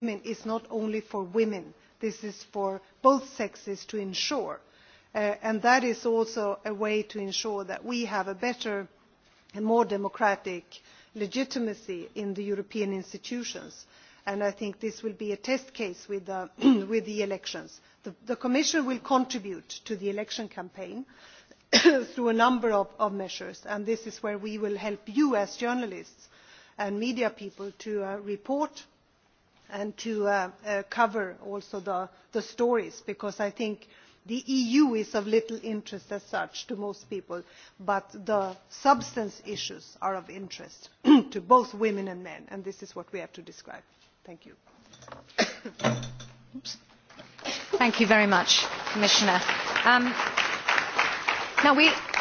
women is not only for women this is for both sexes to ensure uh, and that is also a way to ensure that we have a better and more democratic legitimacy in the european institutions and i think this will be a test case with the, elections. The, commission will contribute to the election campaign through a number of, measures and this is where we will help you as journalists and media people to uh, report and to uh, uh, cover also the, the stories because i think the eu is of little interest as such to most people but the substance issues are of interest to both women and men and this is what we have to describe. thank you. thank you very much commissioner. Um, now we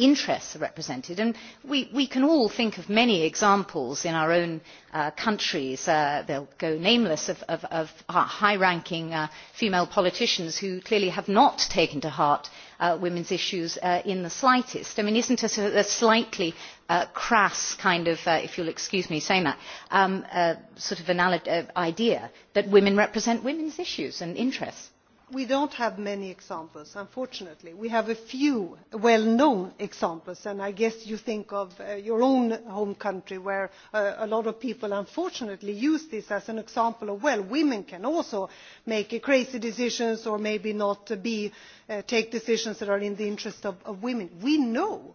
interests are represented. And we, can all think of many examples in our own uh, countries, uh, will go nameless, of, of, of high-ranking uh, female politicians who clearly have not taken to heart uh, women's issues uh, in the slightest. I mean, isn't it a, a slightly uh, crass kind of, uh, if you'll excuse me saying that, um, uh, sort of an uh, idea that women represent women's issues and interests? we do not have many examples unfortunately. we have a few well known examples and i guess you think of uh, your own home country where uh, a lot of people unfortunately use this as an example of well women can also make crazy decisions or maybe not uh, take decisions that are in the interest of women. we know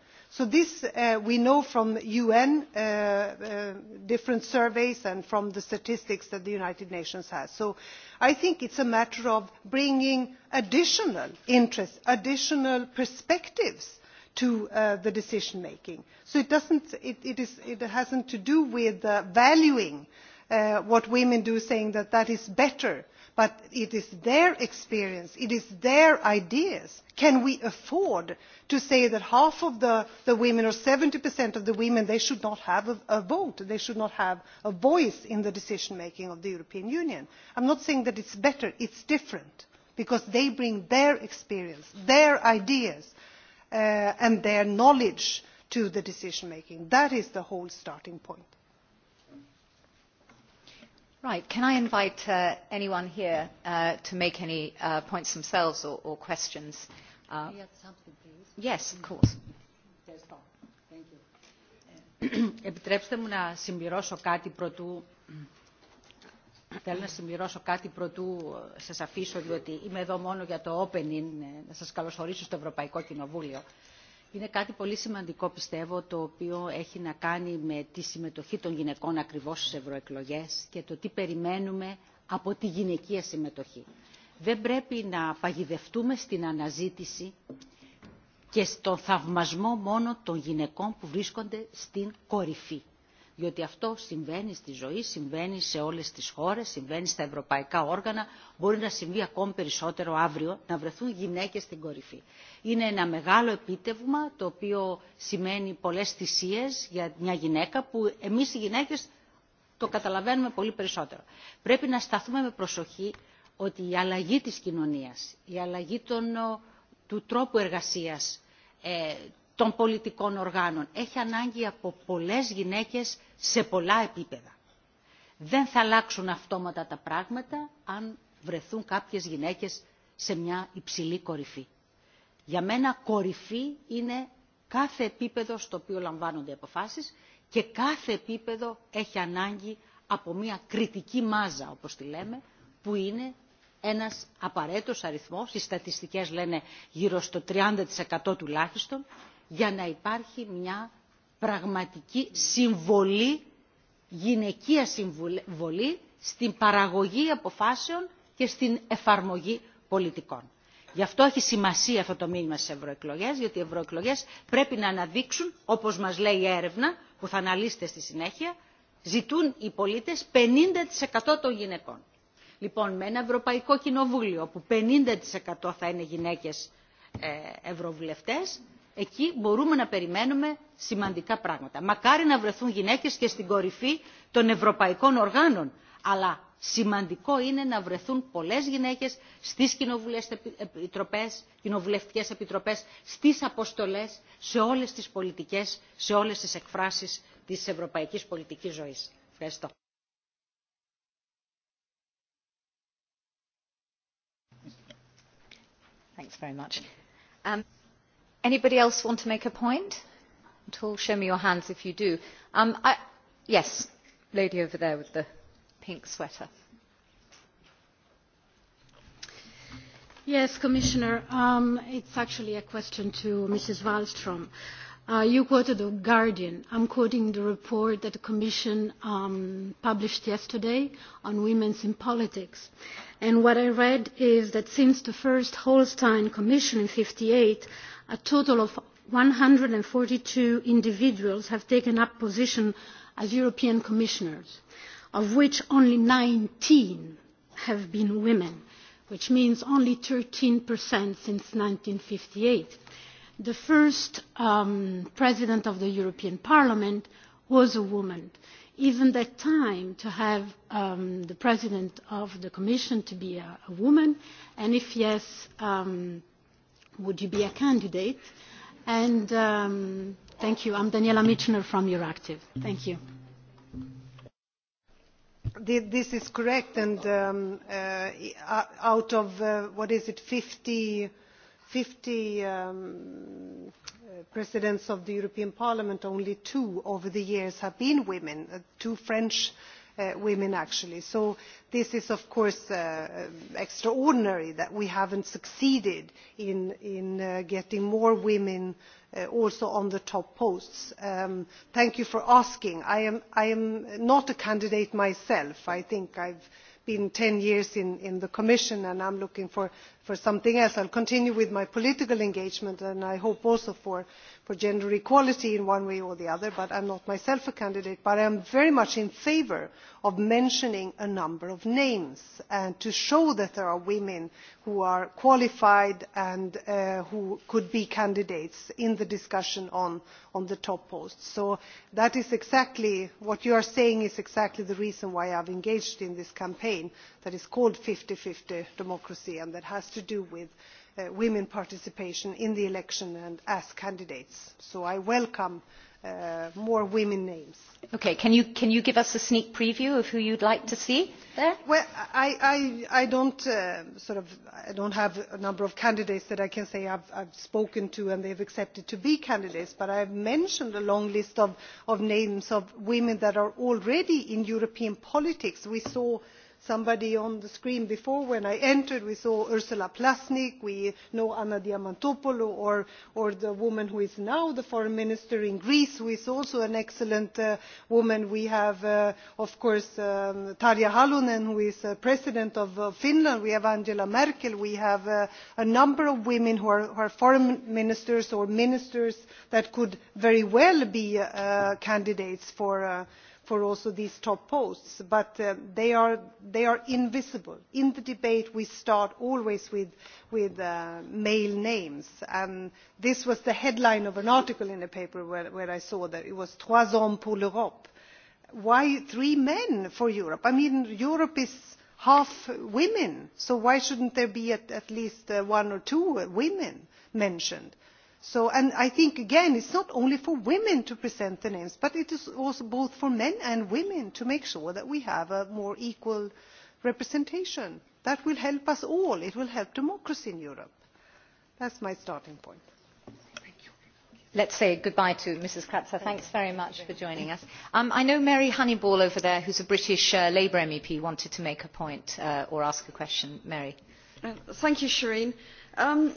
so this uh, we know from un uh, uh, different surveys and from the statistics that the united nations has so i think it is a matter of bringing additional interests additional perspectives to the decision making so it, does not is, it has nothing to do with valuing what women do saying that that is better' but it is their experience it is their ideas. can we afford to say that half of the, women or seventy of the women should not have a, a vote they should not have a voice in the decision making of the european union? i am not saying that it is better it is different because they bring their experience their ideas uh, and their knowledge to the decision making. that is the whole starting point. Right. Can I invite uh, anyone here uh, to make any uh, points themselves or, or questions? Uh, yes, of course. Επιτρέψτε μου να συμπληρώσω κάτι προτού. Θέλω να συμπληρώσω κάτι προτού σας αφήσω, διότι είμαι εδώ μόνο για το opening, να σας καλωσορίσω στο Ευρωπαϊκό Κοινοβούλιο. Είναι κάτι πολύ σημαντικό πιστεύω το οποίο έχει να κάνει με τη συμμετοχή των γυναικών ακριβώς στις ευρωεκλογές και το τι περιμένουμε από τη γυναικεία συμμετοχή. Δεν πρέπει να παγιδευτούμε στην αναζήτηση και στον θαυμασμό μόνο των γυναικών που βρίσκονται στην κορυφή διότι αυτό συμβαίνει στη ζωή, συμβαίνει σε όλες τις χώρες, συμβαίνει στα ευρωπαϊκά όργανα, μπορεί να συμβεί ακόμη περισσότερο αύριο, να βρεθούν γυναίκες στην κορυφή. Είναι ένα μεγάλο επίτευγμα το οποίο σημαίνει πολλές θυσίες για μια γυναίκα που εμείς οι γυναίκες το καταλαβαίνουμε πολύ περισσότερο. Πρέπει να σταθούμε με προσοχή ότι η αλλαγή της κοινωνίας, η αλλαγή των, του τρόπου εργασίας, ε, των πολιτικών οργάνων έχει ανάγκη από πολλές γυναίκες σε πολλά επίπεδα. Δεν θα αλλάξουν αυτόματα τα πράγματα αν βρεθούν κάποιες γυναίκες σε μια υψηλή κορυφή. Για μένα κορυφή είναι κάθε επίπεδο στο οποίο λαμβάνονται αποφάσεις και κάθε επίπεδο έχει ανάγκη από μια κριτική μάζα, όπως τη λέμε, που είναι ένας απαραίτητος αριθμός, οι στατιστικές λένε γύρω στο 30% τουλάχιστον, για να υπάρχει μια πραγματική συμβολή, γυναικεία συμβολή στην παραγωγή αποφάσεων και στην εφαρμογή πολιτικών. Γι' αυτό έχει σημασία αυτό το μήνυμα στις ευρωεκλογές, γιατί οι ευρωεκλογές πρέπει να αναδείξουν, όπως μας λέει η έρευνα, που θα αναλύσετε στη συνέχεια, ζητούν οι πολίτες 50% των γυναικών. Λοιπόν, με ένα Ευρωπαϊκό Κοινοβούλιο που 50% θα είναι γυναίκες ε, ευρωβουλευτές, εκεί μπορούμε να περιμένουμε σημαντικά πράγματα. Μακάρι να βρεθούν γυναίκες και στην κορυφή των ευρωπαϊκών οργάνων, αλλά σημαντικό είναι να βρεθούν πολλές γυναίκες στις επιτροπές, κοινοβουλευτικές επιτροπές, στις αποστολές, σε όλες τις πολιτικές, σε όλες τις εκφράσεις της ευρωπαϊκής πολιτικής ζωής. Ευχαριστώ. Thanks very much. Um anybody else want to make a point at all? Show me your hands if you do. yes um, the yes, lady over there with the pink sweater. Yes, Commissioner, um, it's actually a question to Mrs. Wallström. Uh, you quoted The Guardian. I'm quoting the report that the Commission um, published yesterday on women in politics. And what I read is that since the first Holstein Commission in 58, a total of 142 individuals have taken up position as European commissioners, of which only 19 have been women, which means only 13% since 1958. The first um, president of the European Parliament was a woman. Even that time, to have um, the president of the Commission to be a, a woman, and if yes, um, would you be a candidate? And um, thank you. I'm Daniela Michener from Euractiv. Thank you. This is correct, and um, uh, uh, out of, uh, what is it, 50, 50 um, presidents of the European Parliament, only two over the years have been women, uh, two French Uh, women actually. so this is of course uh, um, extraordinary that we have not succeeded in uh, getting more women also on the top posts. Um, thank you for asking. i am not a candidate myself. i think i have been ten years in the commission and i am looking for something else. i will continue with my political engagement and i hope also for, gender equality in one way or the other but i am not myself a candidate but i am very much in favour of mentioning a number of names and to show that there are women who are qualified and uh, who could be candidates in the discussion on, the top posts. so that is exactly what you are saying is exactly the reason why i have engaged in this campaign that is called fifty fifty democracy and that has to do with women's uh, women participation in the election and as candidates so i welcome uh, more women names. Okay, can you can you give us a sneak preview of who you'd like to see there? Well, I I, I don't uh, sort of I don't have a number of candidates that I can say I've I've spoken to and they've accepted to be candidates, but I've mentioned a long list of of names of women that are already in European politics. We saw somebody on the screen before when i entered we saw ursula plasnik we know anna diamantopoulou or, or the woman who is now the foreign minister in greece who is also an excellent uh, woman we have uh, of course um, tarja halonen who is uh, president of finland we have angela merkel we have uh, a number of women who are, who are foreign ministers or ministers that could very well be uh, candidates for uh, for these top posts but uh, they, are, invisible. in the debate we start always with, uh, male names and this was the headline of an article in a paper where, i saw that it was trois hommes pour l'europe why three men for europe? i mean europe is half women so why should there not be at, least uh, one or two women mentioned? and i think again it is not only for women to present the names but it is also both for men and women to make sure that we have a more equal representation. that will help us all it will help democracy in europe. that is my starting point. let us say goodbye to mrs kratsa. thanks very much for joining us. Um, i know mary honeyball over there who is a british uh, labour mep wanted to make a point uh, or ask a question. mary. Uh, thank you shireen. Um,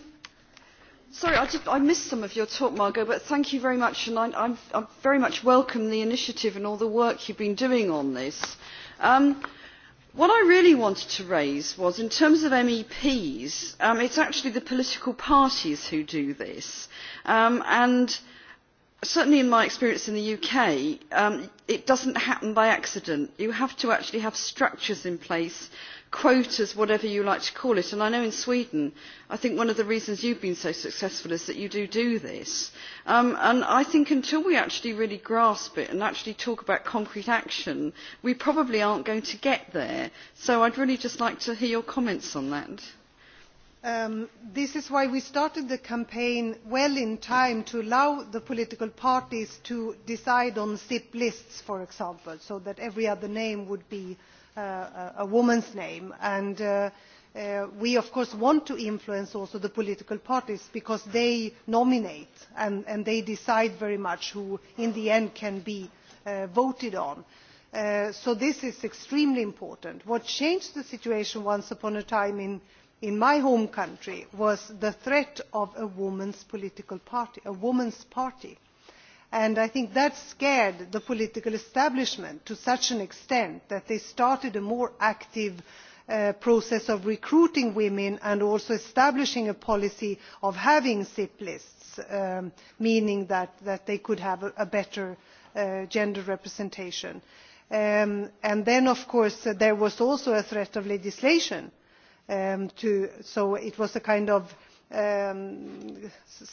sorry I, did, I missed some of your talk margot but thank you very much and i, very much welcome the initiative and all the work you have been doing on this. Um, what i really wanted to raise was in terms of meps um, it is actually the political parties who do this um, and certainly in my experience in the uk it does not happen by accident. you have to actually have structures in place quotas whatever you like to call it and i know in sweden i think one of the reasons you have been so successful is that you do do this um, and i think until we actually really grasp it and actually talk about concrete action we probably aren't going to get there so i'd really just like to hear your comments on that um, this is why we started the campaign well in time to allow the political parties to decide on SIP lists, for example, so that every other name would be uh, Uh, a woman's name and uh, uh, we of course want to influence also the political parties because they nominate and they decide very much who in the end can be voted on so this is extremely important. what changed the situation once upon a time in my home country was the threat of a woman's political party a woman's party and i think that scared the political establishment to such an extent that they started a more active uh, process of recruiting women and also establishing a policy of having sip lists um, meaning that they could have a better uh, gender representation. Um, then of course uh, there was also a threat of legislation um, so it was a kind Um,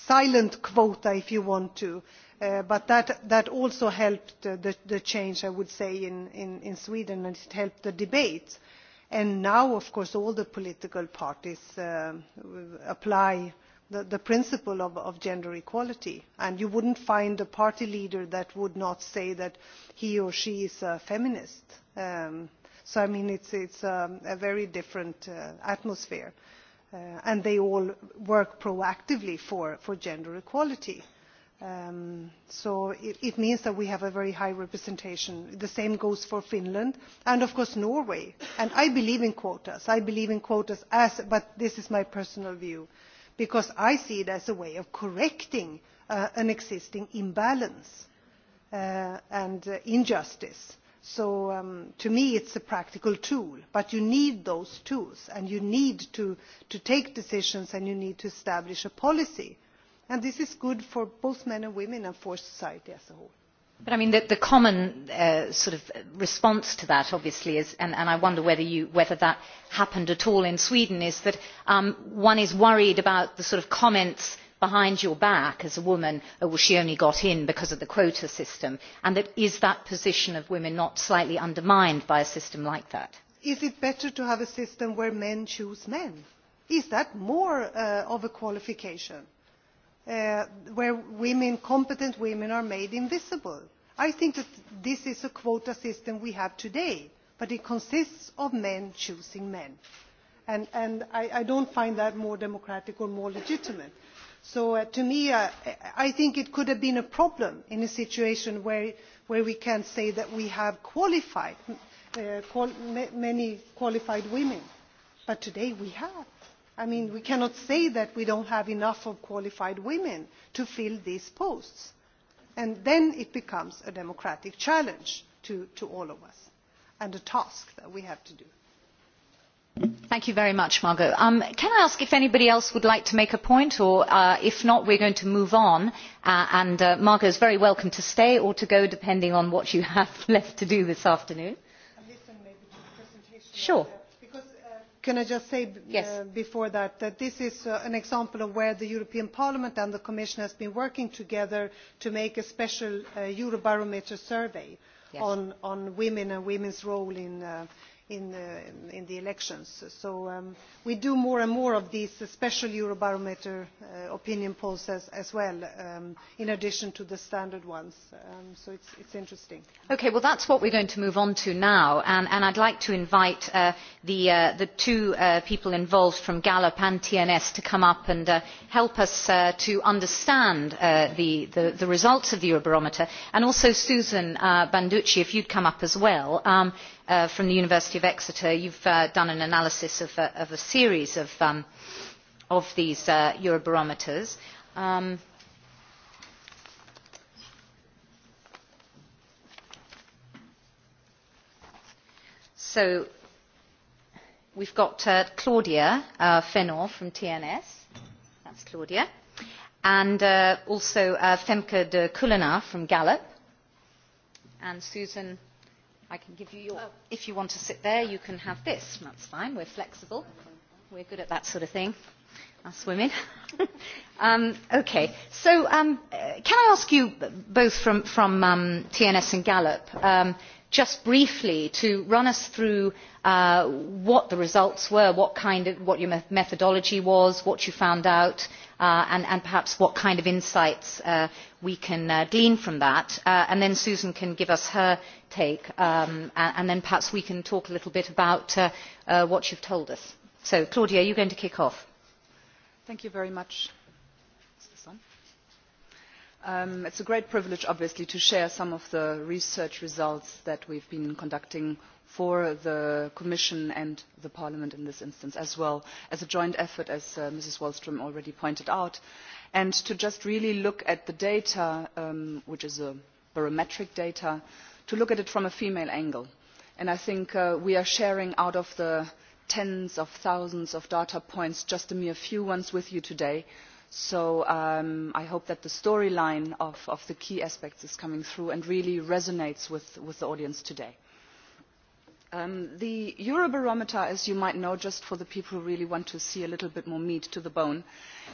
silent quota if you want to uh, but that, also helped the, change i would say in, sweden and it helped the debate and now of course all the political parties uh, apply the, principle of, gender equality and you would not find a party leader that would not say that he or she is a feminist. Um, so i mean it is um, a very different uh, atmosphere. Uh, and they all work proactively for, for gender equality. Um, so it, it means that we have a very high representation. the same goes for finland and of course norway. And i believe in quotas. i believe in quotas as, but this is my personal view because i see it as a way of correcting uh, an existing imbalance uh, and uh, injustice so um, to me it is a practical tool but you need those tools and you need to, to take decisions and you need to establish a policy and this is good for both men and women and for society as a whole. But I mean, the, the common uh, sort of response to that, obviously, is, and, and I wonder whether, you, whether that happened at all in Sweden, is that um, one is worried about the sort of comments behind your back as a woman oh well she only got in because of the quota system and is that position of women not slightly undermined by a system like that? is it better to have a system where men choose men? is that more uh, of a qualification uh, where women, competent women are made invisible? I think that this is a quota system we have today, but it consists of men choosing men. And, and I, I don't find that more democratic or more legitimate so uh, to me uh, i think it could have been a problem in a situation where, we can say that we have uh, many qualified women but today we have. i mean we cannot say that we do not have enough qualified women to fill these posts and then it becomes a democratic challenge to, to all of us and a task that we have to do. Thank you very much, Margot. Um, can I ask if anybody else would like to make a point, or uh, if not, we're going to move on. Uh, and uh, Margot is very welcome to stay or to go, depending on what you have left to do this afternoon. Sure. can I just say before that that this is an example of where the European Parliament and the Commission have been working together to make a special Eurobarometer survey on, women and women's role in in, uh, in the elections. So um, we do more and more of these special Eurobarometer uh, opinion polls as, as well, um, in addition to the standard ones. Um, so it's, it's interesting. Okay, well that's what we're going to move on to now. And, and I'd like to invite uh, the, uh, the two uh, people involved from Gallup and TNS to come up and uh, help us uh, to understand uh, the, the, the results of the Eurobarometer. And also Susan uh, Banducci, if you'd come up as well. Um, Uh, from the University of Exeter, you've uh, done an analysis of, uh, of a series of, um, of these uh, Eurobarometers. Um, so we've got uh, Claudia uh, Fenor from TNS. That's Claudia. And uh, also uh, Femke de Kulina from Gallup. And Susan I can give you your. Oh. If you want to sit there, you can have this. That's fine. We're flexible. We're good at that sort of thing, us women. um, okay. So, um, uh, can I ask you both from from um, TNS and Gallup? Um, just briefly to run us through uh, what the results were, what, kind of, what your methodology was, what you found out, uh, and, and perhaps what kind of insights uh, we can uh, glean from that. Uh, and then Susan can give us her take, um, and then perhaps we can talk a little bit about uh, uh, what you've told us. So, Claudia, are you going to kick off. Thank you very much. Um, it's a great privilege, obviously, to share some of the research results that we've been conducting for the Commission and the Parliament in this instance, as well as a joint effort, as uh, Mrs. Wallström already pointed out, and to just really look at the data, um, which is a barometric data, to look at it from a female angle and i think uh, we are sharing out of the tens of thousands of data points just a mere few ones with you today so um, i hope that the storyline of, the key aspects is coming through and really resonates with, the audience today. Um, the eurobarometer as you might know just for the people who really want to see a little bit more meat to the bone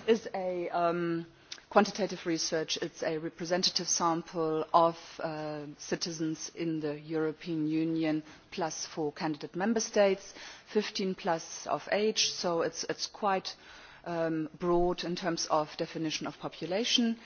is a um, quantitative research is a representative sample of uh, citizens in the European Union plus four candidate member states, fifteen plus of age, so it is quite um, broad in terms of definition of population.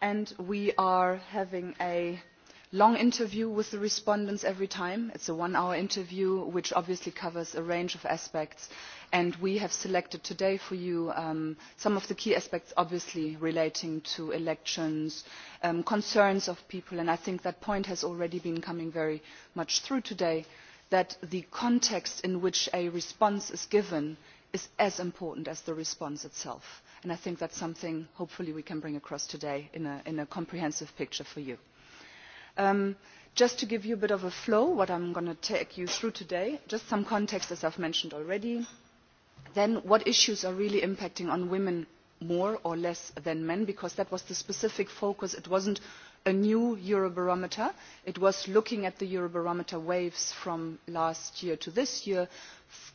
And we are having a long interview with the respondents every time. It's a one-hour interview which obviously covers a range of aspects and we have selected today for you um, some of the key aspects obviously relating to elections, um, concerns of people and I think that point has already been coming very much through today that the context in which a response is given is as important as the response itself and i think that is something hopefully we can bring across today in a, in a comprehensive picture for you. Um, just to give you a bit of a flow, what I'm going to take you through today, just some context as I've mentioned already, then what issues are really impacting on women more or less than men because that was the specific focus. It wasn't a new Eurobarometer. It was looking at the Eurobarometer waves from last year to this year,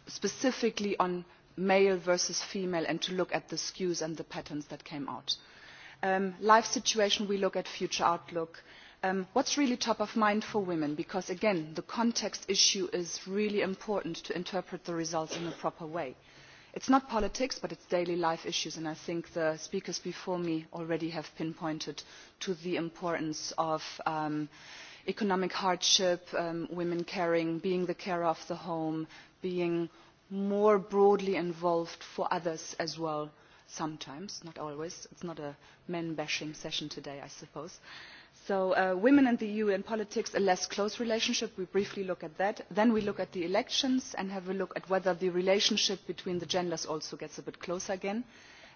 specifically on male versus female and to look at the skews and the patterns that came out. Um, life situation, we look at future outlook, what um, what's really top of mind for women? Because again, the context issue is really important to interpret the results in a proper way. It's not politics, but it's daily life issues, and I think the speakers before me already have pinpointed to the importance of um, economic hardship, um, women caring, being the carer of the home, being more broadly involved for others as well sometimes, not always. It's not a men-bashing session today, I suppose so uh, women and the eu in politics a less close relationship we briefly look at that then we look at the elections and have a look at whether the relationship between the genders also gets a bit closer again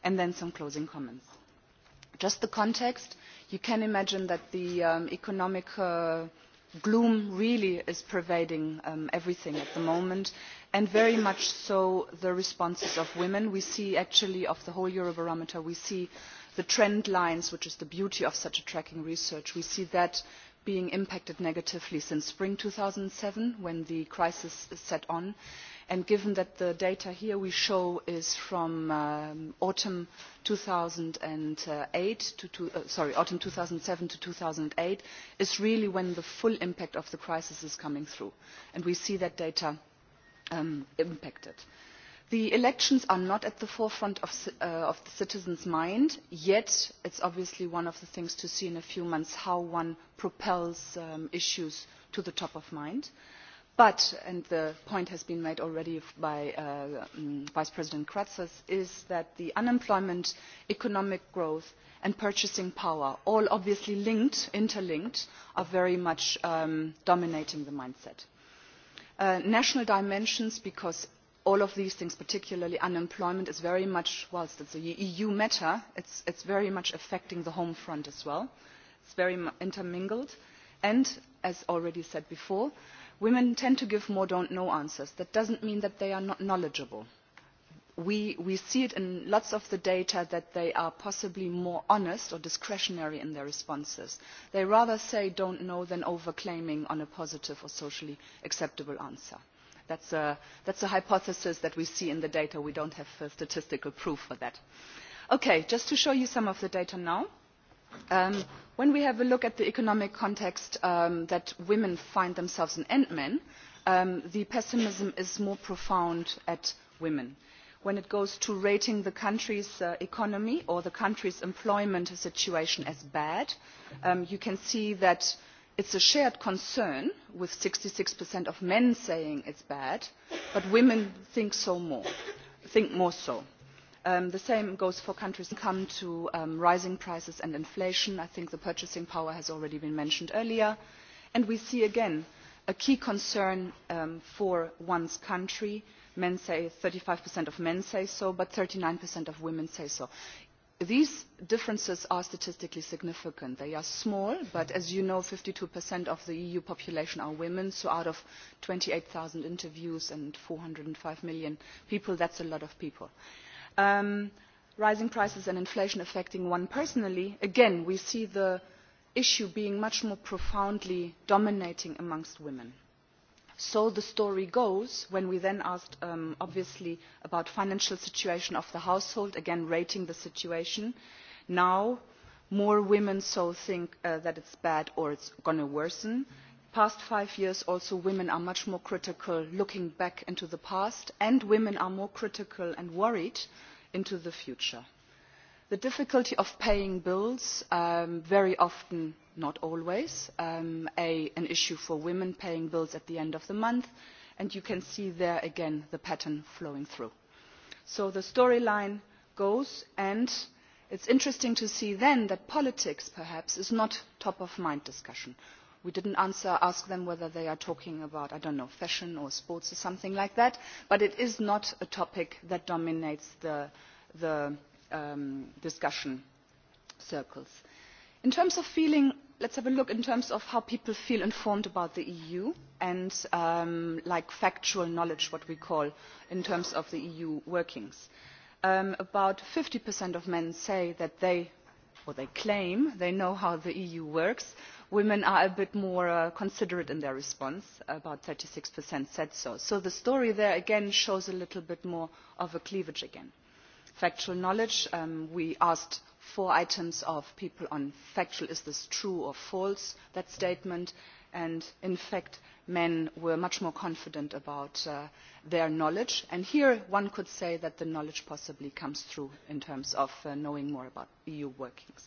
and then some closing comments. just the context you can imagine that the um, economic uh, gloom really is pervading um, everything at the moment and very much so the responses of women. we see actually of the whole eurobarometer we see the trend lines which is the beauty of such tracking research we see that being impacted negatively since spring two thousand and seven when the crisis set in and given that the data here we show is from um, autumn two thousand and eight to uh, sorry autumn two thousand and seven to two thousand and eight is really when the full impact of the crisis is coming through and we see that data um, impacted the elections are not at the forefront of, uh, of the citizens' mind yet it is obviously one of the things to see in a few months how one propels um, issues to the top of mind but and the point has been made already by uh, um, vice president kratsas is that the unemployment economic growth and purchasing power all obviously linked interlinked are very much um, dominating the mindset. Uh, national dimensions because all of these things particularly unemployment is very much whilst it is an eu matter it is very much affecting the home front as well it is very intermingled and as already said before women tend to give more don't know answers. that does not mean that they are not knowledgeable. We, we see it in lots of the data that they are possibly more honest or discretionary in their responses. they rather say don't know' than overclaiming on a positive or socially acceptable answer that is a, hypothesis that we see in the data we do not have statistical proof for that. just to show you some of the data now um, when we have a look at the economic context um, that women find themselves in and men um, the pessimism is more profound at women when it comes to rating the country's uh, economy or the country's employment situation as bad you can see that it is a shared concern with sixty six of men saying it is bad but women think more so. Um, the same goes for countries when it comes to um, rising prices and inflation. i think the purchasing power has already been mentioned earlier and we see again a key concern um, for one's country men say thirty five of men say so but thirty nine of women say so these differences are statistically significant. they are small but as you know fifty two of the eu population are women so out of twenty eight zero interviews and four hundred and five million people that is a lot of people. Um, rising prices and inflation affecting one personally again we see the issue being much more profoundly dominating amongst women so the story goes when we then asked um, obviously about the financial situation of the household again rating the situation now more women so think uh, that it is bad or it is going to worsen. the past five years also women are much more critical looking back into the past and women are more critical and worried into the future the difficulty of paying bills um, very often not always um, an issue for women paying bills at the end of the month and you can see there again the pattern flowing through. so the storyline goes and it is interesting to see then that politics perhaps is not top of mind discussion. we did not ask them whether they are talking about i do not know fashion or sports or something like that but it is not a topic that dominates the, the um, discussion circles. in terms of feeling let us have a look in terms of how people feel informed about the eu and um, like factual knowledge what we call in terms of the eu workings. Um, about fifty of men say that they or they claim they know how the eu works. women are a bit more uh, considerate in their response about thirty six said so. so the story there again shows a little bit more of a cleavage again factual knowledge. Um, we asked four items of people on factual, is this true or false, that statement. And in fact, men were much more confident about uh, their knowledge. And here one could say that the knowledge possibly comes through in terms of uh, knowing more about EU workings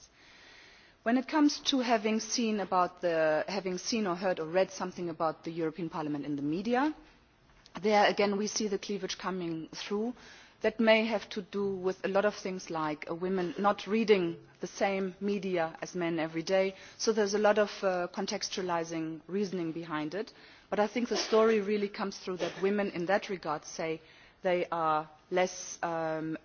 when it comes to having seen, the, having seen or heard or read something about the european parliament in the media there again we see the cleavage coming through that may have to do with a lot of things like uh, women not reading the same media as men every day so there is a lot of uh, contextualising reasoning behind it but i think the story really comes through that women in that regard say they are less um,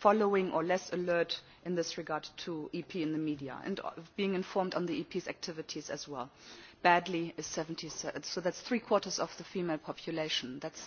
following or less alert in this regard to ep in the media and uh, being informed on the ep's activities as well badly is seventy so that is three quarters of the female population that is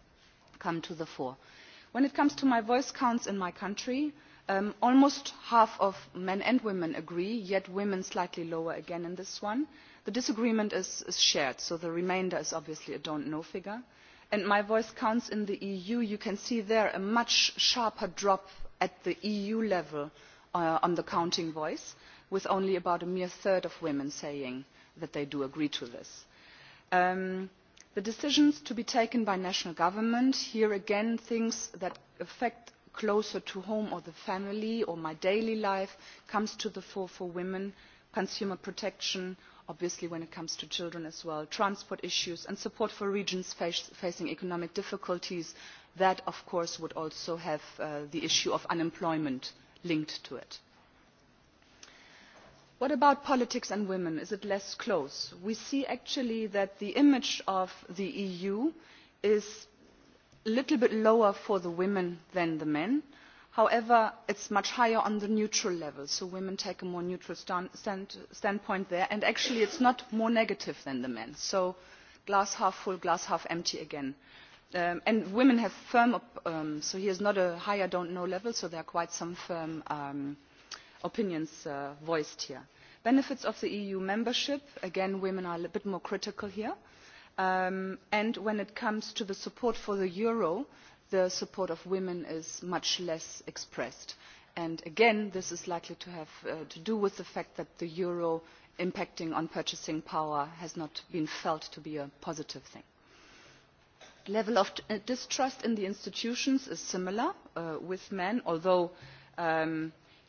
come to the fore. when it comes to my voice counts in my country um, almost half of men and women agree yet women slightly lower again in this one. the disagreement is, is shared so the remainder is obviously a don't know figure and my voice counts in the eu you can see there a much sharper drop at the eu level uh, on the counting voice with only about a mere third of women saying that they do agree to this. Um, the decisions to be taken by national government here again things that affect closer to home or the family or my daily life come to the fore for women consumer protection obviously when it comes to children as well transport issues and support for regions facing economic difficulties that of course would also have uh, the issue of unemployment linked to it what about politics and women is it less close? we see actually that the image of the eu is a little bit lower for the women than the men however it is much higher on the neutral level so women take a more neutral standpoint there and actually it is not more negative than the men so glass half full glass half empty again. Um, and women have firm um, so here is not a high i do not know level so there are quite some firm um, opinions uh, voiced here. benefits of eu e membership again women are a bit more critical here um, and when it comes to the support for the euro the support of women is much less expressed and again this is likely to have uh, to do with the fact that the euro impacting on purchasing power has not been felt to be a positive thing. the level of distrust in the institutions is similar uh, with men although um,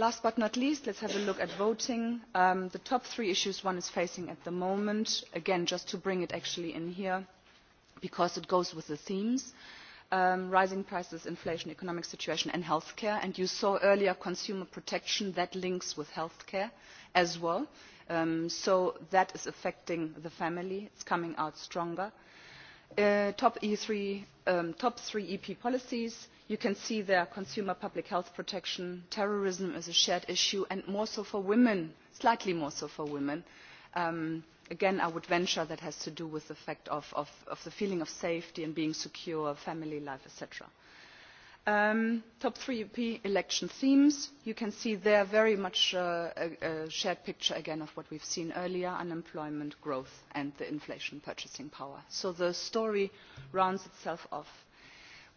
last but not least let us have a look at voting. Um, the top three issues one is facing at the moment again just to bring it actually in here because it goes with the themes um, rising prices inflation economic situation and healthcare and you saw earlier consumer protection that links with healthcare as well um, so that is affecting the family it is coming out stronger. Uh, e top three ep policies you can see there consumer public health protection terrorism is a shared issue and more so for women slightly more so for women um, again i would venture that has to do with the fact of, the feeling of safety and being secure family life etc. Um, top three ep election themes you can see there very much uh, a shared picture again of what we have seen earlier unemployment growth and the inflation purchasing power so the story rounds itself off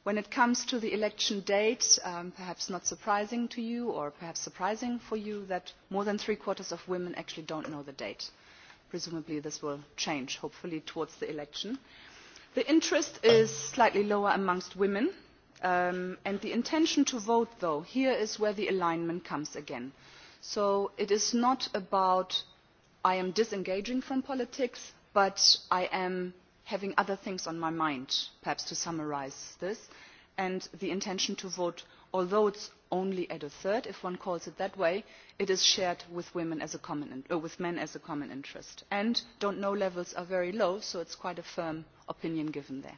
when it comes to the election date um, perhaps not surprising to you or perhaps surprising for you that more than three quarters of women actually do not know the date. presumably this will change hopefully towards the election. the interest is slightly lower amongst women um, and the intention to vote though here is where the alignment comes again. so it is not about i am disengaging from politics but i am having other things on my mind perhaps to summarise this and the intention to vote although it is only at a third if one calls it that way it is shared with uh, men as a common interest and don't know' levels are very low so it is quite a firm opinion given there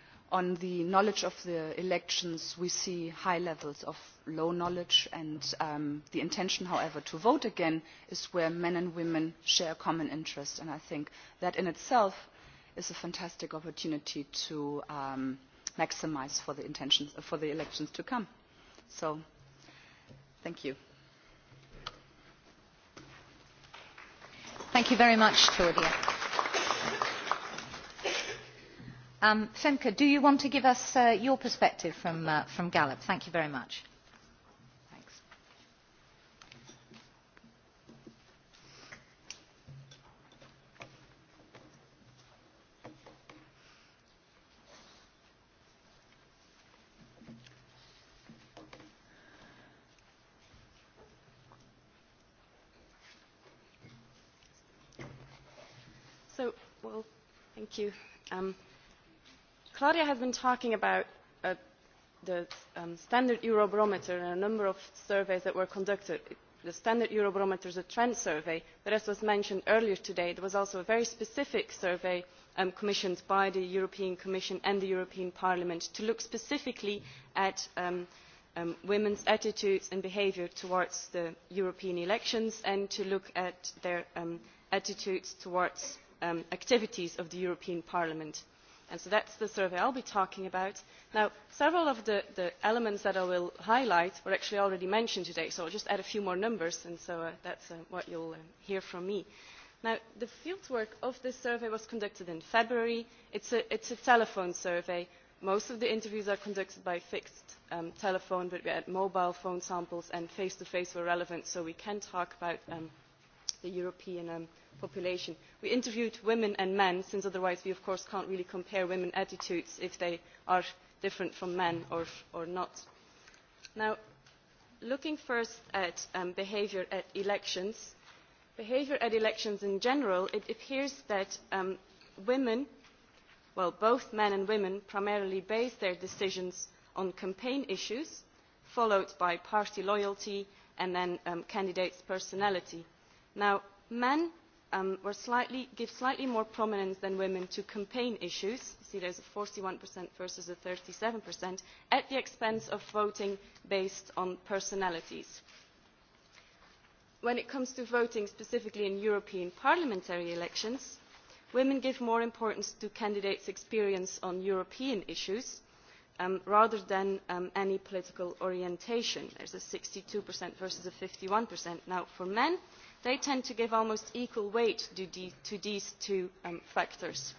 on the knowledge of the elections we see high levels of low knowledge and um, the intention however to vote again is where men and women share common interests and i think that in itself is a fantastic opportunity to um, maximise for the intentions for the elections to come so thank you thank you very much claudia Um, Femke, do you want to give us uh, your perspective from, uh, from Gallup? Thank you very much. Thanks. So, well, thank you. Um, claudia has been talking about uh, the um, standard eurobarometer and a number of surveys that were conducted. the standard eurobarometer is a trend survey but as was mentioned earlier today there was also a very specific survey um, commissioned by the european commission and the european parliament to look specifically at um, women's attitudes and behaviour towards the european elections and to look at their attitudes towards activities of the european parliament. And so is the survey i will be talking about. several of the, elements that I will highlight were actually already mentioned today, so i will just add a few more numbers, and so uh, that is uh, what you will uh, hear from me. the fieldwork of this survey was conducted in February. it is a telephone survey. Most of the interviews are conducted by fixed um, telephone, but we had mobile phone samples, and face-to-face -face were relevant, so we can talk about um, the European um, population. We interviewed women and men, since otherwise we of course can't really compare women attitudes if they are different from men or, not. Now, looking first at um, behaviour at elections, behaviour at elections in general, it appears that um, women, well, both men and women primarily base their decisions on campaign issues, followed by party loyalty and then candidates' personality. Now, men um, give slightly more prominence than women to campaign issues. You see, is a forty one versus a thirty seven at the expense of voting based on personalities. When it comes to voting specifically in European parliamentary elections, women give more importance to candidates' experience on European issues um, rather than um, any political orientation. there is a sixty two versus a fifty one Now, for men, they tend to give almost equal weight to these two um, factors.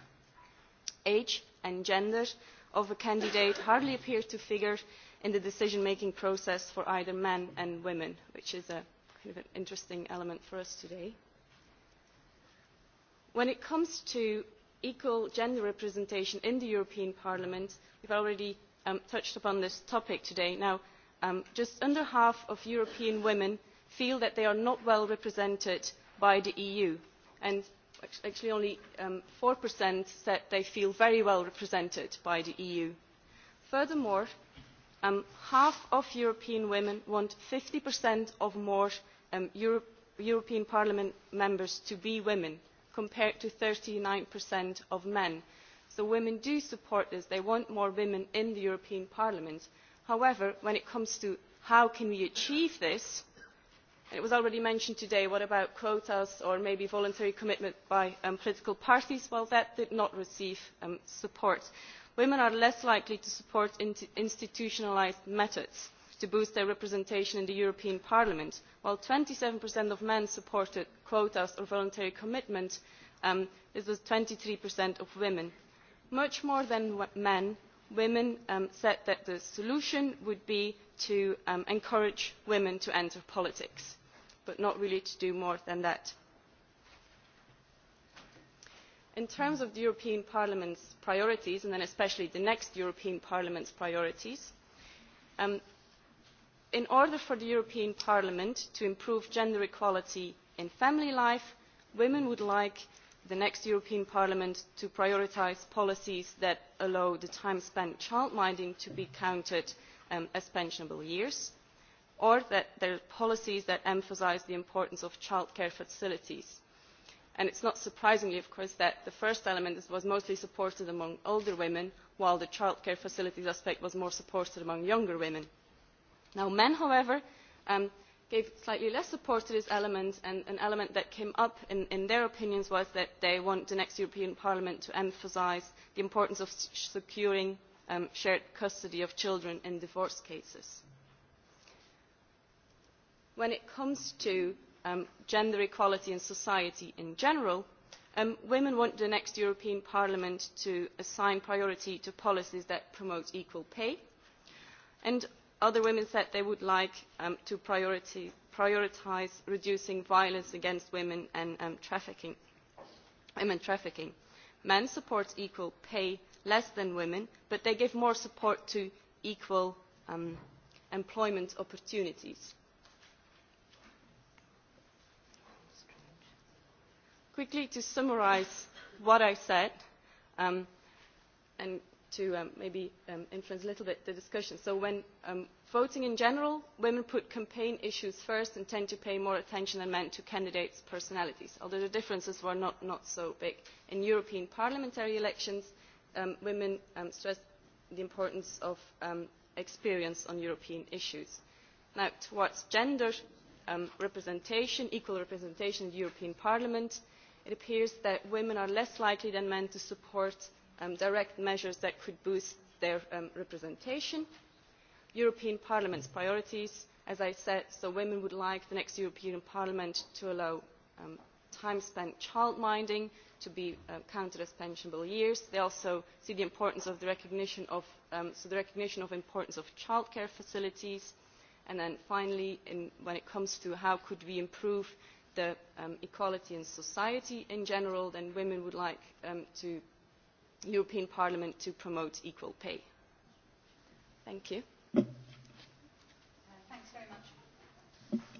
age and gender of a candidate hardly appear to figure in the decision making process for either men or women which is a, kind of an interesting element for us today. when it comes to equal gender representation in the european parliament we have already um, touched upon this topic today. Now, um, just under half of european women feel that they are not well represented by the eu and actually only um, four said they feel very well represented by the eu. furthermore um, half of european women want fifty of more um, european parliament members to be women compared to thirty nine of men so women do support this they want more women in the european parliament. however when it comes to how can we achieve this it was already mentioned today what about quotas or maybe voluntary commitment by um, political parties? well that did not receive um, support. women are less likely to support institutionalised methods to boost their representation in the european parliament while twenty seven of men supported quotas or voluntary commitment um, this was twenty three of women. much more than men women um, said that the solution would be to encourage women to enter politics but not really to do more than that. in terms of the european parliament's priorities and then especially the next european parliament's priorities um, in order for the european parliament to improve gender equality in family life women would like the next european parliament to prioritise policies that allow the time spent childminding to be counted um, as pensionable years or that there are policies that emphasise the importance of childcare facilities. it is not surprising of course, that the first element was mostly supported among older women, while the childcare facilities aspect was more supported among younger women. men, however, um, gave slightly less support to this element, and an element that came up in, their opinions was that they want the next European Parliament to emphasise the importance of securing um, shared custody of children in divorce cases when it comes to um, gender equality in society in general, um, women want the next European Parliament to assign priority to policies that promote equal pay. And other women said they would like um, to prioritise reducing violence against women and trafficking. Women trafficking. Men support equal pay less than women, but they give more support to equal employment opportunities quickly to summarise what I said um, and to um, maybe um, influence a little bit the discussion. So when um, voting in general, women put campaign issues first and tend to pay more attention than men to candidates' personalities, although the differences were not, not so big. In European parliamentary elections, um, women um, stressed the importance of um, experience on European issues. Now, towards gender um, representation, equal representation in the European Parliament, it appears that women are less likely than men to support um, direct measures that could boost their representation. Um, representation. European Parliament's priorities, as I said, so women would like the next European Parliament to allow um, time spent childminding to be uh, counted as pensionable years. They also see the importance of the recognition of, the recognition of importance of childcare facilities. And then finally, when it comes to how could we improve the um, equality in society in general, then women would like um, to European Parliament to promote equal pay. Thank you.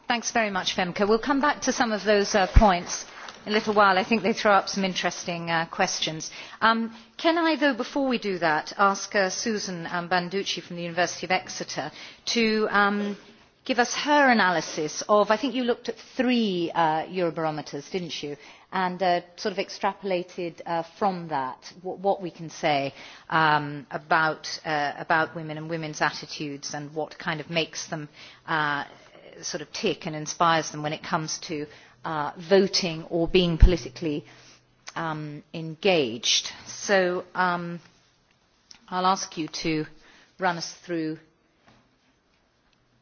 Thanks very much, Femke. We'll come back to some of those uh, points in a little while. I think they throw up some interesting uh, questions. Um, can I, though, before we do that, ask uh, Susan um, Banducci from the University of Exeter to um, give us her analysis of, I think you looked at three uh, Eurobarometers, didn't you? And uh, sort of extrapolated uh, from that what, what we can say um, about, uh, about women and women's attitudes and what kind of makes them uh, sort of tick and inspires them when it comes to uh, voting or being politically um, engaged. So um, I'll ask you to run us through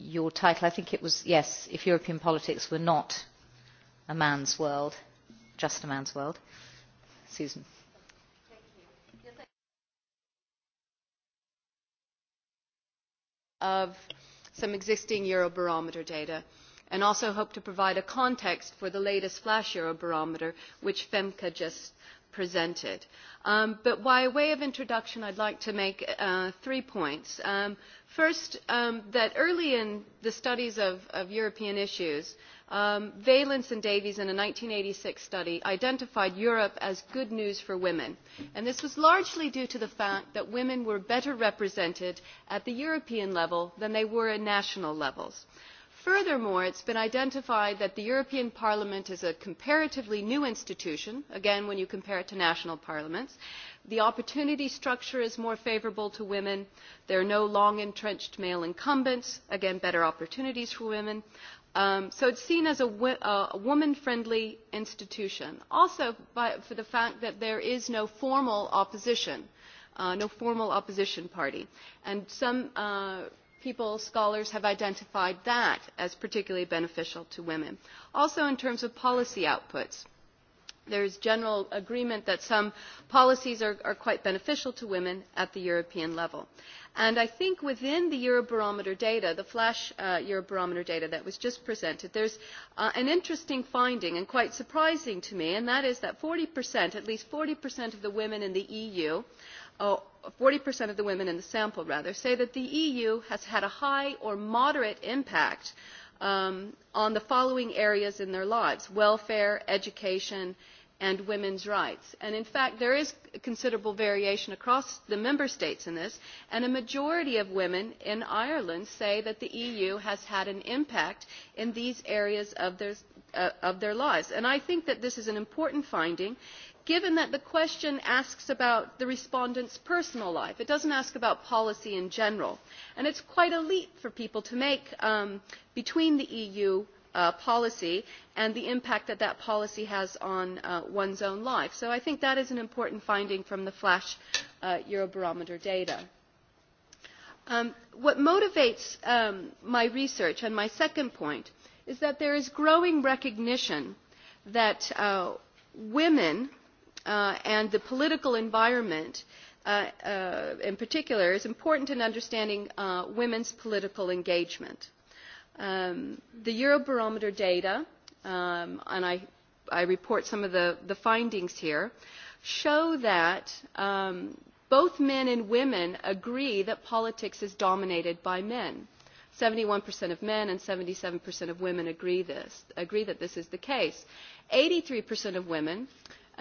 your title, I think it was, yes, if European politics were not a man's world, just a man's world. Susan. of some existing Eurobarometer data and also hope to provide a context for the latest Flash Eurobarometer, which FEMCA just presented. Um, but by way of introduction, I'd like to make uh, three points. Um, first, um, that early in the studies of, of European issues, um, Valence and Davies in a 1986 study identified Europe as good news for women. And this was largely due to the fact that women were better represented at the European level than they were at national levels furthermore it has been identified that the european parliament is a comparatively new institution again when you compare it to national parliaments the opportunity structure is more favourable to women there are no long entrenched male incumbents again better opportunities for women so um, so it's seen as a, woman-friendly institution. Also, for the fact that there is no formal opposition, uh, no formal opposition party, and some uh, people, scholars have identified that as particularly beneficial to women. Also in terms of policy outputs, there is general agreement that some policies are, are quite beneficial to women at the European level. And I think within the Eurobarometer data, the flash uh, Eurobarometer data that was just presented, there's uh, an interesting finding and quite surprising to me, and that is that 40%, at least 40% of the women in the EU Oh, forty 40% of the women in the sample rather say that the EU has had a high or moderate impact um, on the following areas in their lives welfare, education, and women's rights. And in fact, there is considerable variation across the member states in this, and a majority of women in Ireland say that the EU has had an impact in these areas of their, uh, of their lives. And I think that this is an important finding given that the question asks about the respondent's personal life. It doesn't ask about policy in general. And it's quite a leap for people to make um, between the EU uh, policy and the impact that that policy has on uh, one's own life. So I think that is an important finding from the Flash uh, Eurobarometer data. Um, what motivates um, my research and my second point is that there is growing recognition that uh, women uh, and the political environment uh, uh, in particular is important in understanding uh, women's political engagement. Um, the Eurobarometer data, um, and I, I report some of the, the findings here, show that um, both men and women agree that politics is dominated by men. 71% of men and 77% of women agree, this, agree that this is the case. 83% of women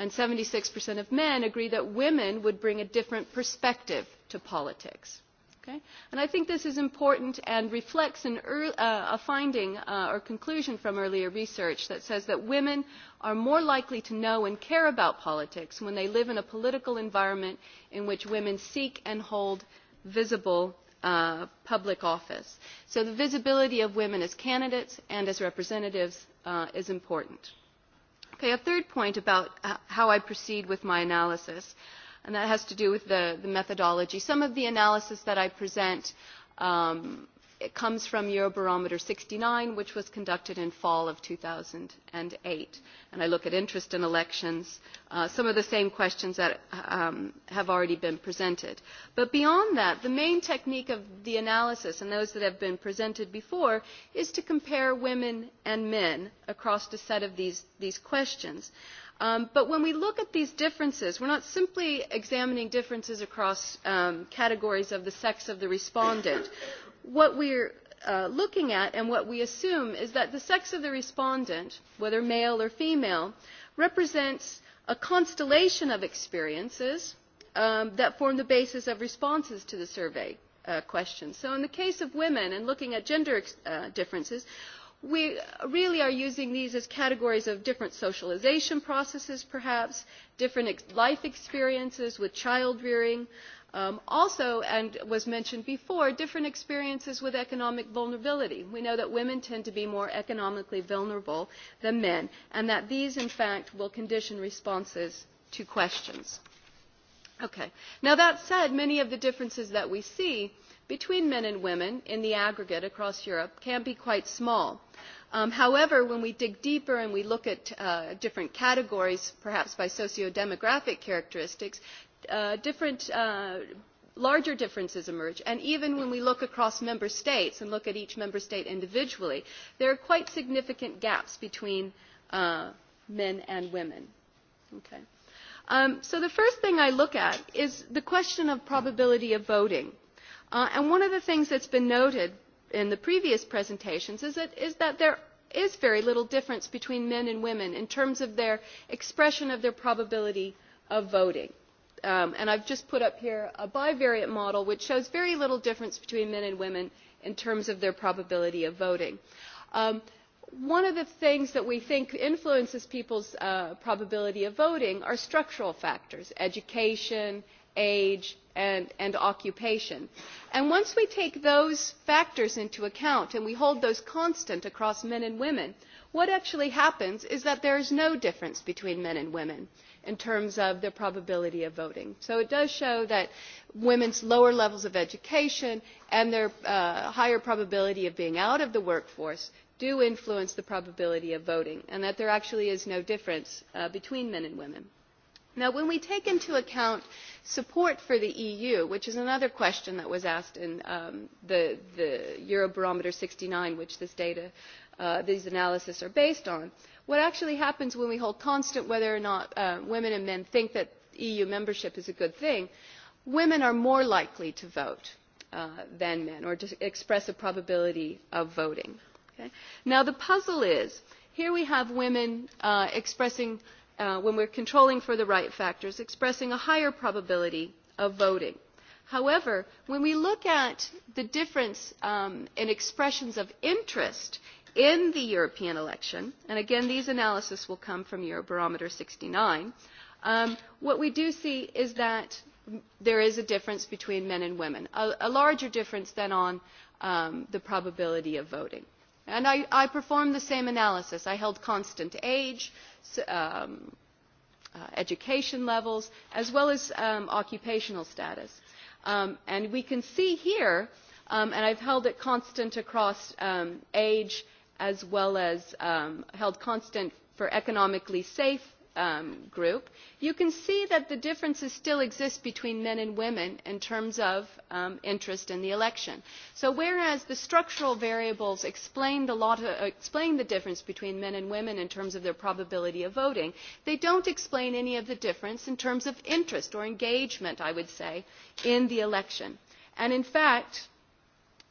and seventy six of men agree that women would bring a different perspective to politics. Okay? And I think this is important and reflects an ear, uh, a finding uh, or conclusion from earlier research that says that women are more likely to know and care about politics when they live in a political environment in which women seek and hold visible uh, public office. So the visibility of women as candidates and as representatives uh, is important. Okay, a third point about how I proceed with my analysis, and that has to do with the, the methodology. Some of the analysis that I present um, it comes from Eurobarometer 69, which was conducted in fall of 2008. And I look at interest in elections, uh, some of the same questions that um, have already been presented. But beyond that, the main technique of the analysis, and those that have been presented before, is to compare women and men across a set of these, these questions. Um, but when we look at these differences, we're not simply examining differences across um, categories of the sex of the respondent what we're uh, looking at and what we assume is that the sex of the respondent, whether male or female, represents a constellation of experiences um, that form the basis of responses to the survey uh, questions. So in the case of women and looking at gender uh, differences, we really are using these as categories of different socialization processes, perhaps, different ex life experiences with child rearing, Um, also, and was mentioned before, different experiences with economic vulnerability. We know that women tend to be more economically vulnerable than men, and that these, in fact, will condition responses to questions. Okay. Now, that said, many of the differences that we see between men and women in the aggregate across Europe can be quite small. Um, however, when we dig deeper and we look at uh, different categories, perhaps by socio-demographic characteristics, Uh, different uh, larger differences emerge. And even when we look across member states and look at each member state individually, there are quite significant gaps between uh, men and women. Okay. Um, so the first thing I look at is the question of probability of voting. Uh, and one of the things that's been noted in the previous presentations is that, is that there is very little difference between men and women in terms of their expression of their probability of voting. Um, and I've just put up here a bivariate model which shows very little difference between men and women in terms of their probability of voting. Um, one of the things that we think influences people's uh, probability of voting are structural factors, education, age, and, and occupation. And once we take those factors into account and we hold those constant across men and women, what actually happens is that there is no difference between men and women in terms of their probability of voting. So it does show that women's lower levels of education and their uh, higher probability of being out of the workforce do influence the probability of voting and that there actually is no difference uh, between men and women. Now, when we take into account support for the EU, which is another question that was asked in um, the, the Eurobarometer 69, which this data, uh, these analyses are based on, what actually happens when we hold constant whether or not uh, women and men think that eu membership is a good thing women are more likely to vote uh, than men or to express a probability of voting. Okay? Now, the puzzle is here we have women uh, expressing, uh, when we're controlling for the right factors, expressing a higher probability of voting. However, when we look at the difference um, in expressions of interest in the European election, and again, these analysis will come from Eurobarometer 69, um, what we do see is that there is a difference between men and women, a, a larger difference than on um, the probability of voting. And I, I performed the same analysis. I held constant age, um, uh, education levels, as well as um, occupational status. Um, and we can see here, um, and I've held it constant across um, age as well as um, held constant for economically safe um, group, you can see that the differences still exist between men and women in terms of um, interest in the election. So whereas the structural variables explained a lot of, uh, explain the difference between men and women in terms of their probability of voting, they don't explain any of the difference in terms of interest or engagement, I would say, in the election. And in fact,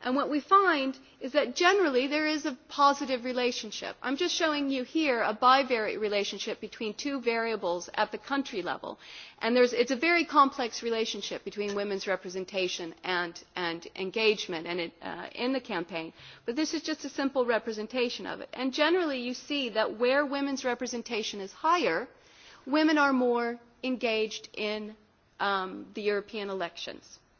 And what we find is that generally there is a positive relationship. I'm just showing you here a bivariate relationship between two variables at the country level. And there's, it's a very complex relationship between women's representation and, and engagement and it, uh, in the campaign. But this is just a simple representation of it. And generally you see that where women's representation is higher, women are more engaged in um, the European elections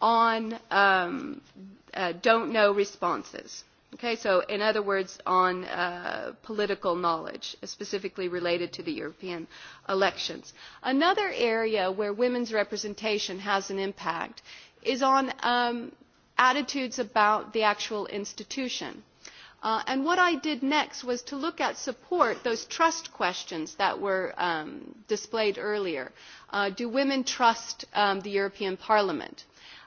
on um, uh, don't know responses. Okay, so in other words, on uh, political knowledge, specifically related to the European elections. Another area where women's representation has an impact is on um, attitudes about the actual institution. Uh, and what I did next was to look at support, those trust questions that were um, displayed earlier. Uh, do women trust um, the European Parliament?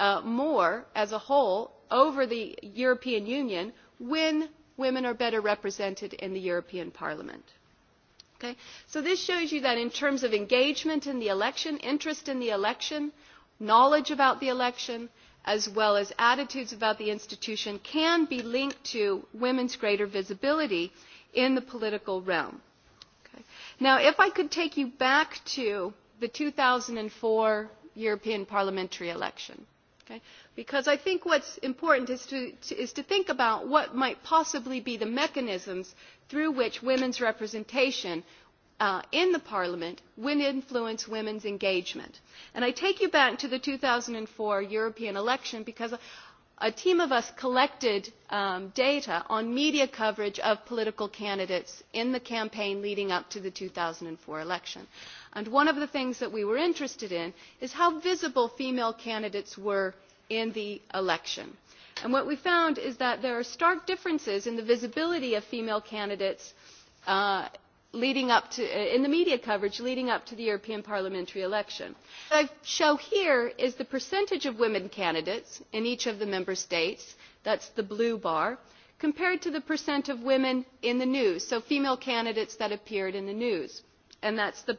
Uh, more as a whole over the European Union when women are better represented in the European Parliament. So this shows you that in terms of engagement in the election, interest in the election, knowledge about the election, as well as attitudes about the institution can be linked to women's greater visibility in the political realm. Now, if I could take you back to the 2004 European parliamentary election. Okay? Because I think what's important is to, to, is to think about what might possibly be the mechanisms through which women's representation uh, in the parliament would influence women's engagement. And I take you back to the 2004 European election because a team of us collected um, data on media coverage of political candidates in the campaign leading up to the 2004 election. And one of the things that we were interested in is how visible female candidates were in the election. And what we found is that there are stark differences in the visibility of female candidates uh, leading up to, uh, in the media coverage leading up to the European parliamentary election. What I show here is the percentage of women candidates in each of the member states, that's the blue bar, compared to the percent of women in the news, so female candidates that appeared in the news, and that's the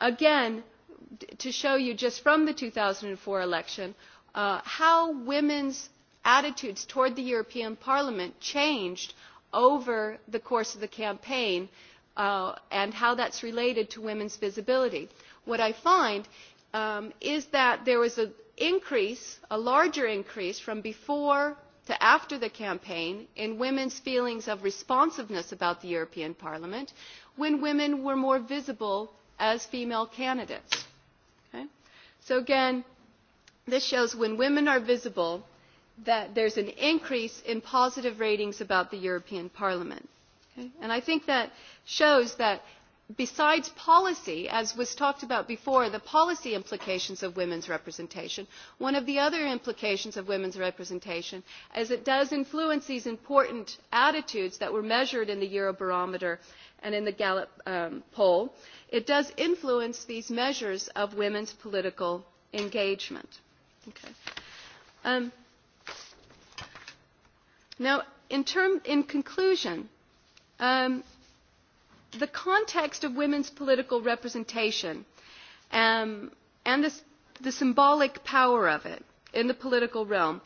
again to show you just from the two thousand and four election uh, how women's attitudes toward the European Parliament changed over the course of the campaign uh, and how that's related to women's visibility. What I find um, is that there was an increase, a larger increase from before to after the campaign in women's feelings of responsiveness about the European Parliament when women were more visible as female candidates. Okay? So again, this shows when women are visible that there's an increase in positive ratings about the European Parliament. Okay? And I think that shows that besides policy, as was talked about before, the policy implications of women's representation, one of the other implications of women's representation is it does influence these important attitudes that were measured in the Eurobarometer and in the Gallup um, poll, it does influence these measures of women's political engagement. Okay. Um, now, in, term, in conclusion, um, the context of women's political representation um, and this, the symbolic power of it in the political realm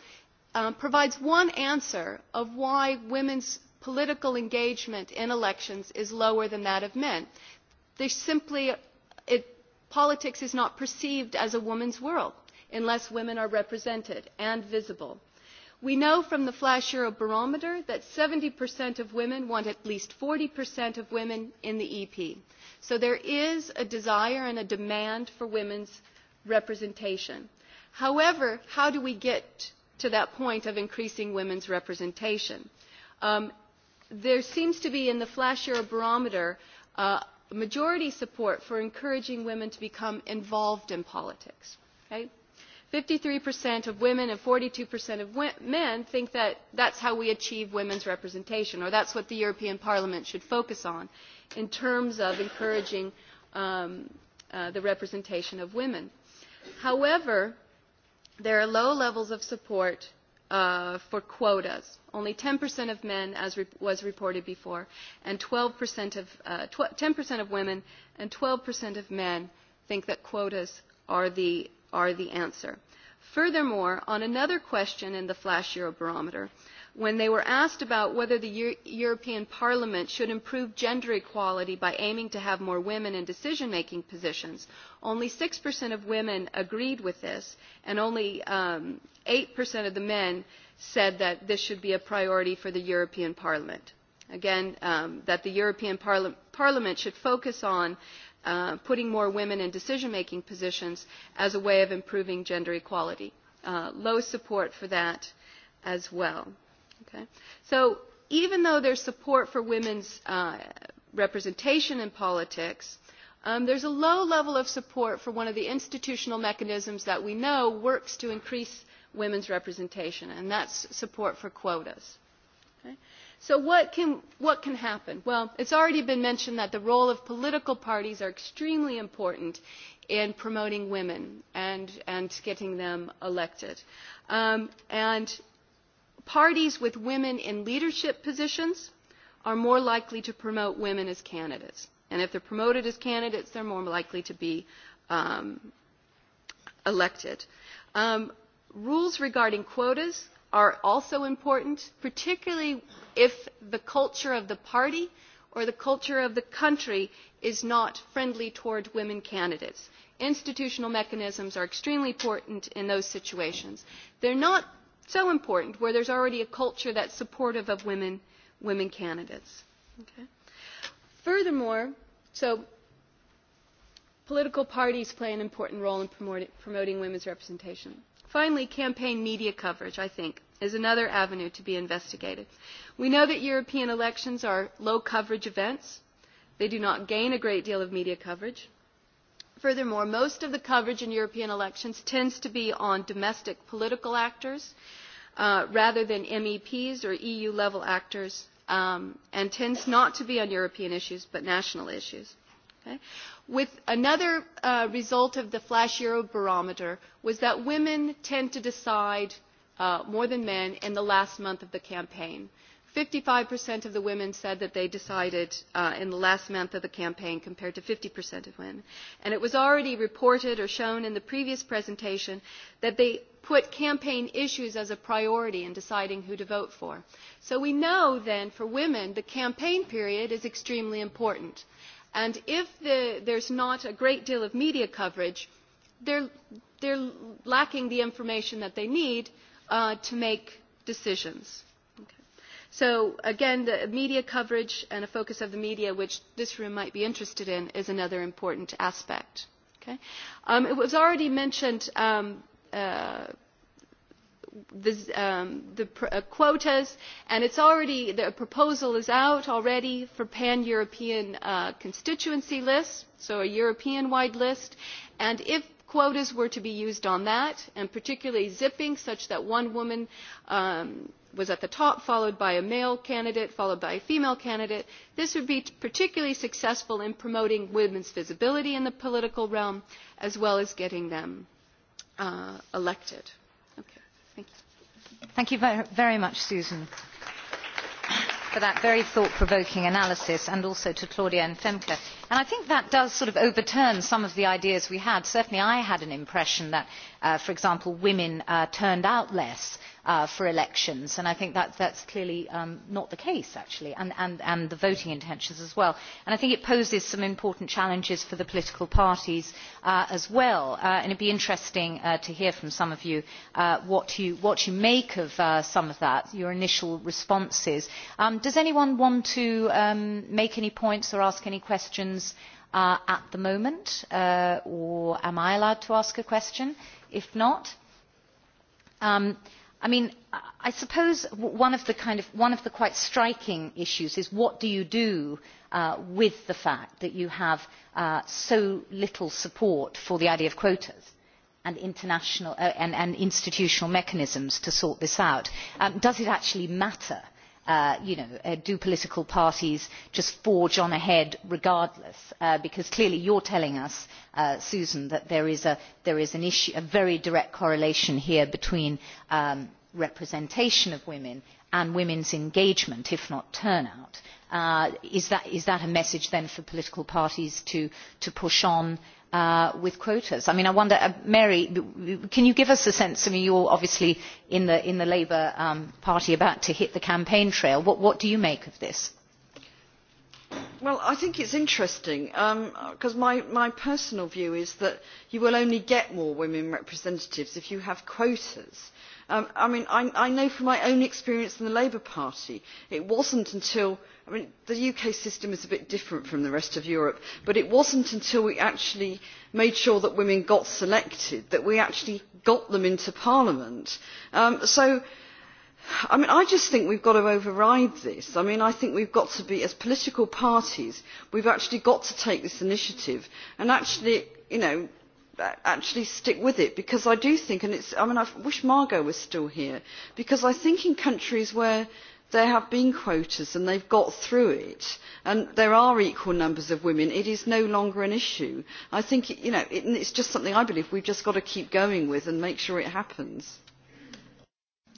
um, provides one answer of why women's political engagement in elections is lower than that of men. They simply, it, politics is not perceived as a woman's world unless women are represented and visible. We know from the Flash Eurobarometer that 70% of women want at least 40% of women in the EP. So there is a desire and a demand for women's representation. However, how do we get to that point of increasing women's representation? Um, there seems to be in the Flash Euro Barometer uh, majority support for encouraging women to become involved in politics. Okay? 53% of women and 42% of men think that that's how we achieve women's representation, or that's what the European Parliament should focus on in terms of encouraging um, uh, the representation of women. However, there are low levels of support uh, for quotas. Only 10% of men, as re- was reported before, and 12% of, uh, tw- 10% of women and 12% of men think that quotas are the, are the answer. Furthermore, on another question in the Flash Eurobarometer, when they were asked about whether the Euro European Parliament should improve gender equality by aiming to have more women in decision-making positions, only 6% of women agreed with this, and only um, 8% of the men said that this should be a priority for the European Parliament. Again, um, that the European Parli Parliament should focus on uh, putting more women in decision-making positions as a way of improving gender equality. Uh, low support for that as well. Okay? So even though there's support for women's uh, representation in politics, um, there's a low level of support for one of the institutional mechanisms that we know works to increase women's representation, and that's support for quotas. Okay? So what can, what can happen? Well, it's already been mentioned that the role of political parties are extremely important in promoting women and, and getting them elected. Um, and Parties with women in leadership positions are more likely to promote women as candidates. And if they're promoted as candidates, they're more likely to be um, elected. Um, rules regarding quotas are also important, particularly if the culture of the party or the culture of the country is not friendly toward women candidates. Institutional mechanisms are extremely important in those situations. They're not so important, where there's already a culture that's supportive of women, women candidates. Okay. Furthermore, so political parties play an important role in promoting women's representation. Finally, campaign media coverage, I think, is another avenue to be investigated. We know that European elections are low coverage events. They do not gain a great deal of media coverage furthermore most of the coverage in european elections tends to be on domestic political actors uh, rather than meps or eu level actors um, and tends not to be on european issues but national issues. Okay? With another uh, result of the Flash Eurobarometer was that women tend to decide uh, more than men in the last month of the campaign. 55% of the women said that they decided uh, in the last month of the campaign compared to 50% of women. And it was already reported or shown in the previous presentation that they put campaign issues as a priority in deciding who to vote for. So we know then for women the campaign period is extremely important. And if the, there's not a great deal of media coverage, they're, they're lacking the information that they need uh, to make decisions. So again, the media coverage and a focus of the media, which this room might be interested in, is another important aspect. Okay? Um, it was already mentioned um, uh, this, um, the pr uh, quotas, and it's already the proposal is out already for pan-European uh, constituency lists, so a European-wide list. And if quotas were to be used on that, and particularly zipping, such that one woman um, was at the top, followed by a male candidate, followed by a female candidate. This would be particularly successful in promoting women's visibility in the political realm, as well as getting them uh, elected. Okay, thank you. Thank you very, very much, Susan for that very thought provoking analysis and also to Claudia and Femke. And I think that does sort of overturn some of the ideas we had. Certainly, I had an impression that, uh, for example, women uh, turned out less Uh, for elections. And I think that, that's clearly um, not the case, actually, and, the voting intentions as well. And I think it poses some important challenges for the political parties uh, as well. Uh, and it would be interesting to hear from some of you what you, make of some of that, your initial responses. Um, does anyone want to um, make any points or ask any questions at the moment? or am I allowed to ask a question? If not, I suppose one of the quite striking issues is what do you do uh, with the fact that you have uh, so little support for the idea of quotas and uh, institutional mechanisms to sort this out? Um, does it actually matter? Uh, you know, uh, do political parties just forge on ahead regardless? Uh, because clearly you're telling us, uh, Susan, that there is, a, there is an issue, a very direct correlation here between um, representation of women and women's engagement, if not turnout. Uh, is, that, is that a message then for political parties to, to push on Uh, with quotas. I mean, I wonder, uh, Mary, can you give us a sense? I mean, you're obviously in the, in the Labour um, Party about to hit the campaign trail. What, what do you make of this? Well, I think it's interesting because um, my, my personal view is that you will only get more women representatives if you have quotas. Um, I, know from my own experience in the Labour Party, it was not until the UK system is a bit different from the rest of Europe, but it was not until we actually made sure that women got selected that we actually got them into Parliament. Um, so, I just think we have got to override this. I think we have got to be, as political parties, we have actually got to take this initiative and actually, you know, Uh, actually stick with it because I do think, and it's, I mean, I wish Margot was still here, because I think in countries where there have been quotas and they've got through it and there are equal numbers of women, it is no longer an issue. I think, you know, it, it's just something I believe we've just got to keep going with and make sure it happens.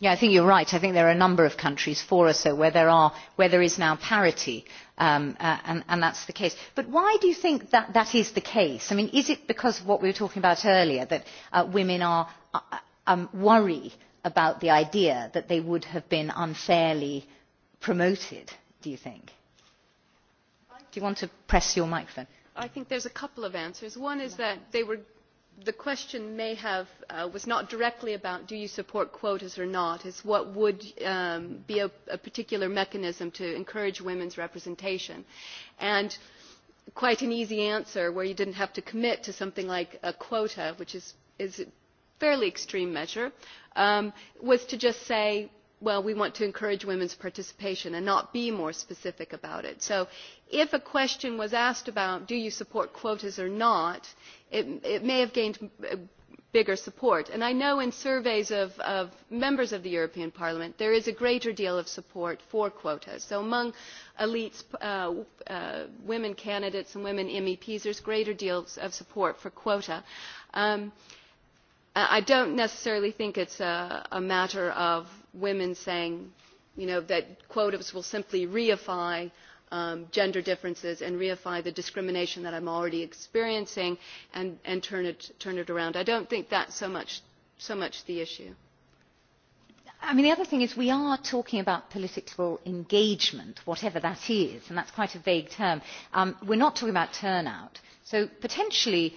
Yeah, I think you're right. I think there are a number of countries, four or so, where there, are, where there is now parity Um, uh, and, that that's the case. But why do you think that that is the case? I mean, is it because of what we were talking about earlier, that uh, women are uh, um, worry about the idea that they would have been unfairly promoted, do you think? Do you want to press your microphone? I think there's a couple of answers. One is that they were the question may have uh, was not directly about do you support quotas or not. It's what would um, be a, a particular mechanism to encourage women's representation, and quite an easy answer where you didn't have to commit to something like a quota, which is is a fairly extreme measure, um, was to just say well, we want to encourage women's participation and not be more specific about it. So if a question was asked about do you support quotas or not, it, may have gained uh, bigger support. And I know in surveys of, members of the European Parliament there is a greater deal of support for quotas. So among elites, uh, uh, women candidates and women MEPs, there is a greater deal of support for quotas. Um, i do not necessarily think it is a matter of women saying, that quotas will simply reify um, gender differences and reify the discrimination that I'm already experiencing and, and turn, it, turn it around. I don't think that's so much, so much the issue. I mean, the other thing is we are talking about political engagement, whatever that is, and that's quite a vague term. Um, we're not talking about turnout. So potentially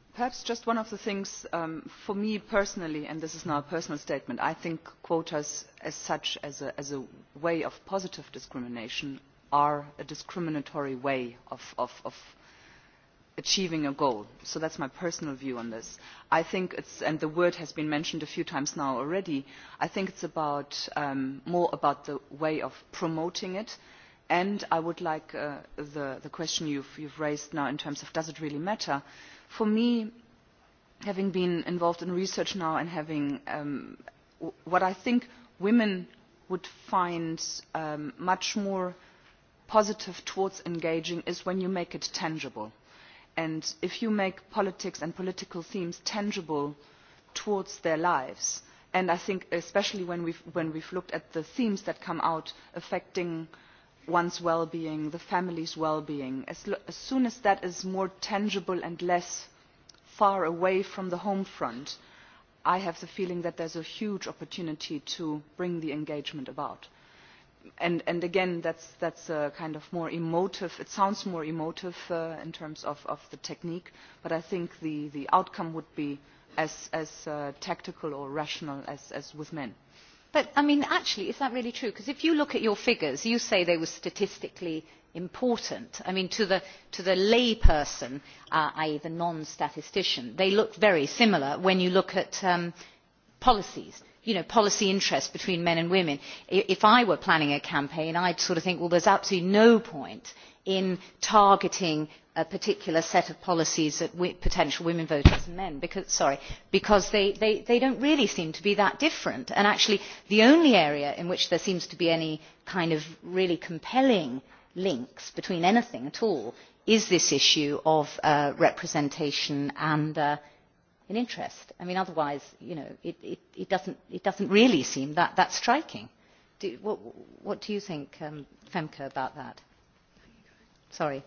perhaps just one of the things um, for me personally and this is now a personal statement i think quotas as such as a, way of positive discrimination are a discriminatory way of, achieving a goal so that is my personal view on this. i think it is and the word has been mentioned a few times now already i think it is um, more about the way of promoting it than and i would like uh, the, the question you have raised now in terms of does it really matter for me having been involved in research now and having um, what i think women would find um, much more positive towards engaging is when you make it tangible and if you make politics and political themes tangible towards their lives and i think especially when we have looked at the themes that come out affecting one's well-being, the family's well-being, as, soon as that is more tangible and less far away from the home front, I have the feeling that there's a huge opportunity to bring the engagement about. And, and again, that's, that's a kind of more emotive, it sounds more emotive uh, in terms of, of the technique, but I think the, the outcome would be as, as uh, tactical or rational as, as with men. But, I mean, actually, is that really true? Because if you look at your figures, you say they were statistically important. I mean, to the, to the layperson, uh, i.e. the non-statistician, they look very similar when you look at um, policies you know, policy interest between men and women. If I were planning a campaign, I'd sort of think, well, there's absolutely no point in targeting a particular set of policies at potential women voters and men because, sorry, because they, they, they don't really seem to be that different. And actually, the only area in which there seems to be any kind of really compelling links between anything at all is this issue of uh, representation and uh, an interest. I mean, otherwise, you know, it, does not doesn't, really seem that, striking. what, do you think, um, Femke, about that? Sorry.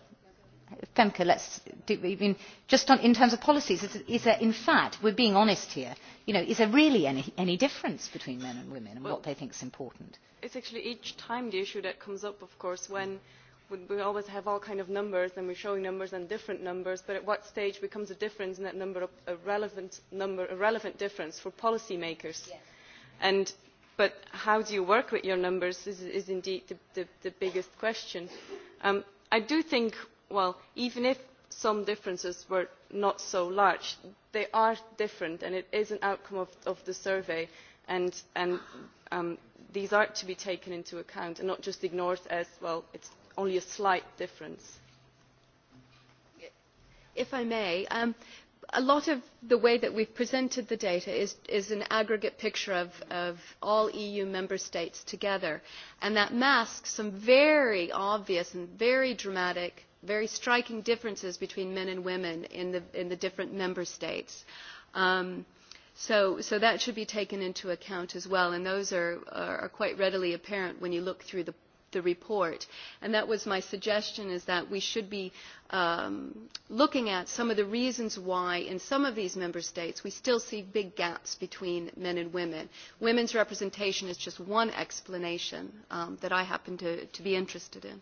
Femke, let's do, I mean, just on, in terms of policies, is, is there, in fact, we're being honest here, you know, is there really any, any difference between men and women and well, what they think is important? It's actually each time the issue that comes up, of course, when mm we always have all kinds of numbers and we are showing numbers and different numbers but at what stage becomes a difference and that number a relevant number a relevant difference for policy makers yes. and but how do you work with your numbers is, is indeed the, the, the biggest question um, I do think well even if some differences were not so large they are different and it is an outcome of, of the survey and, and um, these are to be taken into account and not just ignored as well it's only a slight difference. If I may, um, a lot of the way that we've presented the data is, is an aggregate picture of, of all EU member states together, and that masks some very obvious and very dramatic, very striking differences between men and women in the, in the different member states. Um, so, so that should be taken into account as well, and those are, are, are quite readily apparent when you look through the, the report. And that was my suggestion, is that we should be um, looking at some of the reasons why in some of these member states we still see big gaps between men and women. Women's representation is just one explanation um, that I happen to, to be interested in.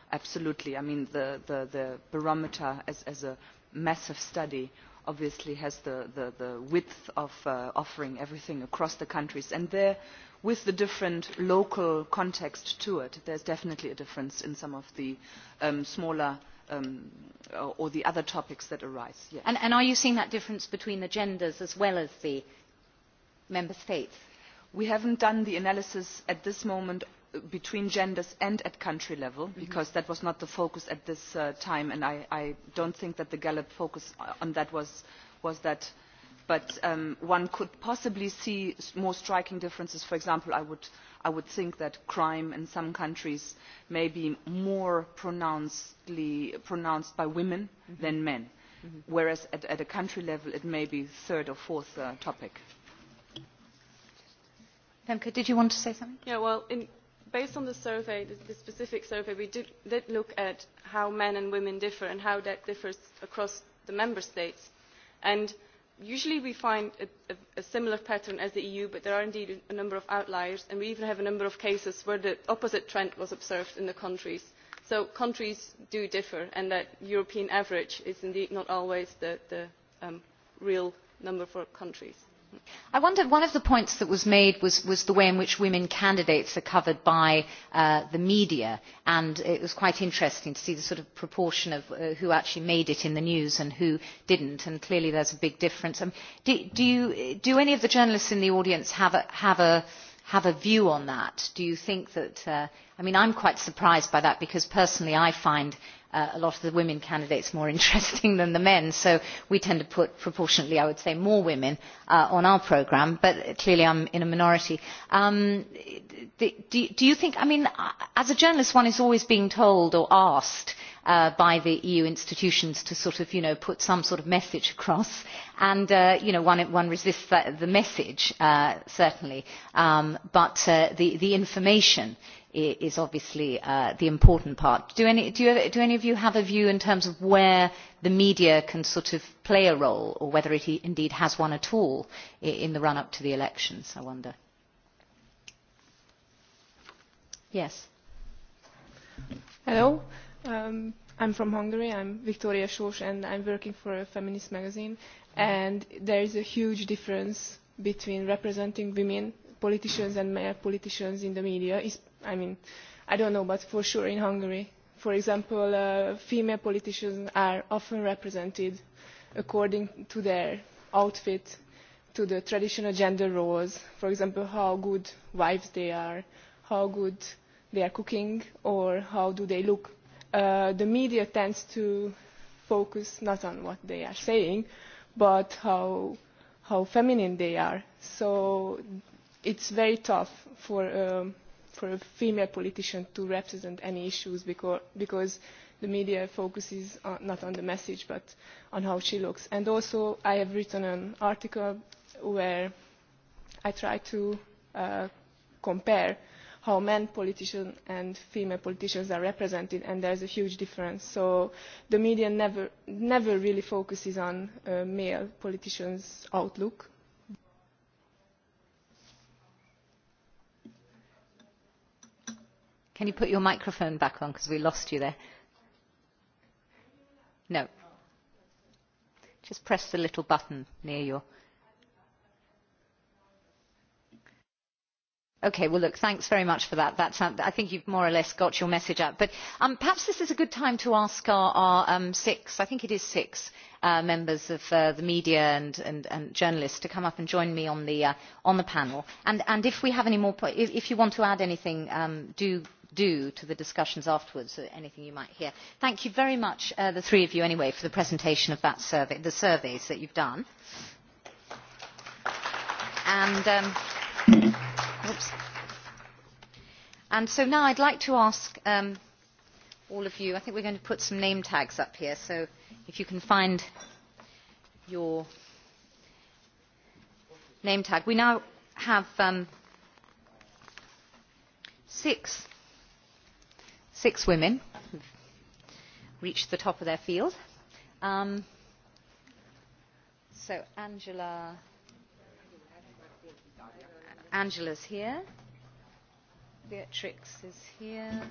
absolutely i mean the, barometer as, a massive study obviously has the, width of uh, offering everything across the countries and there with the different local context to it there is definitely a difference in some of the um, smaller um, or the other topics that arise. and are you seeing that difference between the genders as well as the member states? we have not done the analysis at this moment between genders and at country level mm-hmm. because mm -hmm. that was not the focus at this uh, time and I, I don't think that the Gallup focus uh, on that was, was that but um, one could possibly see more striking differences for example I would, I would think that crime in some countries may be more pronouncedly pronounced by women mm -hmm. than men mm -hmm. whereas at, at a country level it may be third or fourth uh, topic. Femke, did you want to say something? Yeah, well, in, based on the specific survey, we did, look at how men and women differ and how that differs across the member states. And usually we find a, similar pattern as the EU, but there are indeed a number of outliers, and we even have a number of cases where the opposite trend was observed in the countries. So countries do differ, and that European average is indeed not always the, um, real number for countries. I wonder, one of the points that was made was, was the way in which women candidates are covered by uh, the media, and it was quite interesting to see the sort of proportion of uh, who actually made it in the news and who didn't, and clearly there's a big difference. Um, do, do, you, do any of the journalists in the audience have a, have a, have a view on that? Do you think that, uh, I mean, I'm quite surprised by that because personally I find Uh, a lot of the women candidates more interesting than the men so we tend to put proportionately i would say more women uh, on our programme but clearly i'm in a minority. Um, do, you think i mean uh, as a journalist one is always being told or asked by the EU institutions to sort of, you know, put some sort of message across. And, you know, one, one resists the message, certainly, um, but the, the information is obviously uh, the important part. Do any, do, you, do any of you have a view in terms of where the media can sort of play a role, or whether it indeed has one at all in the run-up to the elections, I wonder? Yes. Hello. Um, I'm from Hungary. I'm Victoria Sors, and I'm working for a feminist magazine. And there is a huge difference between representing women politicians and male politicians in the media, i mean i don't know but for sure in hungary for example uh, female politicians are often represented according to their outfit to the traditional gender roles for example how good wives they are how good they are cooking or how do they look uh, the media tends to focus not on what they are saying but how how feminine they are so it's very tough for um, for a female politician to represent any issues because, the media focuses not on the message but on how she looks. And also I have written an article where I try to uh, compare how men politicians and female politicians are represented and there is a huge difference. So the media never, really focuses on uh, male politicians' outlook Can you put your microphone back on because we lost you there? No. Just press the little button near your. Okay, well, look, thanks very much for that. That's, um, I think you've more or less got your message out. But um, perhaps this is a good time to ask our, our um, six, I think it is six, uh, members of uh, the media and, and, and journalists to come up and join me on the, uh, on the panel. And, and if we have any more, if, if you want to add anything, um, do do to the discussions afterwards, so anything you might hear. Thank you very much, uh, the three of you anyway, for the presentation of that survey, the surveys that you've done. And, um, oops. and so now I'd like to ask um, all of you, I think we're going to put some name tags up here, so if you can find your name tag. We now have um, six six women who've reached the top of their field. Um, so Angela, Angela's here. Beatrix is here,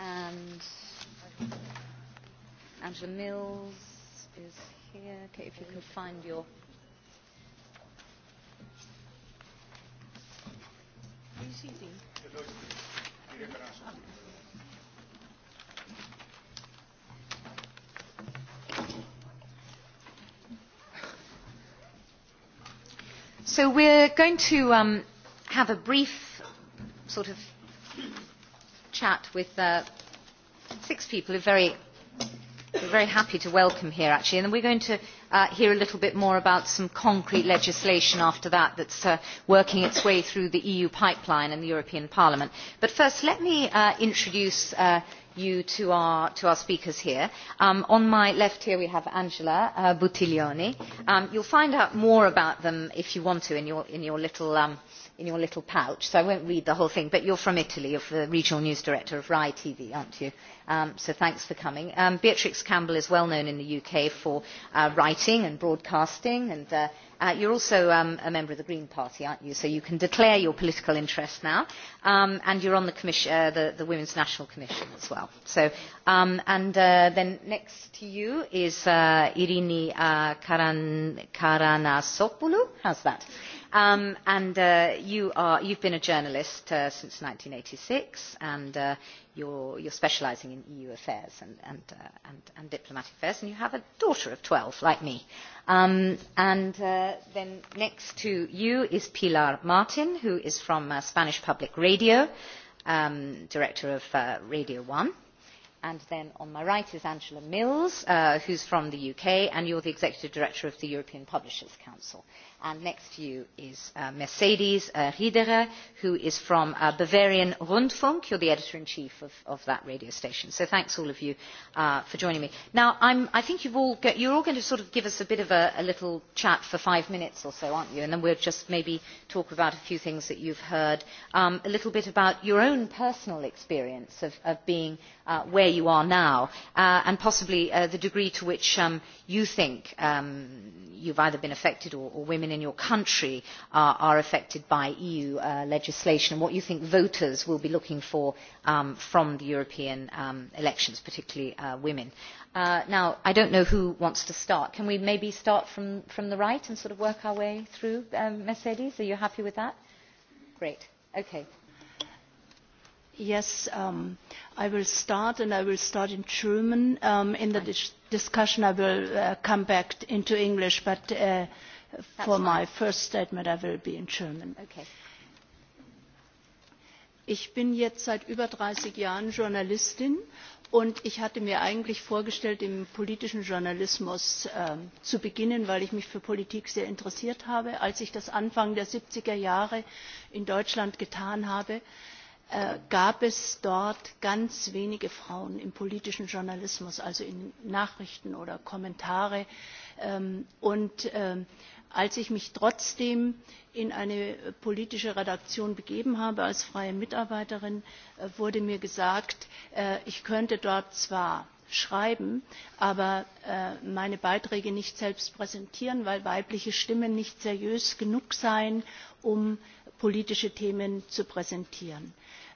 and Angela Mills is here. Okay, if you can find your. Are you So we're going to um, have a brief sort of chat with uh, six people who are very we're very happy to welcome here actually and we're going to uh, hear a little bit more about some concrete legislation after that that's uh, working its way through the EU pipeline and the European Parliament. But first let me uh, introduce uh, you to our, to our speakers here. Um, on my left here we have Angela uh, Buttiglione. Um, you'll find out more about them if you want to in your, in your little um, uh, in your little pouch, so I won't read the whole thing, but you're from Italy, you're the regional news director of RAI TV, aren't you? Um, so thanks for coming. Um, Beatrix Campbell is well known in the UK for uh, writing and broadcasting, and uh, uh, you're also um, a member of the Green Party, aren't you? So you can declare your political interest now, um, and you're on the, commission, uh, the, the Women's National Commission as well. So, um, and uh, then next to you is uh, Irini uh, Karan Karanasopoulou. How's that? Um, and uh, you have you've been a journalist thousand uh, since 1986, uh, e and and you're, are specialising in EU affairs and, diplomatic affairs, and you have a daughter of 12, like me. Um, and then next to you is Pilar Martin, who is from Spanish Public Radio, um, director of Radio 1. And then on my right is Angela Mills, who who's from the UK, and you're the executive director of the European Publishers Council. And next to you is uh, Mercedes uh, Riederer, who is from uh, Bavarian Rundfunk. You're the editor-in-chief of, of that radio station. So thanks all of you uh, for joining me. Now, I'm, I think you've all go, you're all going to sort of give us a bit of a, a little chat for five minutes or so, aren't you? And then we'll just maybe talk about a few things that you've heard, um, a little bit about your own personal experience of, of being uh, where you are now, uh, and possibly uh, the degree to which um, you think um, you've either been affected or, or women women in your country uh, are affected by EU uh, legislation and what you think voters will be looking for um, from the European um, elections, particularly uh, women. Uh, now, I don't know who wants to start. Can we maybe start from, from the right and sort of work our way through? Um, Mercedes, are you happy with that? Great. Okay. Yes, um, I will start, and I will start in German. Um, in the dis discussion, I will uh, come back into English, but uh, for my first statement I will be in German. Ich bin jetzt seit über 30 Jahren Journalistin und ich hatte mir eigentlich vorgestellt, im politischen Journalismus ähm, zu beginnen, weil ich mich für Politik sehr interessiert habe. Als ich das Anfang der 70er Jahre in Deutschland getan habe, äh, gab es dort ganz wenige Frauen im politischen Journalismus, also in Nachrichten oder Kommentare. Ähm, und ähm, als ich mich trotzdem in eine politische redaktion begeben habe als freie mitarbeiterin äh, wurde mir gesagt äh, ich könnte dort zwar schreiben aber äh, meine beiträge nicht selbst präsentieren weil weibliche stimmen nicht seriös genug seien um politische themen zu präsentieren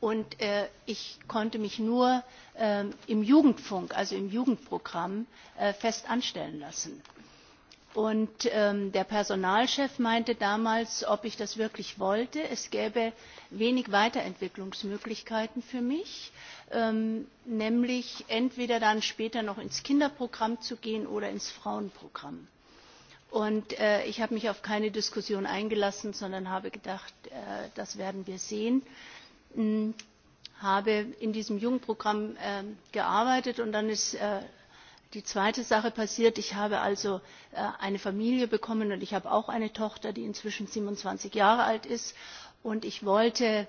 Und äh, ich konnte mich nur äh, im Jugendfunk, also im Jugendprogramm, äh, fest anstellen lassen. Und ähm, der Personalchef meinte damals, ob ich das wirklich wollte. Es gäbe wenig Weiterentwicklungsmöglichkeiten für mich, ähm, nämlich entweder dann später noch ins Kinderprogramm zu gehen oder ins Frauenprogramm. Und äh, ich habe mich auf keine Diskussion eingelassen, sondern habe gedacht, äh, das werden wir sehen. Äh, Ähm, habe in diesem Jugendprogramm ähm, gearbeitet und dann ist äh, die zweite Sache passiert. Ich habe also äh, eine Familie bekommen und ich habe auch eine Tochter, die inzwischen siebenundzwanzig Jahre alt ist und ich wollte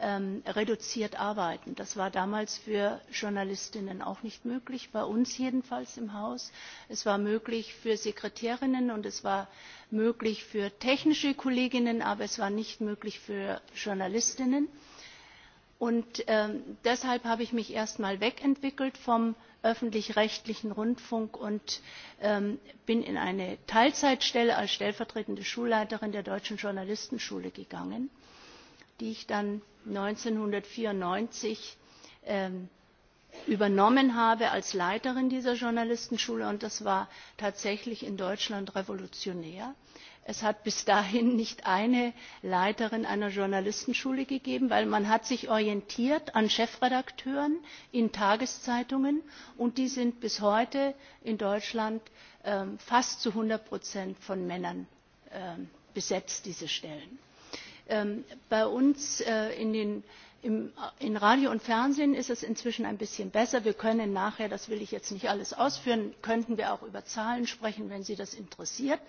ähm, reduziert arbeiten. Das war damals für Journalistinnen auch nicht möglich, bei uns jedenfalls im Haus. Es war möglich für Sekretärinnen und es war möglich für technische Kolleginnen, aber es war nicht möglich für Journalistinnen. Und ähm, deshalb habe ich mich erst einmal wegentwickelt vom öffentlich-rechtlichen Rundfunk und ähm, bin in eine Teilzeitstelle als stellvertretende Schulleiterin der Deutschen Journalistenschule gegangen, die ich dann eintausendneunhundertvierundneunzig ähm, übernommen habe als Leiterin dieser Journalistenschule und das war tatsächlich in Deutschland revolutionär es hat bis dahin nicht eine leiterin einer journalistenschule gegeben weil man sich orientiert an chefredakteuren in tageszeitungen orientiert hat und die sind bis heute in deutschland ähm, fast zu einhundert von männern ähm, besetzt diese stellen. Ähm, bei uns äh, in radio und fernsehen ist es inzwischen ein bisschen besser. wir können nachher das will ich jetzt nicht alles ausführen könnten wir auch über zahlen sprechen wenn sie das interessiert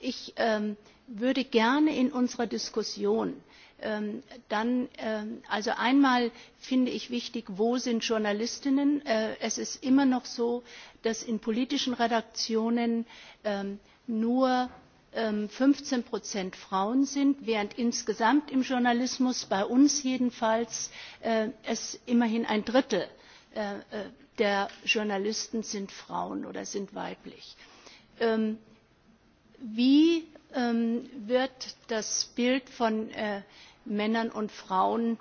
ich ähm, würde gerne in unserer diskussion ähm, dann ähm, also einmal finde ich wichtig wo sind journalistinnen? Äh, es ist immer noch so dass in politischen redaktionen nur fünfzehn frauen sind während es insgesamt im journalismus bei uns jedenfalls äh, immerhin ein drittel äh, der journalisten sind frauen oder sind weiblich wie ähm, wird das Bild von äh, Männern und Frauen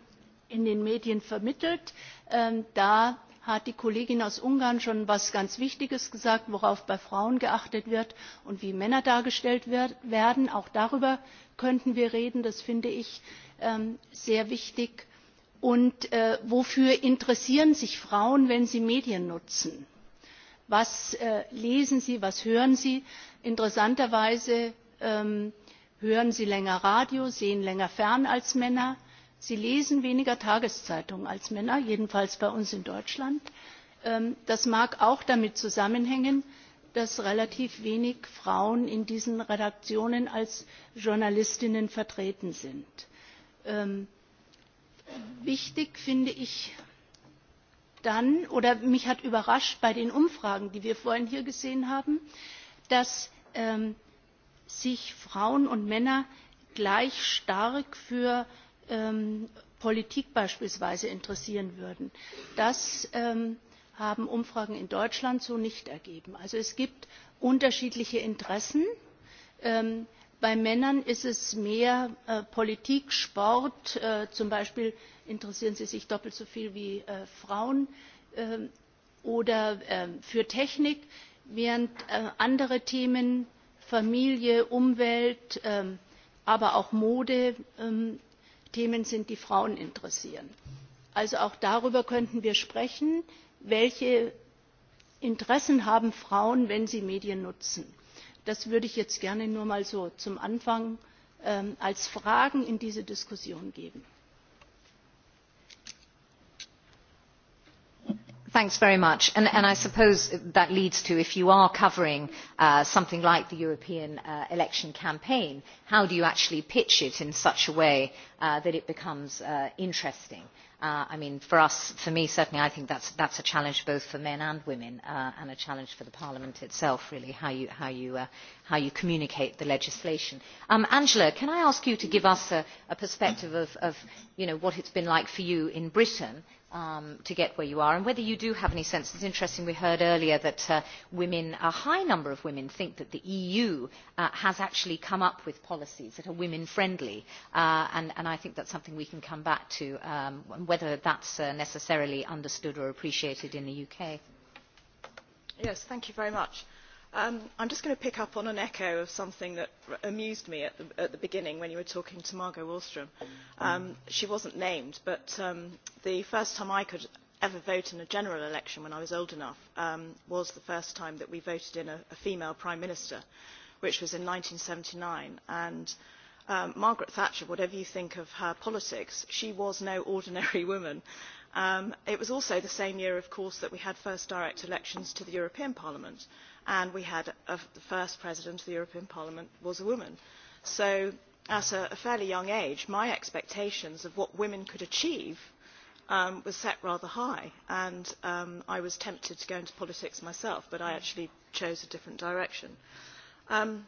in den Medien vermittelt? Ähm, da hat die Kollegin aus Ungarn schon etwas ganz Wichtiges gesagt, worauf bei Frauen geachtet wird und wie Männer dargestellt werden. Auch darüber könnten wir reden. Das finde ich ähm, sehr wichtig. Und äh, wofür interessieren sich Frauen, wenn sie Medien nutzen? Was äh, lesen sie? Was hören sie? interessanterweise ähm, hören sie länger radio sehen länger fern als männer sie lesen weniger tageszeitungen als männer jedenfalls bei uns in deutschland. Ähm, das mag auch damit zusammenhängen dass relativ wenig frauen in diesen redaktionen als journalistinnen vertreten sind. Ähm, wichtig finde ich dann oder mich hat überrascht bei den umfragen die wir vorhin hier gesehen haben dass ähm, sich Frauen und Männer gleich stark für ähm, Politik beispielsweise interessieren würden. Das ähm, haben Umfragen in Deutschland so nicht ergeben. Also es gibt unterschiedliche Interessen. Ähm, bei Männern ist es mehr äh, Politik, Sport, äh, zum Beispiel interessieren sie sich doppelt so viel wie äh, Frauen äh, oder äh, für Technik während äh, andere Themen Familie, Umwelt, ähm, aber auch Mode ähm, Themen sind, die Frauen interessieren. Also auch darüber könnten wir sprechen, welche Interessen haben Frauen, wenn sie Medien nutzen. Das würde ich jetzt gerne nur mal so zum Anfang ähm, als Fragen in diese Diskussion geben. Thanks very much. And, I suppose that leads to if you are covering uh, something like the European uh, election campaign, how do you actually pitch it in such a way uh, that it becomes interesting? I mean, for us, for me certainly, I think that's, that's a challenge both for men and women and a challenge for the Parliament itself, really, how you, how you, uh, how you communicate the legislation. Um, Angela, can I ask you to give us a, a perspective of, of you know, what it's been like for you in Britain? um, to get where you are and whether you do have any sense. It's interesting, we heard earlier that uh, women, a high number of women think that the EU uh, has actually come up with policies that are women friendly uh, and, and I think that's something we can come back to um, whether that's uh, necessarily understood or appreciated in the UK. Yes, thank you very much i am um, just going to pick up on an echo of something that amused me at the, at the beginning when you were talking to Margot wallstrm. Um, she wasn't named, but um, the first time I could ever vote in a general election when I was old enough um, was the first time that we voted in a, a female prime minister, which was in 1979. And um, Margaret Thatcher, whatever you think of her politics, she was no ordinary woman. Um, it was also the same year, of course, that we had first direct elections to the European Parliament and we had a, the first president of the European Parliament was a woman. So at a, a fairly young age, my expectations of what women could achieve um, was set rather high, and um, I was tempted to go into politics myself, but I actually chose a different direction. Um,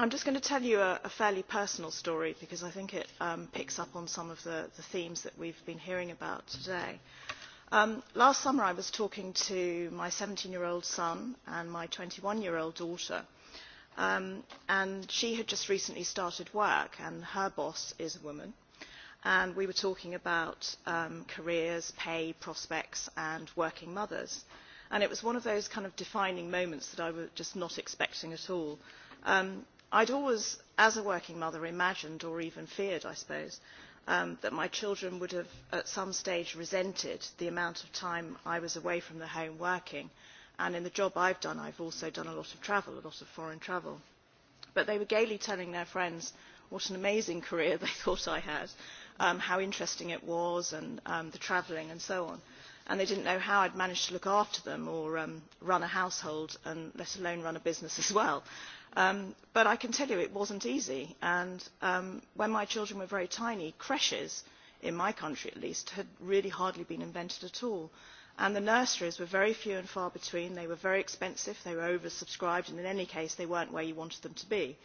I'm just going to tell you a, a fairly personal story because I think it um, picks up on some of the, the themes that we've been hearing about today. Uh, Um, last summer I was talking to my 17-year-old son and my 21-year-old daughter, um, and she had just recently started work, and her boss is a woman. And we were talking about um, careers, pay, prospects, and working mothers. And it was one of those kind of defining moments that I was just not expecting at all. Um, I'd always, as a working mother, imagined or even feared, I suppose, Um, that my children would have at some stage resented the amount of time I was away from the home working. And in the job I've done, I've also done a lot of travel, a lot of foreign travel. But they were gaily telling their friends what an amazing career they thought I had, um, how interesting it was, and um, the travelling and so on and they didn't know how I'd managed to look after them or um, run a household and let alone run a business as well. Um, but i can tell you it was not easy and um, when my children were very tiny creches in my country at least had really hardly been invented at all and the nurseries were very few and far between they were very expensive they were oversubscribed and in any case they were not where you wanted them to be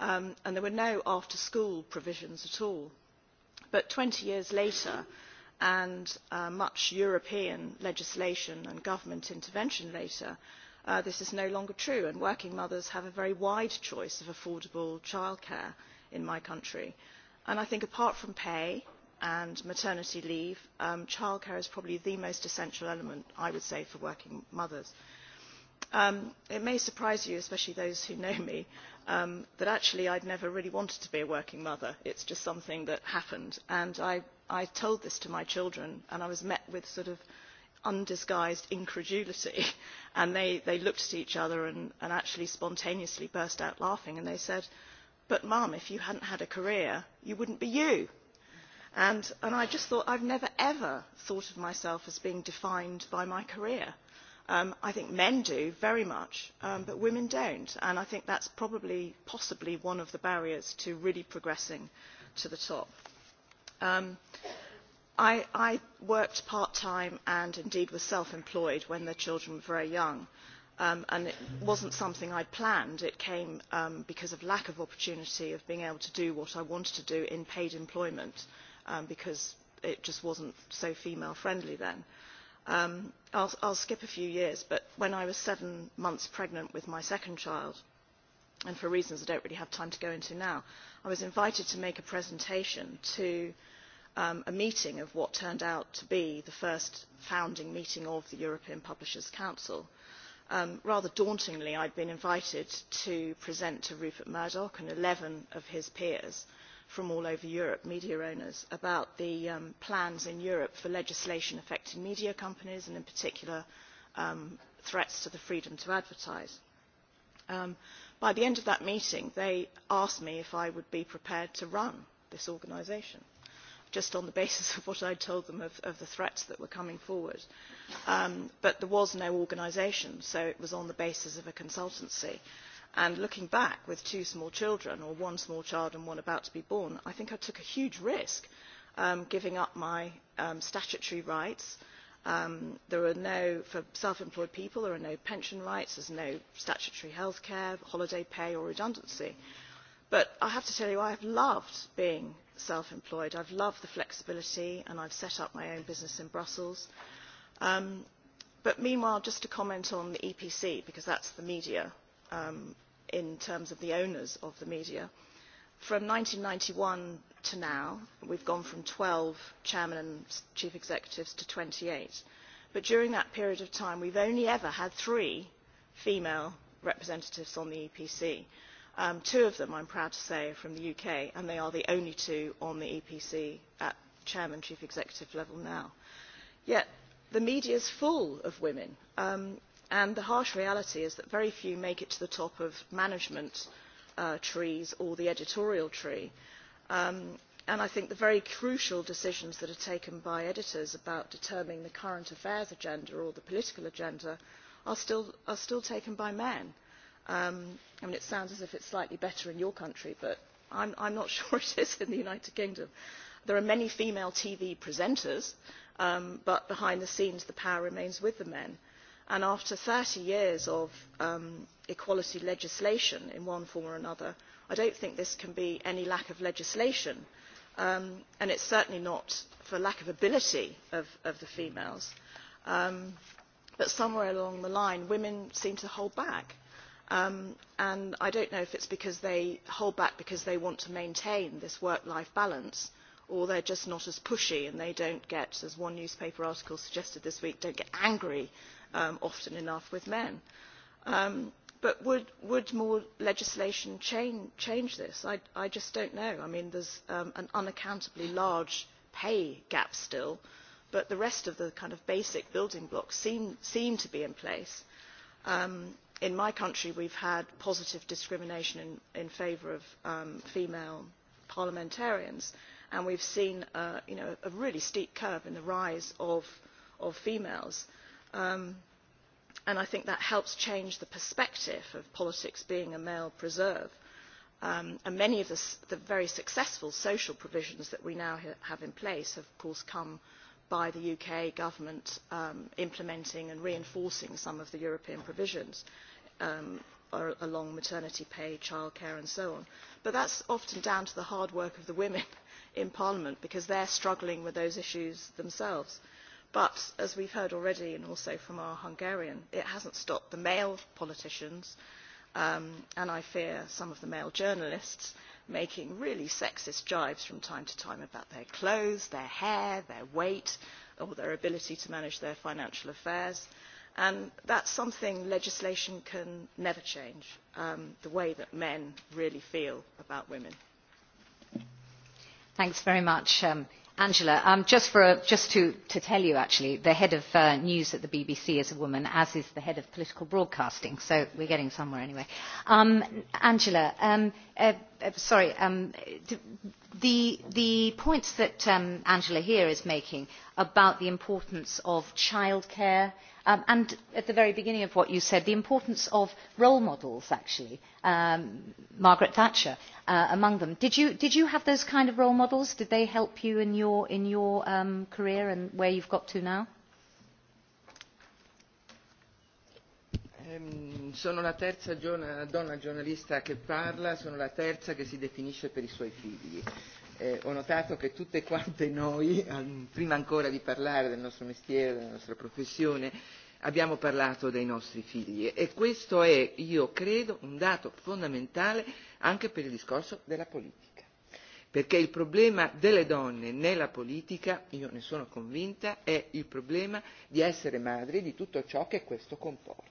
um, and there were no after school provisions at all. but twenty years later and uh, much european legislation and government intervention later Uh, this is no longer true and working mothers have a very wide choice of affordable childcare in my country. I think apart from pay and maternity leave, um, childcare is probably the most essential element, I would say, for working mothers. Um, it may surprise you, especially those who know me, um, that actually I'd never really wanted to be a working mother. It's just something that happened. And I, I told this to my children and I was met with sort of undisguised incredulity. And they, they looked at each other and, and actually spontaneously burst out laughing. And they said, But, Mum, if you hadn't had a career, you wouldn't be you. And, and I just thought, I've never ever thought of myself as being defined by my career. Um, I think men do very much, um, but women don't. And I think that's probably, possibly, one of the barriers to really progressing to the top. Um, I, worked part-time and indeed was self-employed when the children were very young. Um, and it wasn't something I planned. It came um, because of lack of opportunity of being able to do what I wanted to do in paid employment um, because it just wasn't so female friendly then. Um, I'll, I'll skip a few years, but when I was seven months pregnant with my second child, and for reasons I don't really have time to go into now, I was invited to make a presentation to Um, a meeting of what turned out to be the first founding meeting of the European Publishers Council. Um, rather dauntingly, I'd been invited to present to Rupert Murdoch and eleven of his peers from all over Europe, media owners, about the um, plans in Europe for legislation affecting media companies and in particular threats to the freedom to advertise. by the end of that meeting, they asked me if I would be prepared to run this organisation just on the basis of what I told them of, of the threats that were coming forward. Um, but there was no organisation, so it was on the basis of a consultancy. And looking back with two small children, or one small child and one about to be born, I think I took a huge risk um, giving up my um, statutory rights. Um, there are no, for self-employed people, there are no pension rights, there's no statutory health care, holiday pay or redundancy. Mm-hmm but i have to tell you i have loved being self employed. i have loved the flexibility and i have set up my own business in brussels. Um, but meanwhile just to comment on the epc because that is the media um, in terms of the owners of the media from one thousand nine hundred and ninety one to now we have gone from twelve chairmen and chief executives to twenty eight but during that period of time we have only ever had three female representatives on the epc um, two of them, I'm proud to say, are from the UK, and they are the only two on the EPC at chairman, chief executive level now. Yet the media is full of women, um, and the harsh reality is that very few make it to the top of management uh, trees or the editorial tree. Um, and I think the very crucial decisions that are taken by editors about determining the current affairs agenda or the political agenda are still, are still taken by men Um, I mean, it sounds as if it is slightly better in your country, but i am not sure it is in the United Kingdom. There are many female TV presenters, um, but behind the scenes the power remains with the men. And after thirty years of um, equality legislation in one form or another, I do not think this can be any lack of legislation. and it is certainly not for lack of ability of, the females. but somewhere along the line, women seem to hold back Um, and I don't know if it's because they hold back because they want to maintain this work-life balance or they're just not as pushy and they don't get, as one newspaper article suggested this week, don't get angry um, often enough with men. Um, but would, would more legislation change, change this? I, I just don't know. I mean, there's um, an unaccountably large pay gap still, but the rest of the kind of basic building blocks seem, seem to be in place. Um, in my country we have had positive discrimination in, in favour of um, female parliamentarians and we have seen uh, you know, a really steep curve in the rise of, of females. Um, and I think that helps change the perspective of politics being a male preserve. Um, and many of the, the very successful social provisions that we now ha have in place have, of course, come by the UK government um, implementing and reinforcing some of the European provisions um, or along maternity pay, childcare and so on. But that's often down to the hard work of the women in Parliament because they're struggling with those issues themselves. But as we've heard already and also from our Hungarian, it hasn't stopped the male politicians um, and I fear some of the male journalists making really sexist jibes from time to time about their clothes, their hair, their weight, or their ability to manage their financial affairs and that is something legislation can never change um, the way that men really feel about women. Thanks very much. Um, Angela, um, just, for a, just to, to tell you actually, the head of uh, news at the BBC is a woman, as is the head of political broadcasting, so we're getting somewhere anyway. Um, Angela, um, uh, Uh, sorry, um, the, the points that um, Angela here is making about the importance of childcare um, and at the very beginning of what you said, the importance of role models, actually, um, Margaret Thatcher uh, among them. Did you, did you have those kind of role models? Did they help you in your, in your um, career and where you've got to now? Um, sono la terza donna giornalista che parla, sono la terza che si definisce per i suoi figli. Eh, ho notato che tutte quante noi, prima ancora di parlare del nostro mestiere, della nostra professione, abbiamo parlato dei nostri figli e questo è, io credo, un dato fondamentale anche per il discorso della politica, perché il problema delle donne nella politica, io ne sono convinta, è il problema di essere madri di tutto ciò che questo comporta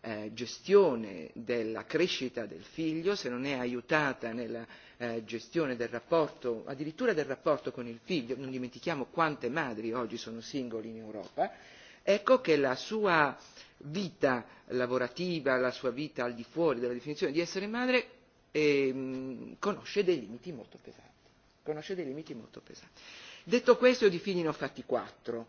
Eh, gestione della crescita del figlio, se non è aiutata nella eh, gestione del rapporto, addirittura del rapporto con il figlio, non dimentichiamo quante madri oggi sono singoli in Europa, ecco che la sua vita lavorativa, la sua vita al di fuori della definizione di essere madre ehm, conosce dei limiti molto pesanti. Conosce dei limiti molto pesanti. Detto questo, io di figli ne ho fatti quattro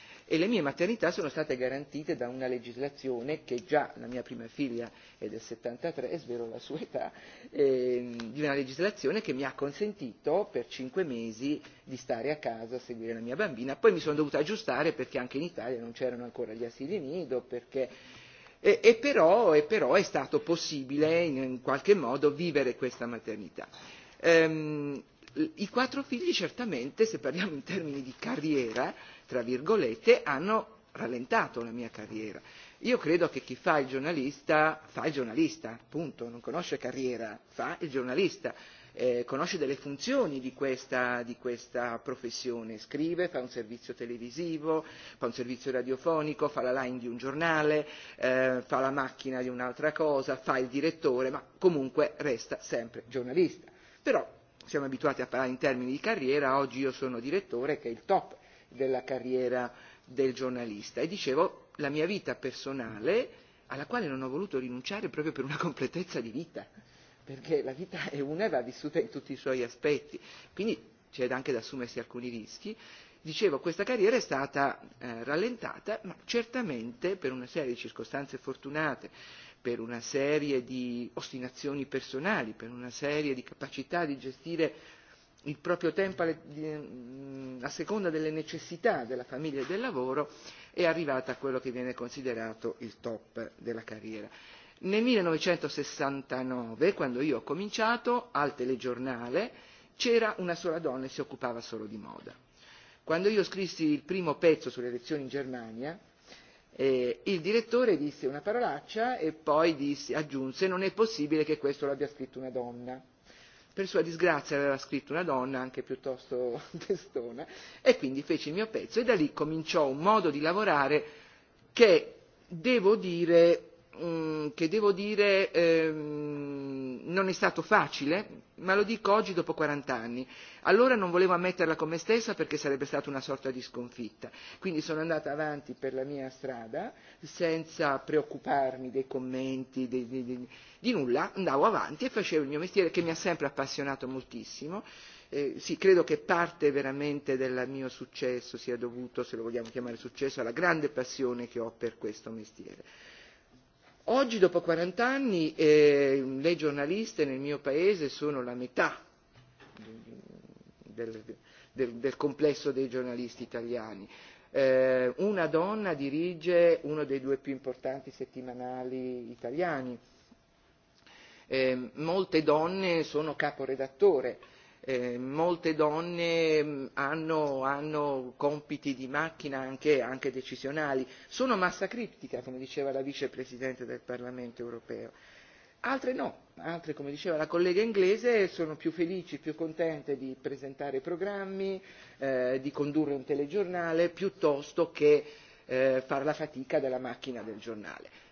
e le mie maternità sono state garantite da una legislazione che già la mia prima figlia è del 73, è svero la sua età, ehm, di una legislazione che mi ha consentito per cinque mesi di stare a casa a seguire la mia bambina. Poi mi sono dovuta aggiustare perché anche in Italia non c'erano ancora gli asili nido, perché e, e, però, e però è stato possibile in, in qualche modo vivere questa maternità. Ehm, I quattro figli certamente, se parliamo in termini di carriera, tra virgolette, hanno rallentato la mia carriera. Io credo che chi fa il giornalista fa il giornalista, punto, non conosce carriera, fa il giornalista, eh, conosce delle funzioni di questa, di questa professione, scrive, fa un servizio televisivo, fa un servizio radiofonico, fa la line di un giornale, eh, fa la macchina di un'altra cosa, fa il direttore, ma comunque resta sempre giornalista. Però siamo abituati a parlare in termini di carriera, oggi io sono direttore che è il top della carriera del giornalista. E dicevo, la mia vita personale, alla quale non ho voluto rinunciare proprio per una completezza di vita, perché la vita è una e va vissuta in tutti i suoi aspetti. Quindi c'è anche da assumersi alcuni rischi. Dicevo, questa carriera è stata eh, rallentata, ma certamente per una serie di circostanze fortunate, per una serie di ostinazioni personali, per una serie di capacità di gestire il proprio tempo mm, a seconda delle necessità della famiglia e del lavoro è arrivata a quello che viene considerato il top della carriera. Nel 1969, quando io ho cominciato, al telegiornale c'era una sola donna e si occupava solo di moda. Quando io scrissi il primo pezzo sulle elezioni in Germania, eh, il direttore disse una parolaccia e poi disse, aggiunse non è possibile che questo l'abbia scritto una donna per sua disgrazia aveva scritto una donna anche piuttosto testona e quindi feci il mio pezzo e da lì cominciò un modo di lavorare che devo dire Mm, che devo dire ehm, non è stato facile, ma lo dico oggi dopo 40 anni. Allora non volevo ammetterla con me stessa perché sarebbe stata una sorta di sconfitta. Quindi sono andata avanti per la mia strada senza preoccuparmi dei commenti, dei, dei, dei, di nulla, andavo avanti e facevo il mio mestiere che mi ha sempre appassionato moltissimo. Eh, sì, credo che parte veramente del mio successo sia dovuto, se lo vogliamo chiamare successo, alla grande passione che ho per questo mestiere Oggi, dopo 40 anni, eh, le giornaliste nel mio paese sono la metà del, del, del complesso dei giornalisti italiani. Eh, una donna dirige uno dei due più importanti settimanali italiani. Eh, molte donne sono caporedattore eh, molte donne mm, hanno, hanno compiti di macchina anche, anche decisionali, sono massa critica, come diceva la vicepresidente del Parlamento europeo. Altre no, altre come diceva la collega inglese sono più felici, più contente di presentare programmi, eh, di condurre un telegiornale piuttosto che eh, far la fatica della macchina del giornale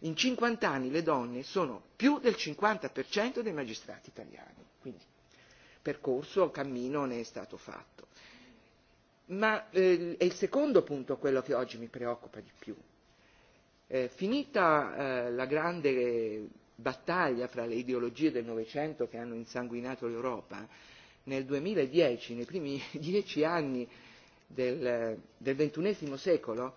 in 50 anni le donne sono più del 50% dei magistrati italiani. Quindi percorso, cammino ne è stato fatto. Ma eh, è il secondo punto quello che oggi mi preoccupa di più. Eh, finita eh, la grande battaglia fra le ideologie del Novecento che hanno insanguinato l'Europa, nel 2010, nei primi dieci anni del, del XXI secolo,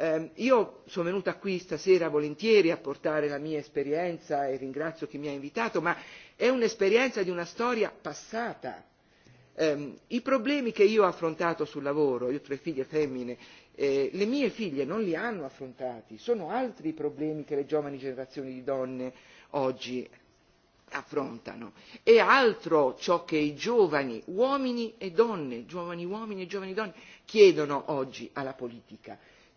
Ehm, io sono venuta qui stasera volentieri a portare la mia esperienza e ringrazio chi mi ha invitato ma è un'esperienza di una storia passata ehm, i problemi che io ho affrontato sul lavoro io ho tre figlie femmine eh, le mie figlie non li hanno affrontati sono altri i problemi che le giovani generazioni di donne oggi affrontano è altro ciò che i giovani uomini e donne giovani uomini e giovani donne chiedono oggi alla politica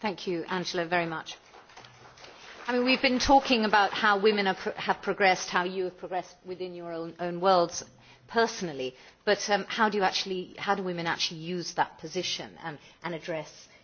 Thank you, Angela, very much. I mean, been talking about how women have progressed, how you have progressed within your own, own worlds personally, but um, how, do you actually, how do women actually use that position and, and address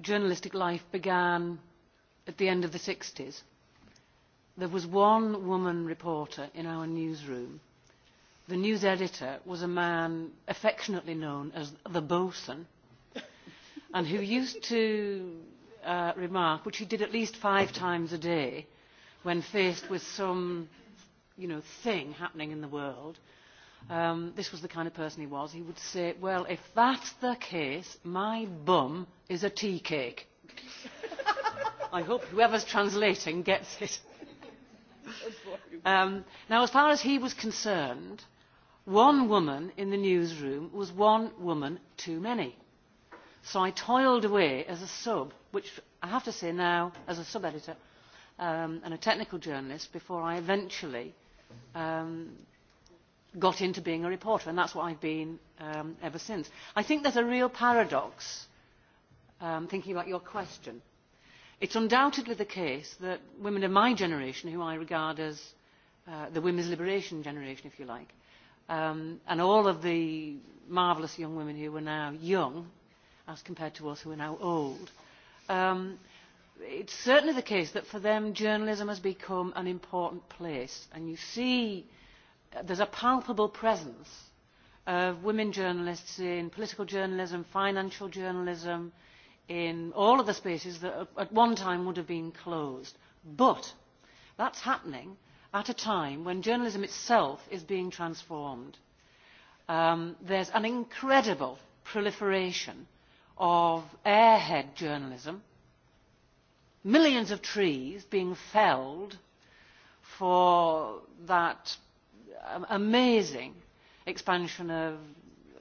journalistic life began at the end of the 60s. There was one woman reporter in our newsroom. The news editor was a man affectionately known as the bosun, and who used to uh, remark, which he did at least five times a day, when faced with some you know, thing happening in the world, um, this was the kind of person he was, he would say, well, if that's the case, my bum is a tea cake. I hope whoever's translating gets it. Um, now, as far as he was concerned, one woman in the newsroom was one woman too many. So I toiled away as a sub, which I have to say now, as a sub-editor um, and a technical journalist, before I eventually um, got into being a reporter, and that's what I've been um, ever since. I think there's a real paradox, um, thinking about your question. It's undoubtedly the case that women of my generation, who I regard as uh, the women's liberation generation, if you like, um, and all of the marvellous young women who are now young, as compared to us who are now old, um, it's certainly the case that for them journalism has become an important place. And you see there's a palpable presence of women journalists in political journalism, financial journalism, in all of the spaces that at one time would have been closed. But that's happening at a time when journalism itself is being transformed. Um, there's an incredible proliferation of airhead journalism, millions of trees being felled for that Um, amazing expansion of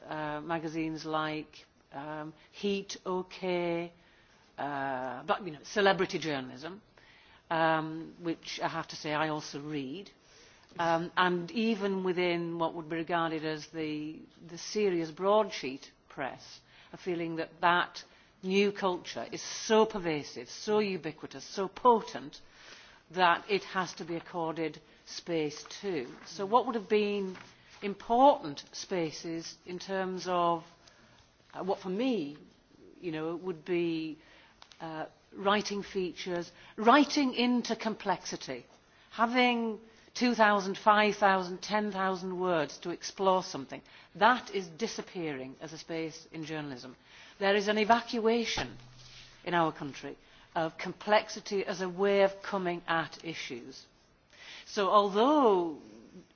uh, magazines like um, Heat, OK, uh, but, you know, celebrity journalism, um, which I have to say I also read. Um, and even within what would be regarded as the, the serious broadsheet press, a feeling that that new culture is so pervasive, so ubiquitous, so potent, that it has to be accorded space too. So what would have been important spaces in terms of uh, what for me, you know, would be uh, writing features, writing into complexity, having 2,000, 5,000, 10,000 words to explore something. That is disappearing as a space in journalism. There is an evacuation in our country of complexity as a way of coming at issues So although,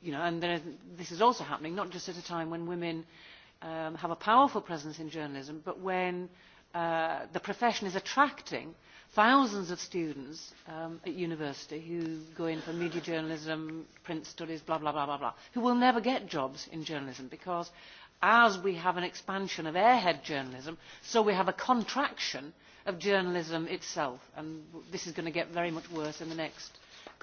you know, and there, this is also happening not just at a time when women um, have a powerful presence in journalism, but when uh, the profession is attracting thousands of students um, at university who go in for media journalism, print studies, blah, blah, blah, blah, blah, who will never get jobs in journalism because as we have an expansion of airhead journalism, so we have a contraction of journalism itself. And this is going to get very much worse in the next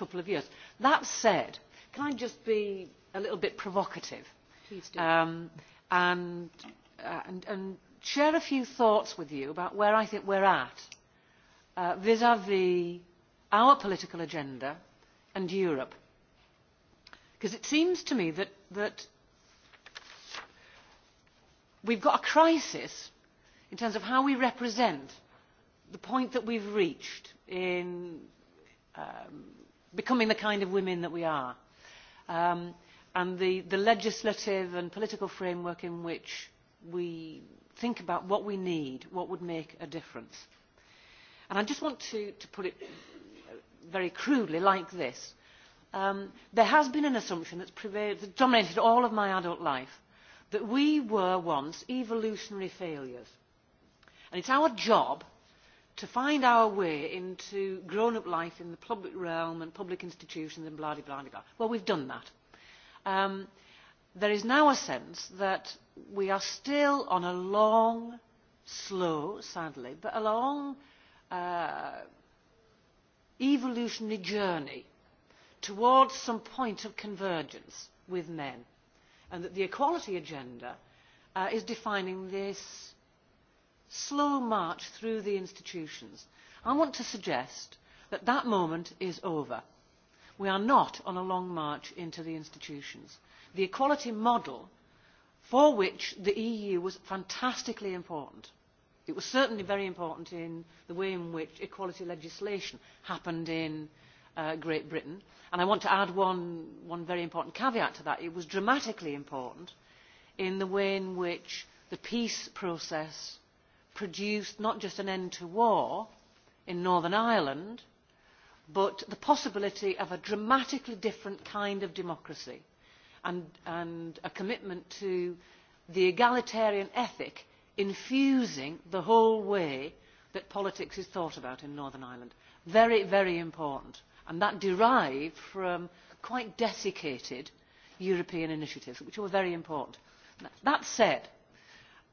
couple of years. That said, can I just be a little bit provocative? Please do. Um, and, uh, and, and share a few thoughts with you about where I think we're at vis-à-vis uh, -vis our political agenda and Europe. Because it seems to me that, that we've got a crisis in terms of how we represent the point that we've reached in um, becoming the kind of women that we are. Um, and the, the legislative and political framework in which we think about what we need, what would make a difference. And I just want to, to put it very crudely like this. Um, there has been an assumption that's that dominated all of my adult life that we were once evolutionary failures. And it's our job to find our way into grown up life in the public realm and public institutions and blah, blah, blah. blah. Well, we've done that. Um, there is now a sense that we are still on a long, slow, sadly, but a long uh, evolutionary journey towards some point of convergence with men, and that the equality agenda uh, is defining this slow march through the institutions. I want to suggest that that moment is over. We are not on a long march into the institutions. The equality model for which the EU was fantastically important. It was certainly very important in the way in which equality legislation happened in uh, Great Britain. And I want to add one, one very important caveat to that. It was dramatically important in the way in which the peace process produced not just an end to war in Northern Ireland, but the possibility of a dramatically different kind of democracy and, and a commitment to the egalitarian ethic infusing the whole way that politics is thought about in Northern Ireland. Very, very important. And that derived from quite desiccated European initiatives, which were very important. That said,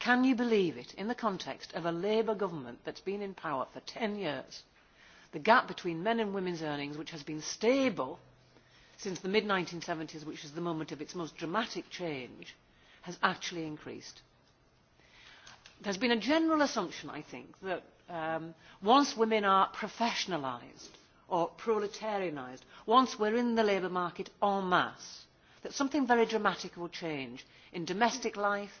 Can you believe it, in the context of a Labour government that's been in power for 10 years, the gap between men and women's earnings, which has been stable since the mid-1970s, which is the moment of its most dramatic change, has actually increased. There's been a general assumption, I think, that um, once women are professionalised or proletarianised, once we're in the labour market en masse, that something very dramatic will change in domestic life,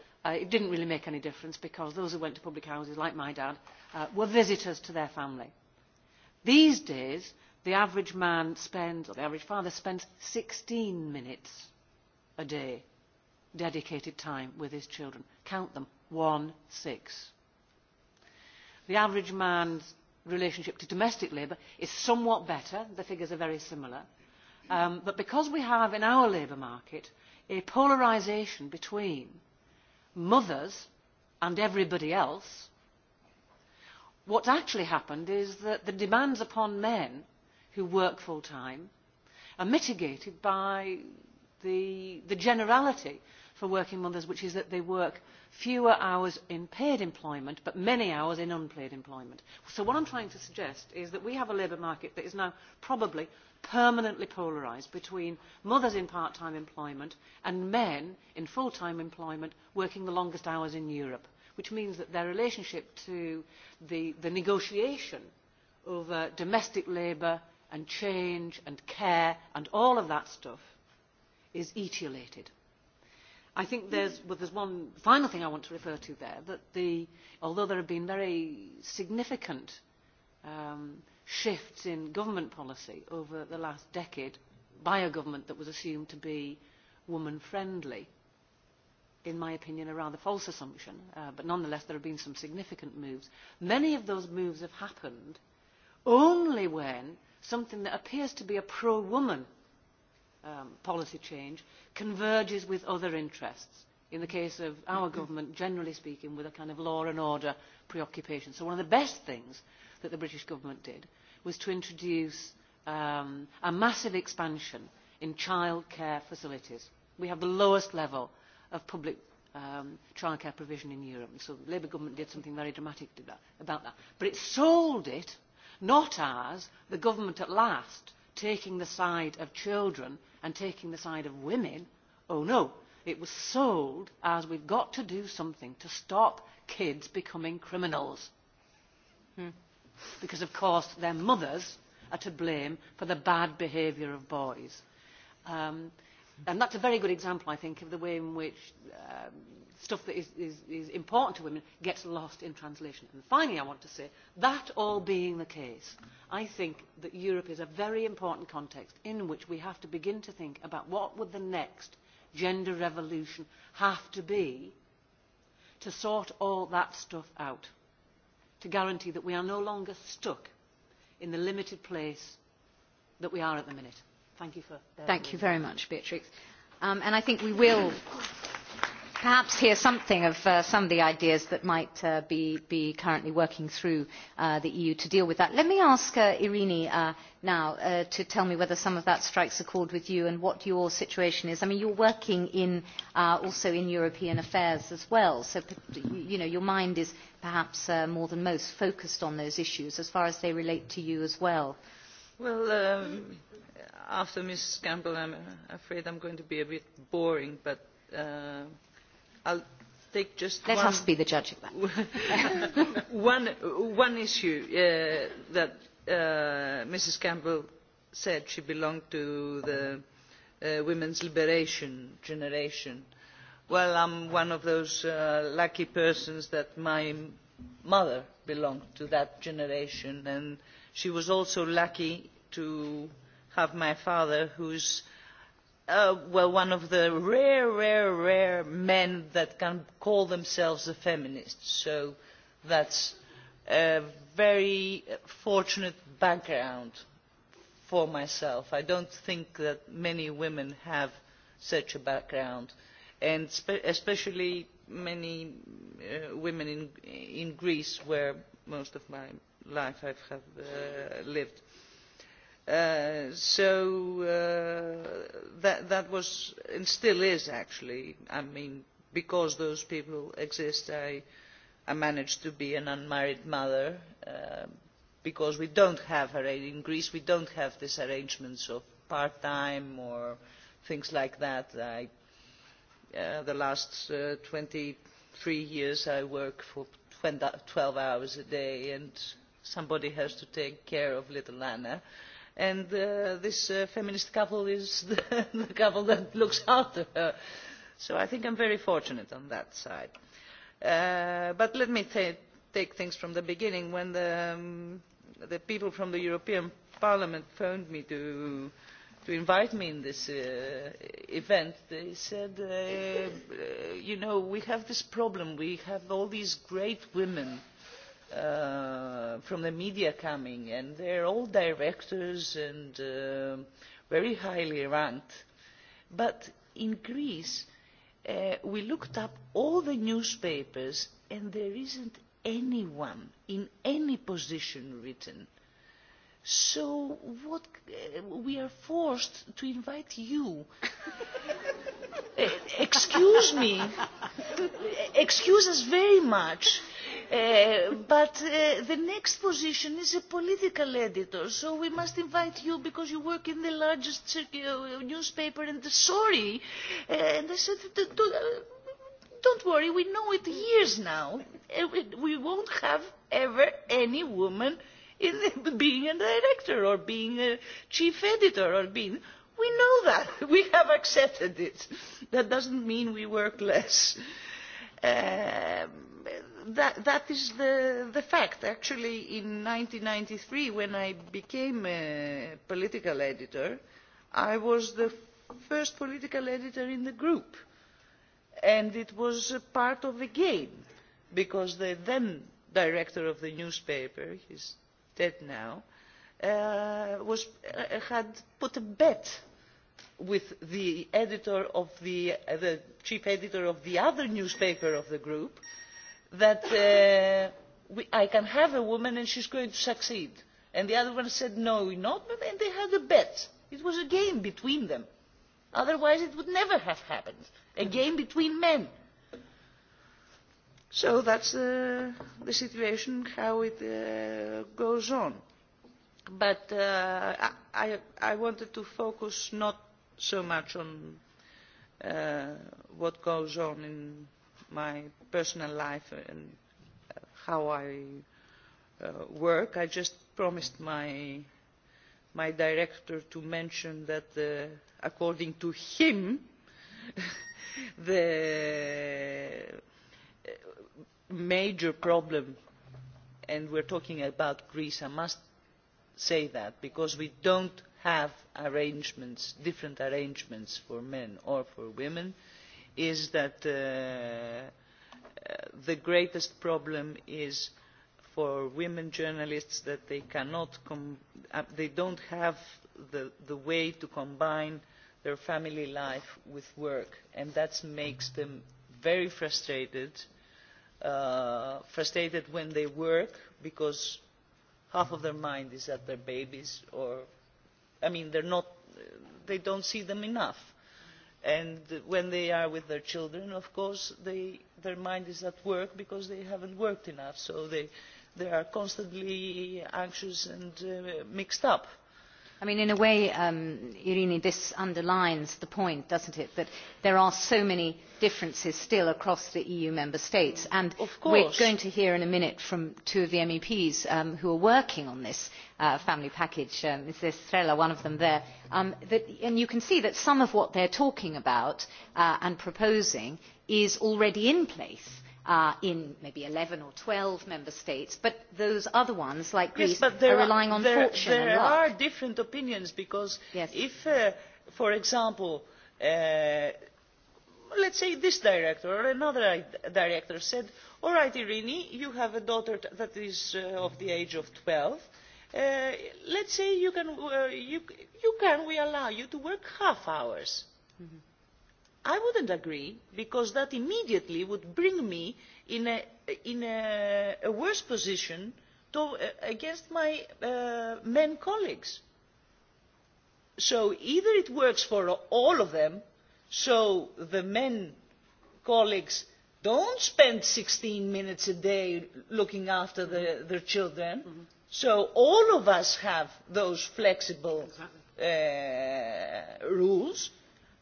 Uh, it did not really make any difference because those who went to public houses, like my dad, uh, were visitors to their family. These days, the average man spends, or the average father spends 16 minutes a day dedicated time with his children. Count them, one, six. The average man's relationship to domestic labour is somewhat better. The figures are very similar. Um, but because we have in our labour market a polarisation between mothers and everybody else, what actually happened is that the demands upon men who work full time are mitigated by the, the generality for working mothers, which is that they work fewer hours in paid employment but many hours in unpaid employment. So what I'm trying to suggest is that we have a labour market that is now probably permanently polarised between mothers in part-time employment and men in full-time employment working the longest hours in Europe, which means that their relationship to the, the negotiation over domestic labour and change and care and all of that stuff is etiolated. I think there's, well, there's one final thing I want to refer to there, that the, although there have been very significant um, shifts in government policy over the last decade by a government that was assumed to be woman friendly. In my opinion, a rather false assumption, uh, but nonetheless, there have been some significant moves. Many of those moves have happened only when something that appears to be a pro woman um, policy change converges with other interests. In the case of our government, generally speaking, with a kind of law and order preoccupation. So, one of the best things that the British government did was to introduce um, a massive expansion in childcare facilities. We have the lowest level of public um, childcare provision in Europe. So the Labour government did something very dramatic about that. But it sold it not as the government at last taking the side of children and taking the side of women. Oh no, it was sold as we've got to do something to stop kids becoming criminals. Hmm because of course their mothers are to blame for the bad behaviour of boys. Um, and that's a very good example, I think, of the way in which um, stuff that is, is, is important to women gets lost in translation. And finally, I want to say, that all being the case, I think that Europe is a very important context in which we have to begin to think about what would the next gender revolution have to be to sort all that stuff out to guarantee that we are no longer stuck in the limited place that we are at the minute. Thank you for. Thank you very much, Beatrix. Um, and I think we will perhaps hear something of uh, some of the ideas that might uh, be, be currently working through uh, the EU to deal with that. Let me ask uh, Irini uh, now uh, to tell me whether some of that strikes a chord with you and what your situation is. I mean, you're working in, uh, also in European affairs as well, so you know, your mind is perhaps uh, more than most focused on those issues as far as they relate to you as well. Well, um, after Ms. Campbell, I'm uh, afraid I'm going to be a bit boring, but uh, Let one, us be the judge of that. one, one issue uh, that uh, Mrs. Campbell said she belonged to the uh, women's liberation generation. Well, I'm one of those uh, lucky persons that my mother belonged to that generation, and she was also lucky to have my father, who's Uh, well, one of the rare, rare, rare men that can call themselves a feminist. So that's a very fortunate background for myself. I don't think that many women have such a background, and especially many uh, women in, in Greece, where most of my life I have uh, lived Uh, so uh, that, was and still is actually i mean because those people exist i, I managed to be an unmarried mother uh, because we do not have in greece we do not have these arrangements of part time or things like that. I, the last twenty three years i work for twelve hours a day and somebody has to take care of little anna and uh, this uh, feminist couple is the, couple that looks after her. So I think i am very fortunate on that side. Uh, but let me take things from the beginning. When um, the, people from the European Parliament phoned me to, invite me to this event, they said, you know, we have this problem. We have all these great women uh, from the media coming, and they're all directors and uh, very highly ranked. But in Greece, uh, we looked up all the newspapers, and there isn't anyone in any position written. So what, uh, we are forced to invite you. uh, excuse me. Excuse us very much Eh, but uh, the next position is a political editor, so we must invite you because you work in the largest eh, newspaper. And sorry, and I said, don't worry, we know it years now. We won't have ever any woman in the, being a director or being a chief editor or being. We know that. We have accepted it. That doesn't mean we work less. Um, that, is the, the fact. Actually, in 1993, when I became a political editor, I was the first political editor in the group. And it was a part of the game, because the then director of the newspaper, he's dead now, uh, was, uh, had put a bet with the editor of the, uh, the chief editor of the other newspaper of the group that uh, we, I can have a woman and she's going to succeed. And the other one said, no, we're not, and they had a bet. It was a game between them. Otherwise it would never have happened. A mm-hmm. game between men. So that's uh, the situation, how it uh, goes on. But uh, I, I wanted to focus not so much on uh, what goes on in my personal life and uh, how I uh, work. I just promised my, my director to mention that uh, according to him, the uh, major problem, and we're talking about Greece, I must say that, because we don't have arrangements, different arrangements for men or for women, uh, is that uh, the greatest problem is for women journalists that they cannot uh, they don't have the, the way to combine their family life with work and that makes them very frustrated uh, frustrated when they work because half of their mind is at their babies or I mean they're not they don't see them enough and when they are with their children of course they, their mind is at work because they have not worked enough so they, they are constantly anxious and uh, mixed up in a way, um, Irini, this underlines the point, does it, not that there are so many differences still across the EU member states. And we are going to hear in a minute from two of the MEPs um, who are working on this uh, family package, uh, Ms. estrela one of them there. Um, and you can see that some of what they are talking about uh, and proposing is already in place uh, in maybe 11 or 12 member states, but those other ones, like Greece, yes, but there are relying on there, fortune There and luck. are different opinions because yes. if, uh, for example, uh, let's say this director or another director said, all right, Irini, you have a daughter that is uh, of the age of 12. Uh, let's say you can, uh, you, you can, we allow you to work half hours. Mm -hmm i would not agree because that immediately would bring me in a, in a, worse position to, uh, against my uh, men colleagues. so either it works for all of them so the men colleagues do not spend sixteen minutes a day looking after the, mm-hmm. their children mm -hmm. so all of us have those flexible exactly. uh, rules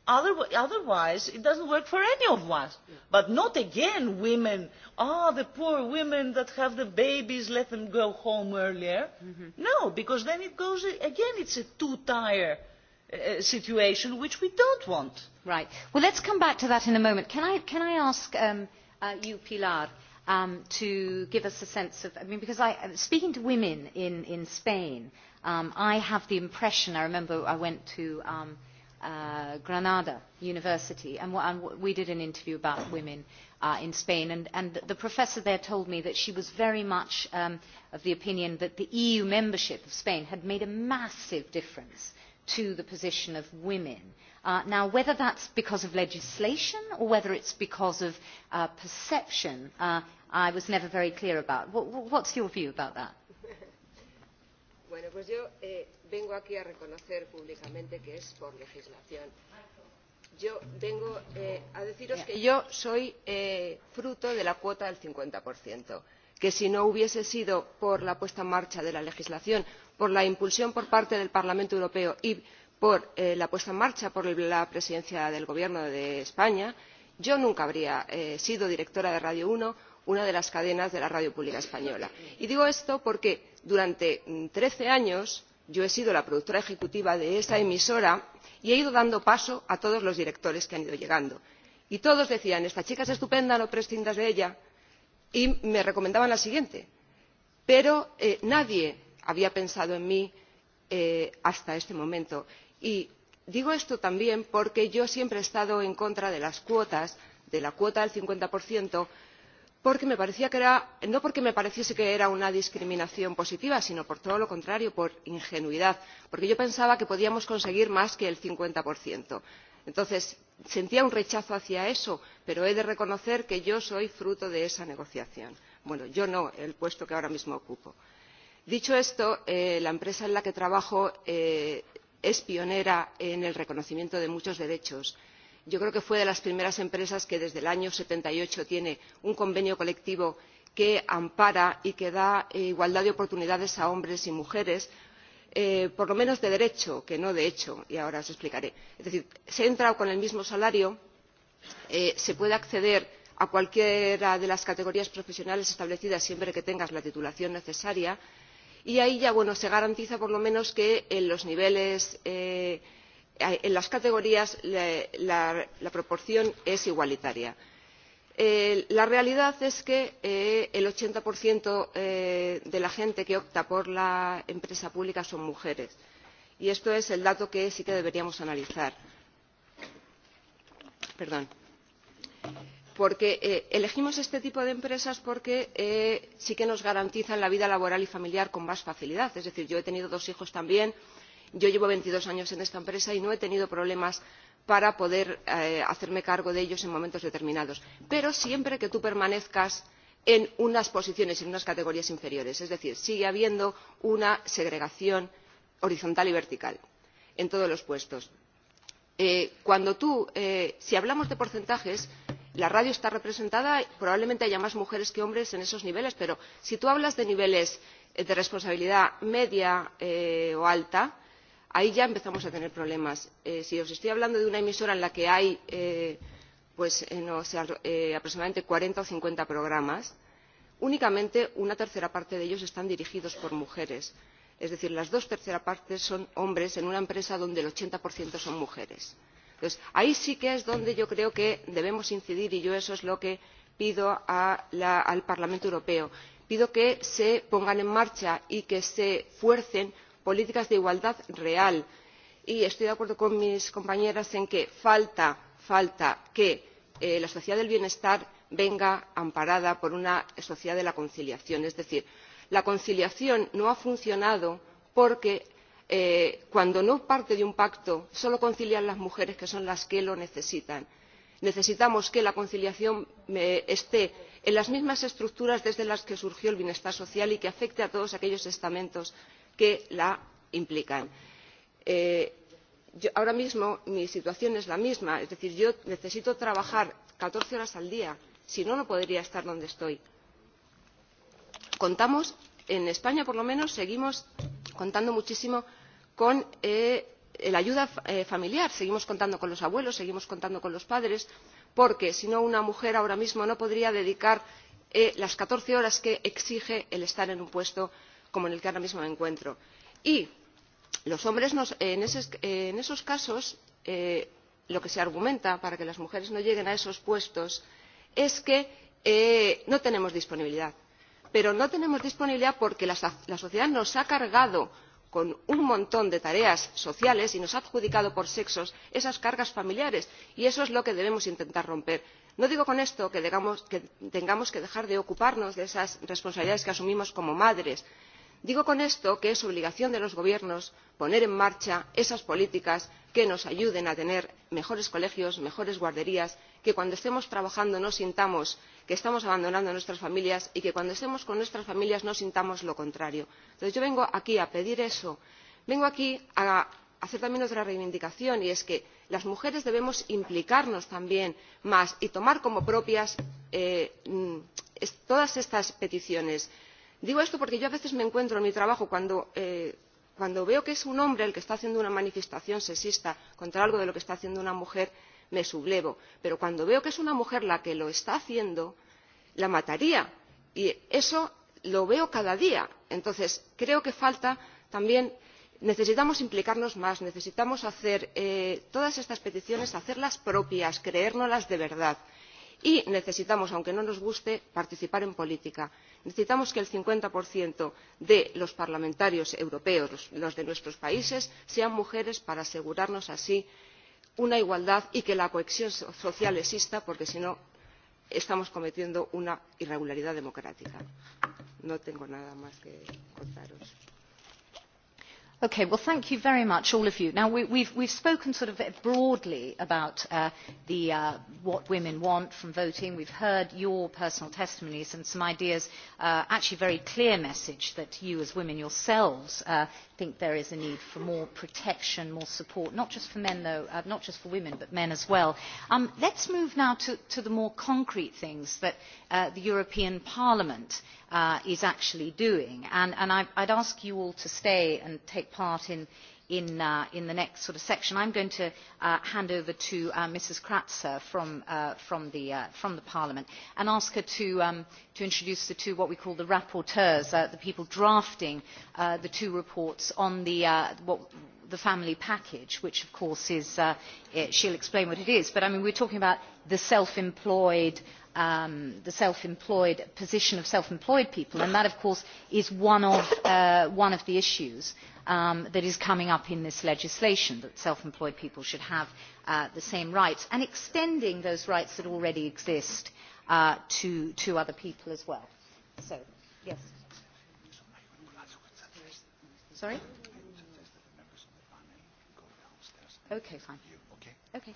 otherwise it does not work for any of us but not again women ah oh, the poor women that have the babies let them go home earlier mm -hmm. no because then it goes again it's a two tire uh, uh, situation which we don't want right well let's come back to that in a moment can i can i ask um, uh, you pilar um, to give us a sense of i mean because i um, speaking to women in in spain um, i have the impression i remember i went to um, uh, Granada University, and, and we did an interview about women uh, in Spain, and, and the professor there told me that she was very much um, of the opinion that the EU membership of Spain had made a massive difference to the position of women. Uh, now, whether that's because of legislation or whether it's because of uh, perception, uh, I was never very clear about. What, what's your view about that? bueno, pues yo, eh, vengo aquí a reconocer públicamente que es por legislación. Yo vengo eh, a deciros que yo soy eh, fruto de la cuota del 50%, que si no hubiese sido por la puesta en marcha de la legislación, por la impulsión por parte del Parlamento Europeo y por eh, la puesta en marcha por la presidencia del Gobierno de España, yo nunca habría eh, sido directora de Radio 1 una de las cadenas de la radio pública española. Y digo esto porque durante 13 mm, años yo he sido la productora ejecutiva de esa emisora y he ido dando paso a todos los directores que han ido llegando y todos decían esta chica es estupenda no prescindas de ella y me recomendaban la siguiente pero eh, nadie había pensado en mí eh, hasta este momento y digo esto también porque yo siempre he estado en contra de las cuotas de la cuota del cincuenta no porque me pareciese que era una discriminación positiva sino por todo lo contrario por ingenuidad porque yo pensaba que podíamos conseguir más que el cincuenta entonces sentía un rechazo hacia eso pero he de reconocer que yo soy fruto de esa negociación bueno yo no el puesto que ahora mismo ocupo. dicho esto eh, la empresa en la que trabajo eh, es pionera en el reconocimiento de muchos derechos y yo creo que fue de las primeras empresas que desde el año mil novecientos setenta y ocho tiene un convenio colectivo que ampara y que da eh, igualdad de oportunidades a hombres y mujeres eh, por lo menos de derecho que no de hecho y ahora os explicaré. es decir se entra con el mismo salario eh, se puede acceder a cualquiera de las categorías profesionales establecidas siempre que tengas la titulación necesaria y ahí ya se garantiza por lo menos que en los niveles eh, Eh, en las categorías la, proporción es igualitaria. Eh, la realidad es que eh, el ochenta de la gente que opta por la empresa pública son mujeres y esto es el dato que sí que deberíamos analizar. Perdón. Porque elegimos este tipo de empresas porque sí que nos garantizan la vida laboral y familiar con más facilidad. Es decir, yo he tenido dos hijos también yo llevo veintidós años en esta empresa y no he tenido problemas para poder eh, hacerme cargo de ellos en momentos determinados pero siempre que tú permanezcas en unas posiciones en unas categorías inferiores es decir sigue habiendo una segregación horizontal y vertical en todos los puestos. Eh, cuando tú, eh, si hablamos de porcentajes la radio está representada probablemente haya más mujeres que hombres en esos niveles pero si tú hablas de niveles de responsabilidad media o alta ahí ya empezamos a tener problemas. Eh, si os estoy hablando de una emisora en la que hay eh, pues, eh, no, o sea, eh, aproximadamente 40 o 50 programas, únicamente una tercera parte de ellos están dirigidos por mujeres. Es decir, las dos terceras partes son hombres en una empresa donde el 80% son mujeres. Entonces, ahí sí que es donde yo creo que debemos incidir y yo eso es lo que pido a la, al Parlamento Europeo. Pido que se pongan en marcha y que se fuercen políticas de igualdad real y estoy de acuerdo con mis compañeras en que falta, que eh, la sociedad del bienestar venga amparada por una sociedad de la conciliación. Es decir, la conciliación no ha funcionado porque eh, cuando no parte de un pacto solo concilian las mujeres que son las que lo necesitan. Necesitamos que la conciliación eh, esté en las mismas estructuras desde las que surgió el bienestar social y que afecte a todos aquellos estamentos que la implican. Eh, ahora mismo mi situación es la misma, es decir, yo necesito trabajar catorce horas al día, si no, no podría estar donde estoy. Contamos, en España por lo menos, seguimos contando muchísimo con eh, la ayuda eh, familiar, seguimos contando con los abuelos, seguimos contando con los padres, porque si no, una mujer ahora mismo no podría dedicar las catorce horas que exige el estar en un puesto como en el que ahora mismo me encuentro. y los hombres nos, en, esos, en esos casos eh, lo que se argumenta para que las mujeres no lleguen a esos puestos es que eh, no tenemos disponibilidad pero no tenemos disponibilidad porque la, la sociedad nos ha cargado con un montón de tareas sociales y nos ha adjudicado por sexos esas cargas familiares y eso es lo que debemos intentar romper. no digo con esto que, digamos, que tengamos que dejar de ocuparnos de esas responsabilidades que asumimos como madres digo con esto que es obligación de los gobiernos poner en marcha esas políticas que nos ayuden a tener mejores colegios mejores guarderías que cuando estemos trabajando no sintamos que estamos abandonando a nuestras familias y que cuando estemos con nuestras familias no sintamos lo contrario. entonces yo vengo aquí a pedir eso. vengo aquí a hacer también otra reivindicación y es que las mujeres debemos implicarnos también más y tomar como propias eh, mm, todas estas peticiones digo esto porque yo a veces me encuentro en mi trabajo eh, cuando, veo que es un hombre el que está haciendo una manifestación sexista contra algo de lo que está haciendo una mujer me sublevo pero cuando veo que es una mujer la que lo está haciendo la mataría y eso lo veo cada día. entonces creo que falta también necesitamos implicarnos más necesitamos hacer eh, todas estas peticiones hacerlas propias creérnoslas de verdad y necesitamos aunque no nos guste participar en política necesitamos que el cincuenta de los parlamentarios europeos los de nuestros países sean mujeres para asegurarnos así una igualdad y que la cohesión social exista porque si no estamos cometiendo una irregularidad democrática. no tengo nada más que contaros. Okay, well, thank you very much, all of you. Now, we, we've, we've spoken sort of broadly about uh, the, uh, what women want from voting. We've heard your personal testimonies and some ideas, uh, actually very clear message that you as women yourselves uh, think there is a need for more protection, more support, not just for men, though, uh, not just for women, but men as well. Um, let's move now to, to the more concrete things that uh, the European Parliament Uh, is actually doing. I, would ask you all to stay and take part in, in, uh, in the next sort of section. I'm going to uh, hand over to uh, Mrs. Kratzer from, uh, from, the, uh, from the Parliament and ask her to, um, to introduce the two, what we call the rapporteurs, uh, the people drafting uh, the two reports on the, uh, what, the family package, which of course is, uh, it, she'll explain what it is, but I mean, we're talking about the self-employed um, the self-employed position of self-employed people, and that, of course, is one of uh, one of the issues um, that is coming up in this legislation that self-employed people should have uh, the same rights and extending those rights that already exist uh, to to other people as well. So, yes. Sorry. Okay, fine. Okay. Okay.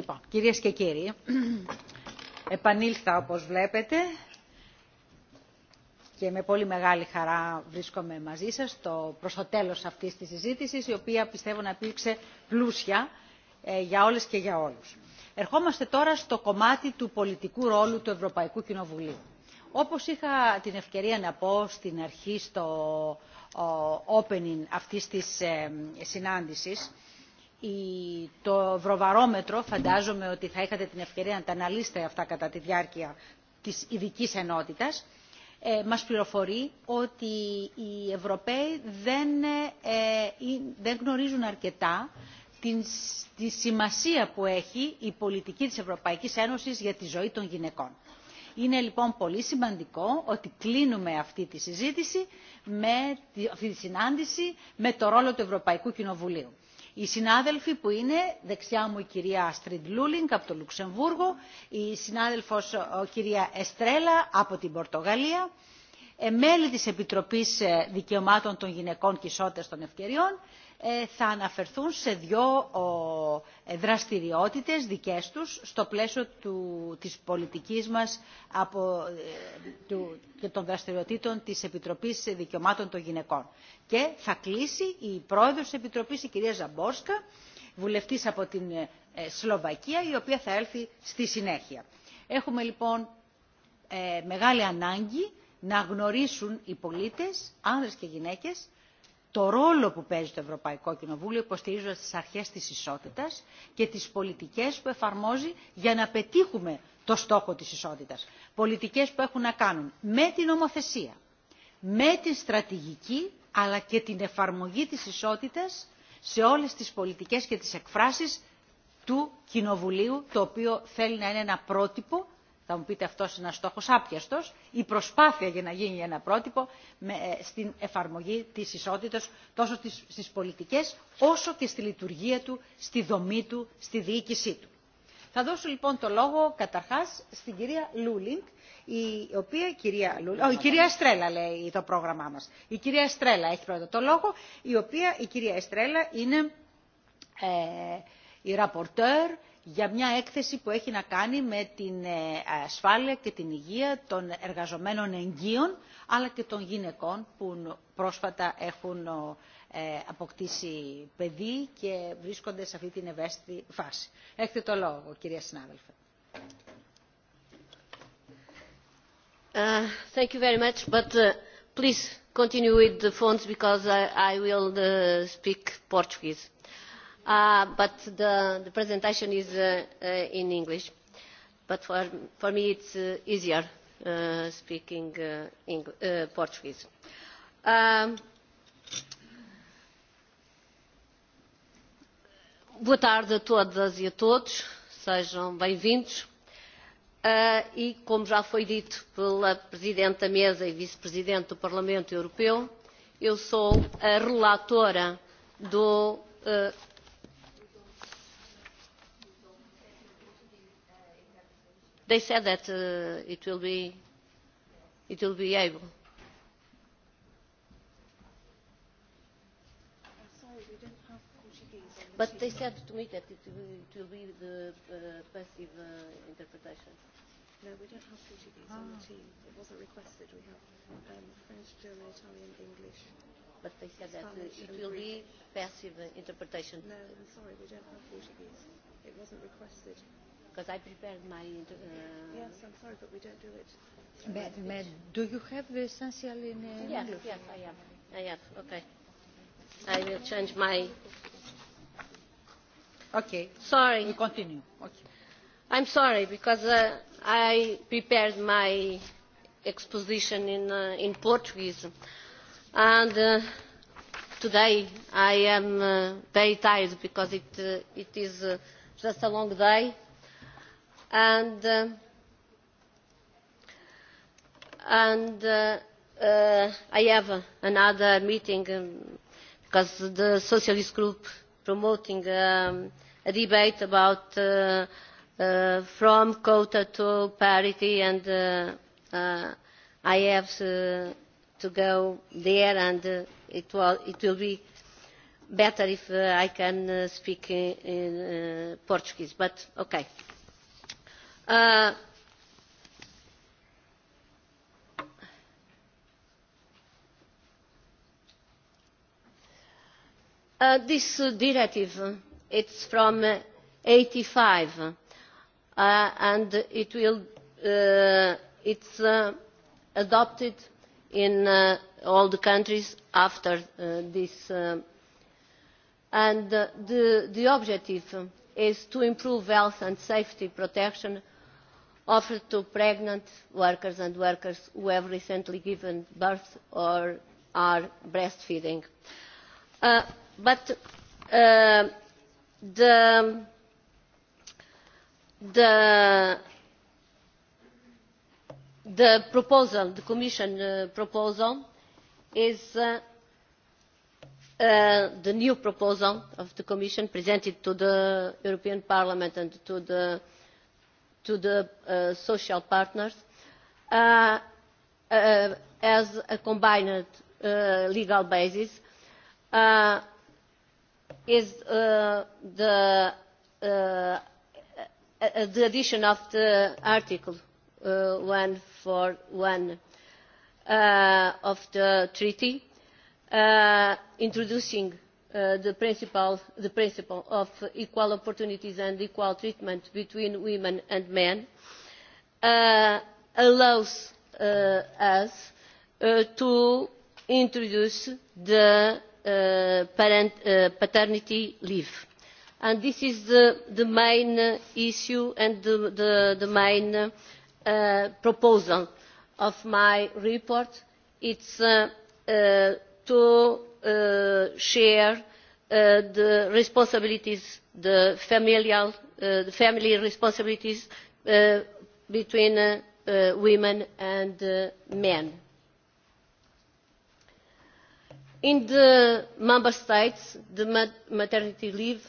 Λοιπόν, κυρίες και κύριοι, επανήλθα όπως βλέπετε και με πολύ μεγάλη χαρά βρίσκομαι μαζί σας το, προς το τέλος αυτής της συζήτησης, η οποία πιστεύω να υπήρξε πλούσια ε, για όλες και για όλους. Ερχόμαστε τώρα στο κομμάτι του πολιτικού ρόλου του Ευρωπαϊκού Κοινοβουλίου. Όπως είχα την ευκαιρία να πω στην αρχή στο ο, opening αυτής της ε, συνάντησης, το Ευρωβαρόμετρο, φαντάζομαι ότι θα είχατε την ευκαιρία να τα αναλύσετε αυτά κατά τη διάρκεια της ειδική ενότητας, ε, μας πληροφορεί ότι οι Ευρωπαίοι δεν, ε, ε, δεν γνωρίζουν αρκετά την, τη σημασία που έχει η πολιτική της Ευρωπαϊκής Ένωσης για τη ζωή των γυναικών. Είναι λοιπόν πολύ σημαντικό ότι κλείνουμε αυτή τη συζήτηση, με, αυτή τη συνάντηση, με το ρόλο του Ευρωπαϊκού Κοινοβουλίου οι συνάδελφοι που είναι δεξιά μου η κυρία Αστριντ Λούλινγκ από το Λουξεμβούργο, η συνάδελφος ο, κυρία Εστρέλα από την Πορτογαλία, μέλη της Επιτροπής Δικαιωμάτων των Γυναικών και Ισότητας των Ευκαιριών θα αναφερθούν σε δύο δραστηριότητες δικές τους στο πλαίσιο του, της πολιτικής μας από, του, και των δραστηριοτήτων της Επιτροπής Δικαιωμάτων των Γυναικών. Και θα κλείσει η πρόεδρος της Επιτροπής, η κυρία Ζαμπόρσκα, βουλευτής από την Σλοβακία, η οποία θα έλθει στη συνέχεια. Έχουμε λοιπόν μεγάλη ανάγκη να γνωρίσουν οι πολίτες, άνδρες και γυναίκες, το ρόλο που παίζει το Ευρωπαϊκό Κοινοβούλιο υποστηρίζοντας τις αρχές της ισότητας και τις πολιτικές που εφαρμόζει για να πετύχουμε το στόχο της ισότητας. Πολιτικές που έχουν να κάνουν με την ομοθεσία, με την στρατηγική αλλά και την εφαρμογή της ισότητας σε όλες τις πολιτικές και τις εκφράσεις του Κοινοβουλίου, το οποίο θέλει να είναι ένα πρότυπο θα μου πείτε αυτός είναι ένας στόχος άπιαστος, η προσπάθεια για να γίνει ένα πρότυπο με, ε, στην εφαρμογή της ισότητας τόσο στις, στις πολιτικές όσο και στη λειτουργία του, στη δομή του, στη διοίκησή του. Θα δώσω λοιπόν το λόγο καταρχάς στην κυρία Λούλινγκ, η οποία κυρία Λούλινγκ, oh, η κυρία Εστρέλα λέει το πρόγραμμά μας. Η κυρία Εστρέλα έχει πρώτα το λόγο, η οποία η κυρία Εστρέλα είναι ε, η ραπορτέρ για μια έκθεση που έχει να κάνει με την ασφάλεια και την υγεία των εργαζομένων εγγύων αλλά και των γυναικών που πρόσφατα έχουν αποκτήσει παιδί και βρίσκονται σε αυτή την ευαίσθητη φάση. Έχετε το λόγο, κυρία συνάδελφε. Uh, thank you very much, but uh, please continue with the phones because I, I will uh, speak Portuguese. Uh, Uh, but the, presentation is uh, uh, in English. But for, me it is easier speaking Portuguese. Um, boa tarde a todas e a todos. Sejam bem-vindos. e, como já foi dito pela Presidente da Mesa e Vice-Presidente do Parlamento Europeu, eu sou a relatora do they said that uh, it will be it will be able. But they said to me that it will, it will be the uh, passive uh, interpretation. No, we don't have Portuguese ah. on the team. It wasn't requested. We have um, French, German, Italian, English. But they said Spanish that uh, it will Greek. be passive interpretation. No, I'm sorry, we don't have Portuguese. It wasn't requested because I prepared my... Uh, yes, I'm sorry, but we don't do it. But, but do you have the essential in uh, yes, English? Yes, I have. I have, okay. I will change my... Okay. Sorry. We continue. Okay. I'm sorry, because uh, I prepared my exposition in, uh, in Portuguese. And... Uh, today I am uh, very tired because it, uh, it is uh, just a long day and uh, and uh, uh, I have another meeting um, because the socialist group promoting um, a debate about uh, uh, from quota to parity and uh, uh, I have uh, to go there and uh, it, will, it will be better if uh, I can uh, speak in, in uh, Portuguese, but okay. Uh, uh, this uh, directive is from one thousand nine hundred and eighty five and it will uh, is uh, adopted in uh, all the countries after this and the, the objective is to improve health and safety protection offered to pregnant workers and workers who have recently given birth or are breastfeeding. Uh, but uh, the, proposal, the Commission uh, proposal, is the new proposal of the Commission presented to the European Parliament and to the to the uh, social partners uh, uh, as a combined legal basis is the addition of the article one for one of the treaty introducing Uh, the, principle, of equal opportunities and equal treatment between women and men uh, allows uh, us to introduce the paternity leave. And this is the, main issue and the, main proposal of my report. it to uh, share uh, the responsibilities the familial uh, the family responsibilities between women and men. in the member states the maternity leave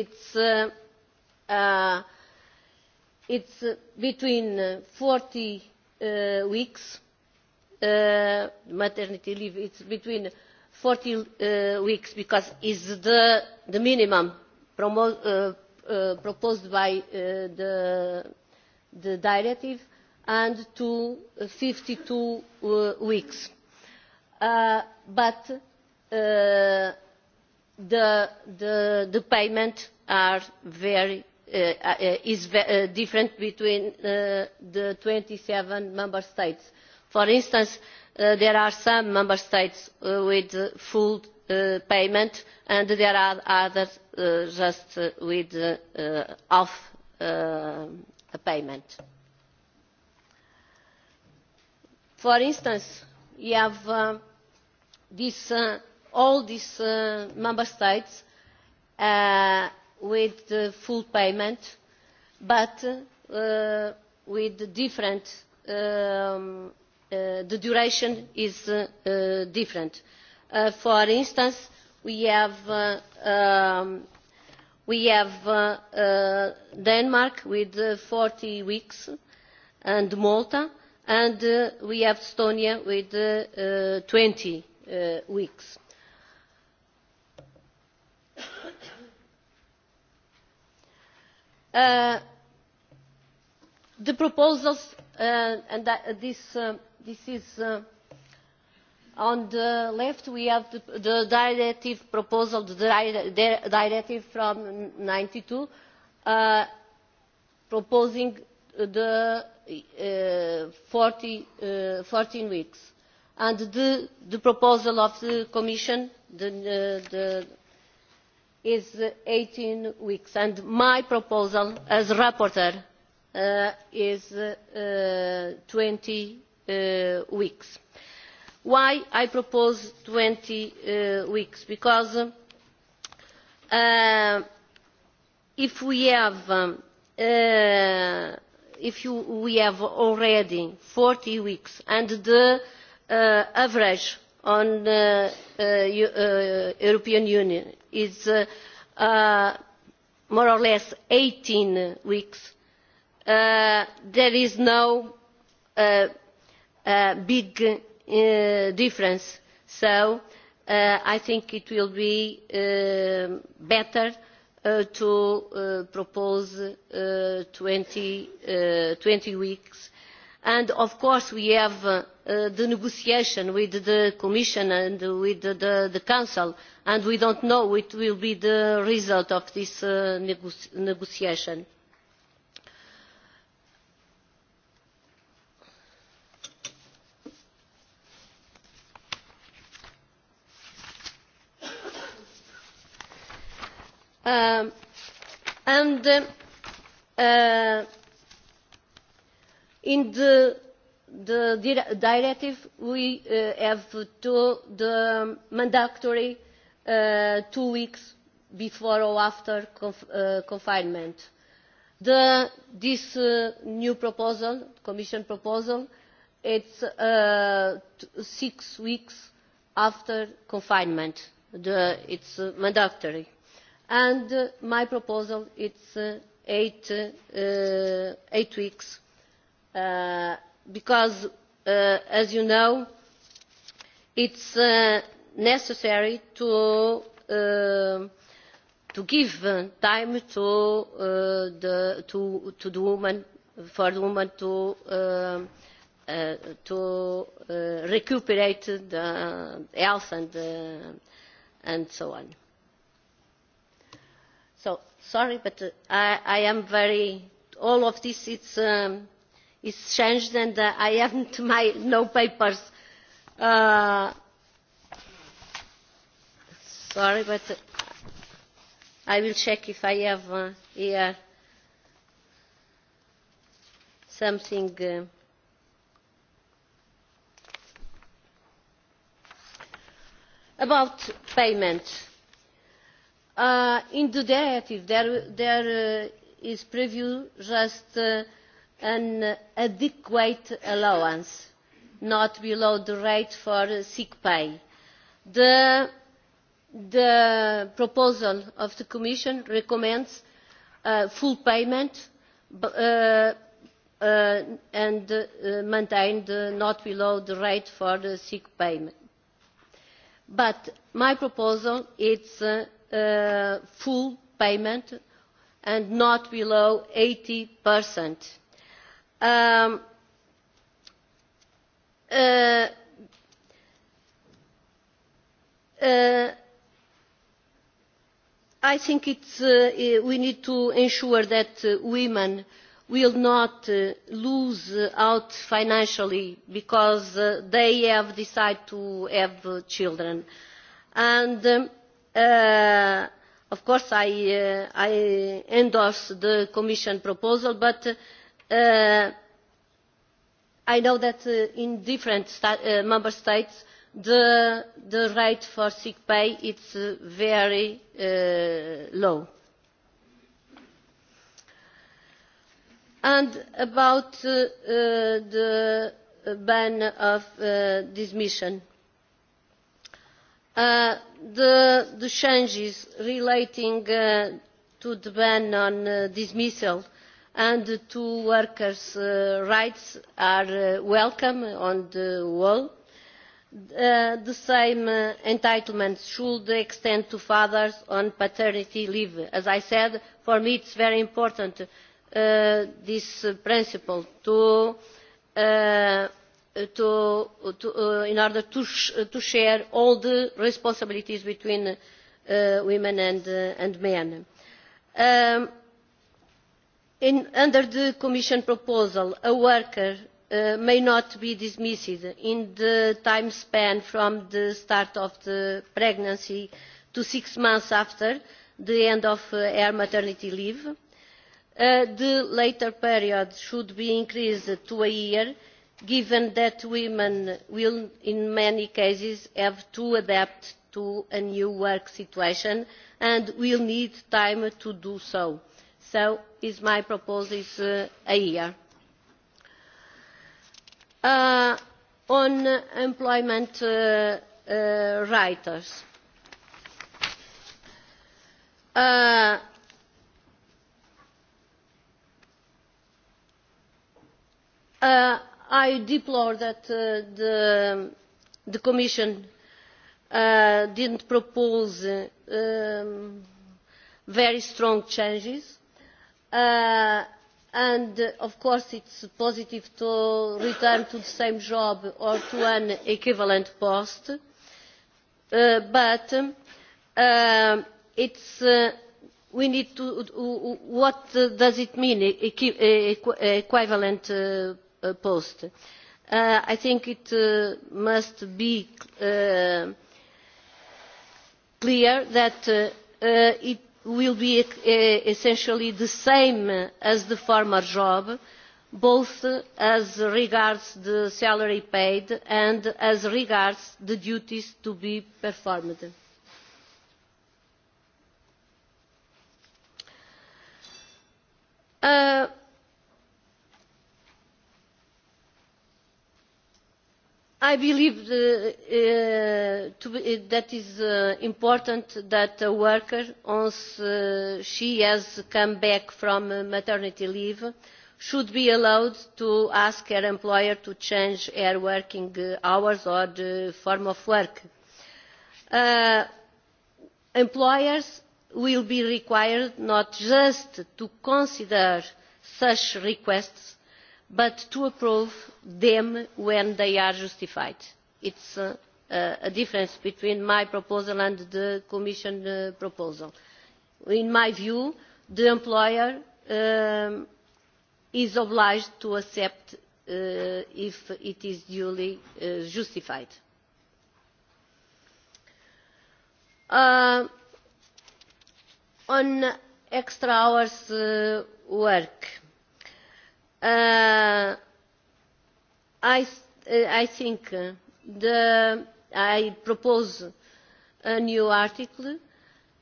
is uh, it's between 40 uh, weeks uh, maternity leave it's between forty uh, weeks because it is the, minimum uh, uh, proposed by the, directive and to fifty two weeks. but the, payment are very is different between the twenty seven member states. for instance Uh, there are some member states uh, with full uh, payment and there are others just with half a payment. For instance, we have this, all these member states with full payment, but with different um, Uh, the duration is uh, uh, different. for instance we have, um, we have denmark with forty weeks and malta and we have estonia with twenty weeks. Uh, the proposals uh, and that, uh, this this is uh, on the left we have the, the directive proposal the directive from ninety two uh, proposing the uh, uh, fourteen uh, weeks and the, the proposal of the commission the, the, is eighteen weeks and my proposal as rapporteur uh, is uh, twenty Uh, weeks. why i propose twenty uh, weeks? because uh, if we have um, if we have already forty weeks and the average on the European Union is more or less eighteen weeks, there is no big uh, difference. So uh, I think it will be um, better uh, to propose twenty 20, weeks. And of course we have the negotiation with the Commission and with the, Council and we don't know what will be the result of this negotiation. Um, and uh, uh, in the, directive we uh, have to the mandatory two weeks before or after confinement. The, this new proposal, Commission proposal, it's uh, six weeks after confinement. The, it's uh, mandatory and uh, my proposal is uh, uh, eight, weeks because, as you know, it's is necessary to, give time to, the, to, the woman, for the woman to, um, to recuperate the health and, and so on sorry, but uh, I, am very, all of this is, um, changed and uh, I haven't my, no papers. Uh, sorry, but uh, I will check if I have uh, here something. Uh, about payments Uh, in the directive there, there uh, is preview just uh, an adequate allowance, not below the rate for sick pay. The, the proposal of the Commission recommends uh, full payment uh, uh, and uh, maintained uh, not below the rate for the sick payment. But my proposal is uh, Uh, full payment and not below 80%. Um, uh, uh, I think it's, uh, we need to ensure that uh, women will not uh, lose out financially because they have decided to have children. And um, Uh, of course I, uh, I endorse the Commission proposal, but uh, I know that uh, in different sta uh, member states the, the rate for sick pay is uh, very uh, low. And about uh, uh, the ban of uh, dismission. Uh, the, the changes relating uh, to the ban on uh, dismissal and to workers' uh, rights are uh, welcome on the whole. Uh, the same uh, entitlements should extend to fathers on paternity leave. As I said, for me it's very important uh, this uh, principle to uh, to, to, uh, in order to, sh to share all the responsibilities between uh, women and, uh, and men. Um, in, under the Commission proposal, a worker uh, may not be dismissed in the time span from the start of the pregnancy to six months after the end of uh, her maternity leave. Uh, the later period should be increased to a year given that women will in many cases have to adapt to a new work situation and will need time to do so. So is my proposal is uh, a year. Uh, on employment uh, uh, writers. Uh, uh, i deplore that uh, the, commission uh, did not propose um, very strong changes uh, and of course it is positive to return to the same job or to an equivalent post but um, we need to what does it mean equivalent Uh, post. Uh, i think it uh, must be uh, clear that uh, uh, it will be essentially the same as the former job both as regards the salary paid and as regards the duties to be performed. i believe uh, uh be, uh, that it is uh, important that a worker once she has come back from maternity leave should be allowed to ask her employer to change her working hours or the form of work. employers will be required not just to consider such requests but to approve them when they are justified. it is uh, uh, a difference between my proposal and the commission uh, proposal. in my view the employer um, is obliged to accept uh, if it is duly uh, justified. on extra hours worked Uh, uh, I, think uh, I propose a new article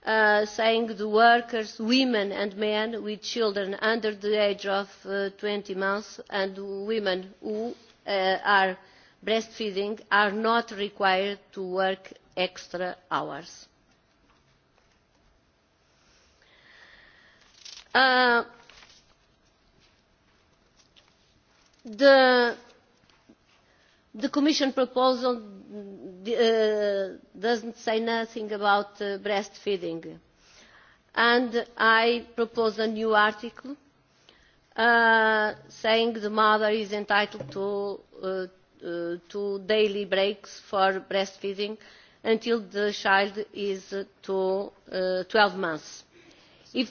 saying the workers, women and men with children under the age of twenty 20 months and women who are breastfeeding are not required to work extra hours. the, commission proposal uh, does not say anything about uh, breastfeeding and i propose a new article saying uh, saying the mother is entitled to, two daily breaks for breastfeeding until the child is twelve months. if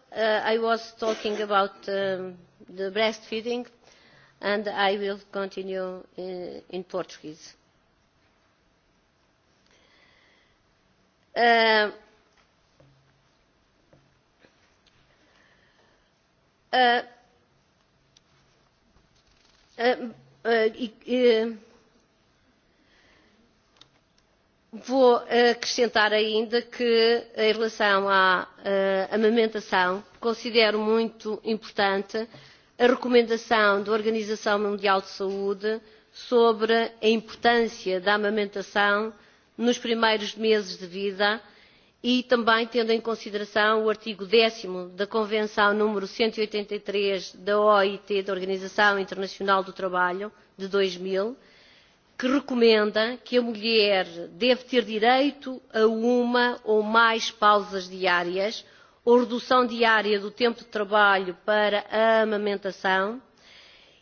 Uh, I was talking about um, the breastfeeding and I will continue in, uh, in Portuguese. Uh, uh, uh, uh, uh, uh Vou eh, acrescentar ainda que, eh, em relação à uh, amamentação, considero muito importante a recomendação da Organização Mundial de Saúde sobre a importância da amamentação nos primeiros meses de vida e também tendo em consideração o artigo 10 da Convenção número 183 e e da OIT, da Organização Internacional do Trabalho, de 2000, que recomenda que a mulher deve ter direito a uma ou mais pausas diárias ou redução diária do tempo de trabalho para a amamentação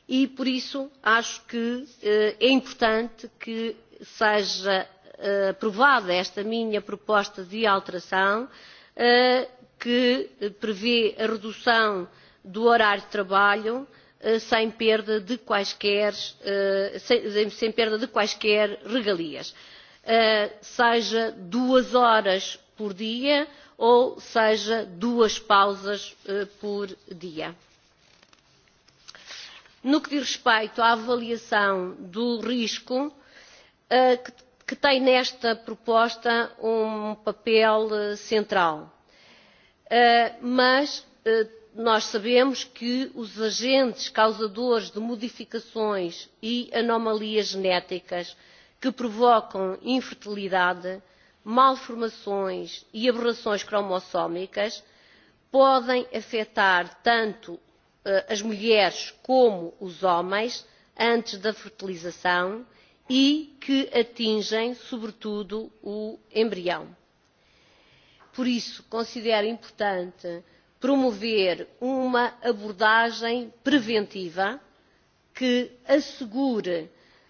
e, por isso, acho que eh, é importante que seja eh, aprovada esta minha proposta de alteração eh, que prevê a redução do horário de trabalho Eh, sem perda de quaisquer, eh, sem, sem perda de quaisquer regalias, eh, seja duas horas por dia ou seja duas pausas por dia. No que diz respeito à avaliação do risco, que tem nesta proposta um papel central, mas nós sabemos que os agentes causadores de modificações e anomalias genéticas que provocam infertilidade, malformações e aberrações cromossómicas podem afetar tanto eh, as mulheres como os homens antes da fertilização e que atingem, sobretudo, o embrião. Por isso, considero importante promover uma abordagem preventiva que assegure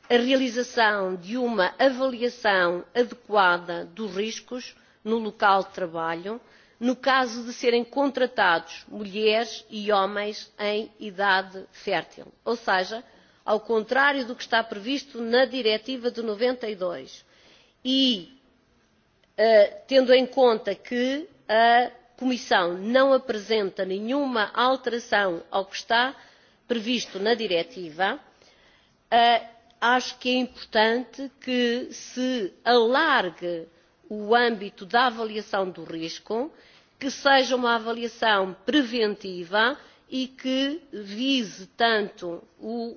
a realização de uma avaliação adequada dos riscos no local de trabalho no caso de serem contratados mulheres e homens em idade fértil ou seja ao contrário do que está previsto na diretiva de noventa e dois e eh, tendo em conta que a comissão não apresenta nenhuma alteração ao que está previsto na diretiva eh, acho que é importante que se alargue o âmbito da avaliação do risco que seja uma avaliação preventiva e que vise tanto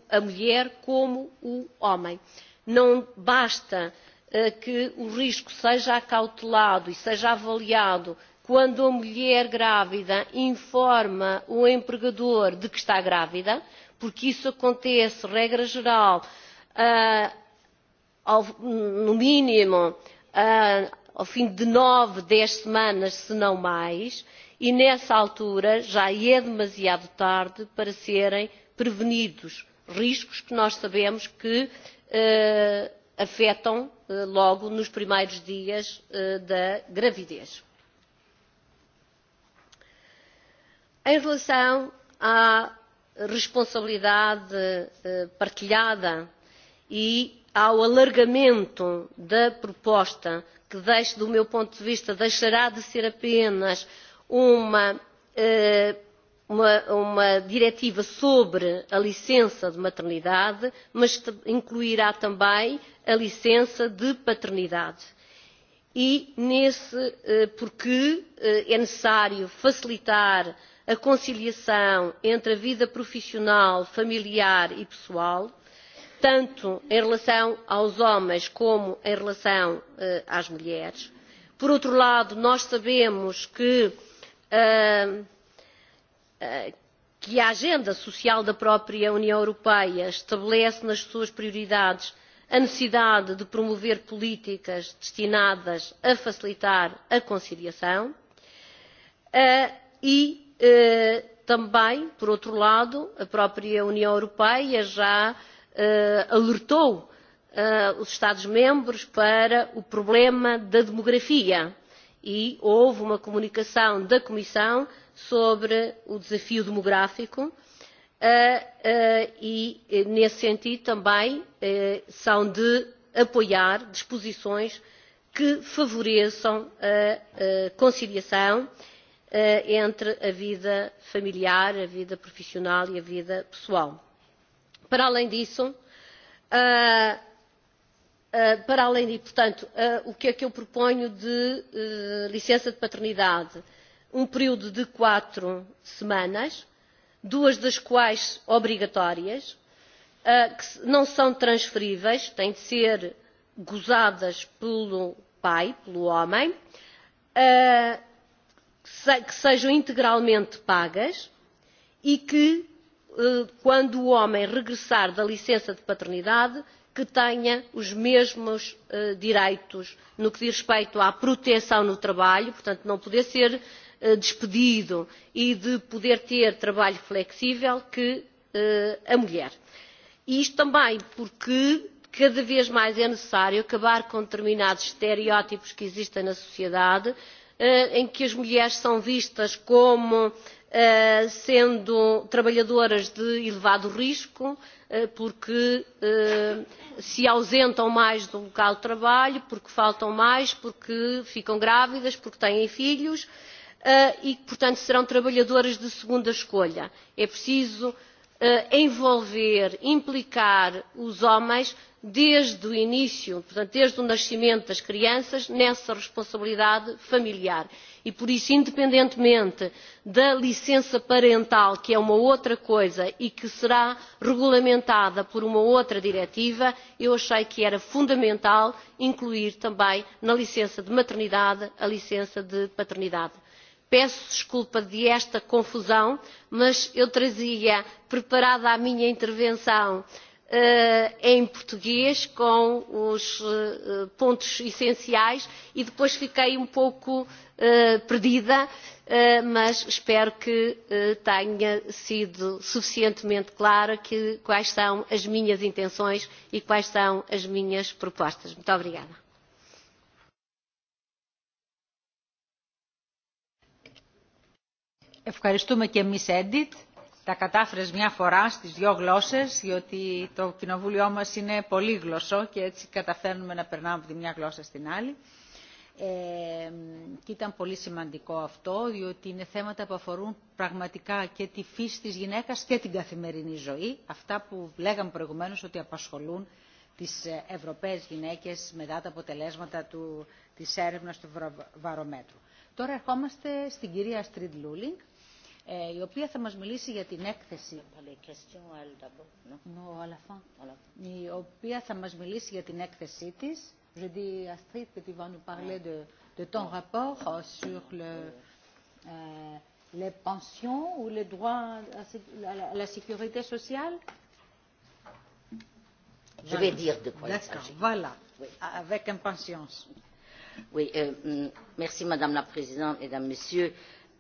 a mulher como o homem. Não basta eh, que o risco seja acautelado e seja avaliado quando a mulher grávida informa o empregador de que está grávida, porque isso acontece, regra geral, uh, ao, no mínimo uh, ao fim de nove, dez semanas, se não mais, e nessa altura já é demasiado tarde para serem prevenidos riscos que nós sabemos que uh, afetam uh, logo nos primeiros dias uh, da gravidez. Em relação à responsabilidade eh, partilhada e ao alargamento da proposta, que deixe, do meu ponto de vista, deixará de ser apenas uma, eh, uma, uma diretiva sobre a licença de maternidade, mas incluirá também a licença de paternidade e nesse eh, porque é necessário facilitar a conciliação entre a vida profissional, familiar e pessoal, tanto em relação aos homens como em relação uh, às mulheres. Por outro lado, nós sabemos que, uh, uh, que a agenda social da própria União Europeia estabelece nas suas prioridades a necessidade de promover políticas destinadas a facilitar a conciliação uh, e Eh, também, por outro lado, a própria União Europeia já eh, alertou eh, os Estados-membros para o problema da demografia e houve uma comunicação da Comissão sobre o desafio demográfico e, nesse sentido, também são de apoiar disposições que favoreçam a conciliação uh, Eh, entre a vida familiar, a vida profissional e a vida pessoal. Para além disso, eh, eh, para além de, portanto, o que é que eu proponho de licença de paternidade? Um período de quatro semanas, duas das quais obrigatórias, que não são transferíveis, têm de ser gozadas pelo pai, pelo homem, que sejam integralmente pagas e que, eh, quando o homem regressar da licença de paternidade, que tenha os mesmos eh, direitos no que diz respeito à proteção no trabalho, portanto não poder ser eh, despedido e de poder ter trabalho flexível que a mulher. E isto também porque cada vez mais é necessário acabar com determinados estereótipos que existem na sociedade Eh, em que as mulheres são vistas como eh, sendo trabalhadoras de elevado risco, eh, porque se ausentam mais do local de trabalho, porque faltam mais, porque ficam grávidas, porque têm filhos e, portanto, serão trabalhadoras de segunda escolha. É preciso envolver, implicar os homens desde o início, portanto, desde o nascimento das crianças, nessa responsabilidade familiar. E por isso, independentemente da licença parental, que é uma outra coisa e que será regulamentada por uma outra diretiva, eu achei que era fundamental incluir também na licença de maternidade a licença de paternidade Peço desculpa de esta confusão, mas eu trazia preparada a minha intervenção eh, em português com os eh, pontos essenciais e depois fiquei um pouco eh, perdida, eh, mas espero que eh, tenha sido suficientemente clara que, quais são as minhas intenções e quais são as minhas propostas. Muito obrigada. Ευχαριστούμε και εμείς, Έντιτ. Τα κατάφερες μια φορά στις δύο γλώσσες, διότι το κοινοβούλιο μας είναι πολύ γλωσσό και έτσι καταφέρνουμε να περνάμε από τη μια γλώσσα στην άλλη. Ε, και ήταν πολύ σημαντικό αυτό, διότι είναι θέματα που αφορούν πραγματικά και τη φύση της γυναίκας και την καθημερινή ζωή, αυτά που λέγαμε προηγουμένως ότι απασχολούν τις Ευρωπαίες γυναίκες μετά τα αποτελέσματα του, της έρευνας του βαρομέτρου. Τώρα ερχόμαστε στην κυρία Στριντ Λούλινγκ, η οποία θα μας μιλήσει για την έκθεση. No, η οποία θα μας μιλήσει για την έκθεσή της. Je dis Astrid que tu vas nous parler de, de ton rapport euh, sur le, euh, les pensions ou les droits à, la, sécurité sociale. Je vais dire de quoi il Voilà, oui. avec impatience. Oui, euh, mm, merci Madame la Présidente, Mesdames, Messieurs.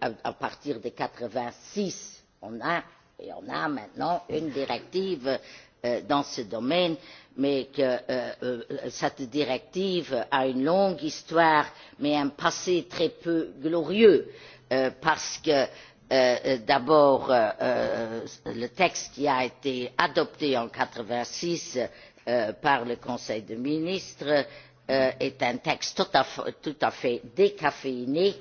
à, partir de quatre vingt six on a et on a maintenant une directive euh, dans ce domaine mais euh, euh, cette directive a une longue histoire mais un passé très peu glorieux parce que d'abord le texte qui a été adopté en quatre vingt six par le conseil des ministres est un texte tout à, fait décaféiné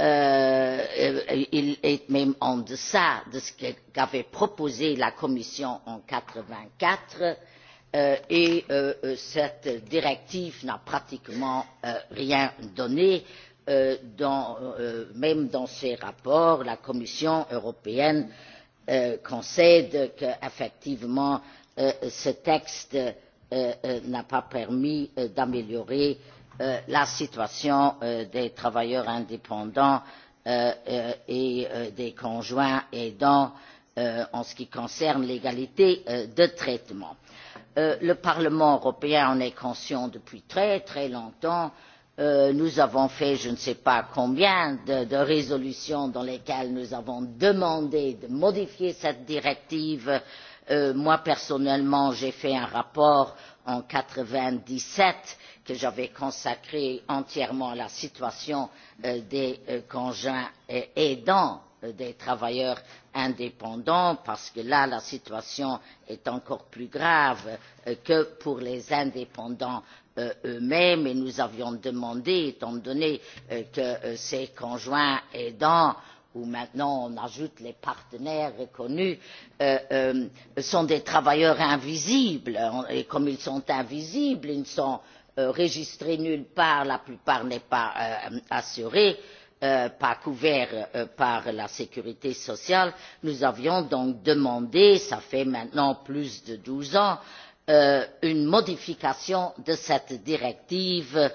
Euh, euh, il est même en deçà de ce qu'avait proposé la commission en mille neuf cent quatre vingt euh, quatre et cette directive n'a pratiquement rien donné même dans ses rapports la commission européenne concède qu'effectivement ce texte n'a pas permis d'améliorer Euh, la situation euh, des travailleurs indépendants euh, et des conjoints aidants en ce qui concerne l'égalité de traitement. le Parlement européen en est conscient depuis très très longtemps. nous avons adopté je ne sais pas combien de, résolutions dans lesquelles nous avons demandé de modifier cette directive. personnellement j'ai fait un rapport en mille neuf cent quatre vingt dix sept que j'avais consacré entièrement à la situation euh, des euh, conjoints aidants euh, des travailleurs indépendants parce que là la situation est encore plus grave que pour les indépendants eux mêmes et nous avions demandé étant donné que ces conjoints aidants ou maintenant on ajoute les partenaires reconnus euh, euh, sont des travailleurs invisibles et comme ils sont invisibles ils ne sont Euh, registré nulle part la plupart n'est pas euh, assuré euh, pas couvert par la sécurité sociale nous avions donc demandé cela fait maintenant plus de douze ans une modification de cette directive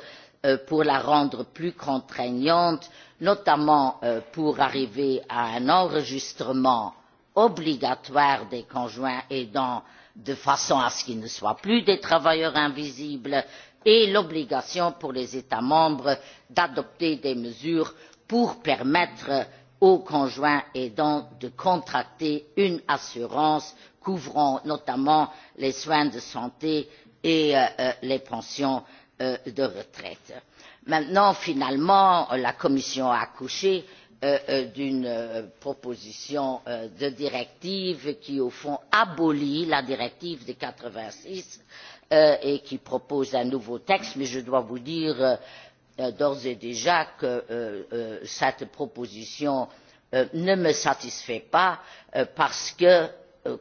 pour la rendre plus contraignante notamment pour arriver à un enregistrement obligatoire des conjoints aidants de façon à ce qu'ils ne soient plus des travailleurs invisibles et l'obligation pour les états membres d'adopter des mesures pour permettre aux conjoints aidants de contracter une assurance couvrant notamment les soins de santé et euh, euh, les pensions euh, de retraite. maintenant finalement la commission a accouché d'une proposition de directive qui au fond abolit la directive de quatre vingt six Euh, et qui propose un nouveau texte mais je dois vous dire euh, euh, d'ores et déjà que cette proposition ne me satisfait pas parce que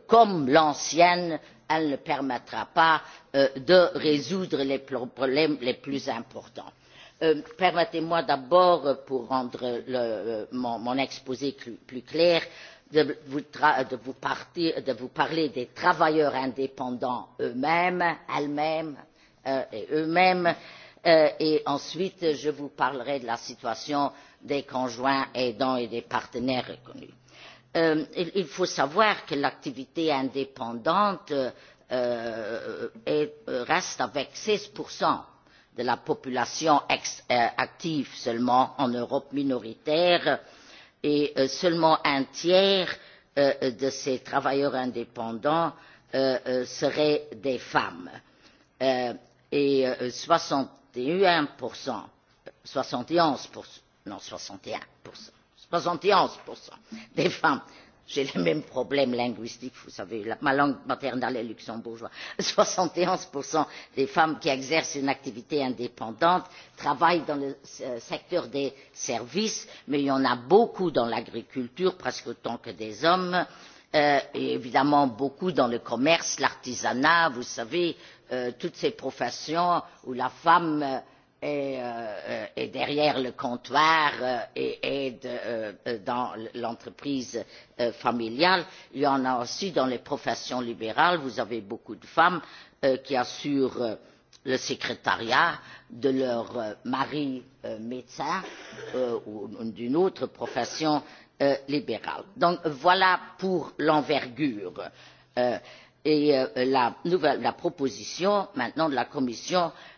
comme l'ancienne elle ne permettra pas de résoudre les problèmes les plus importants. permettez moi d'abord pour rendre mon exposé plus clair de vous, parler des travailleurs indépendants eux mêmes elles mêmes euh, et eux mêmes euh, et ensuite je vous parlerai de la situation des conjoints aidants et des partenaires reconnus. Euh, il, faut savoir que l'activité indépendante reste avec seize de la population active seulement en Europe minoritaire euh, et euh, seulement un tiers euh, de ces travailleurs indépendants euh, seraient des femmes et soixante et onze soixante et onze des femmes j'ai les mêmes problèmes linguistiques vous savez ma langue maternelle est luxembourgeois soixante et onze des femmes qui exercent une activité indépendante travaillent dans le euh, secteur des services mais il y en a beaucoup dans l'agriculture presque autant que des hommes euh, et évidemment beaucoup dans le commerce l'artisanat vous savez euh, toutes ces professions où la femme euh, et, euh, et derrière le comptoir euh, et est euh, dans l'entreprise euh, familiale. Il y en a aussi dans les professions libérales. Vous avez beaucoup de femmes euh, qui assurent euh, le secrétariat de leur euh, mari euh, médecin euh, ou d'une autre profession euh, libérale. Donc voilà pour l'envergure. Euh, et euh, la, nouvelle, la proposition maintenant de la Commission euh,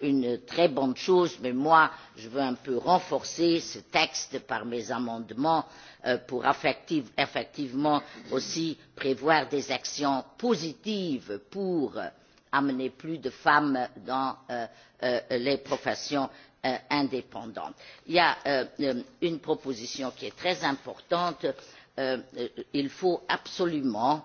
une très bonne chose mais moi je veux un peu renforcer ce texte par mes amendements euh, pour effectivement aussi prévoir des actions positives pour euh, amener plus de femmes dans euh, les professions indépendantes. il y a une proposition qui est très importante il faut absolument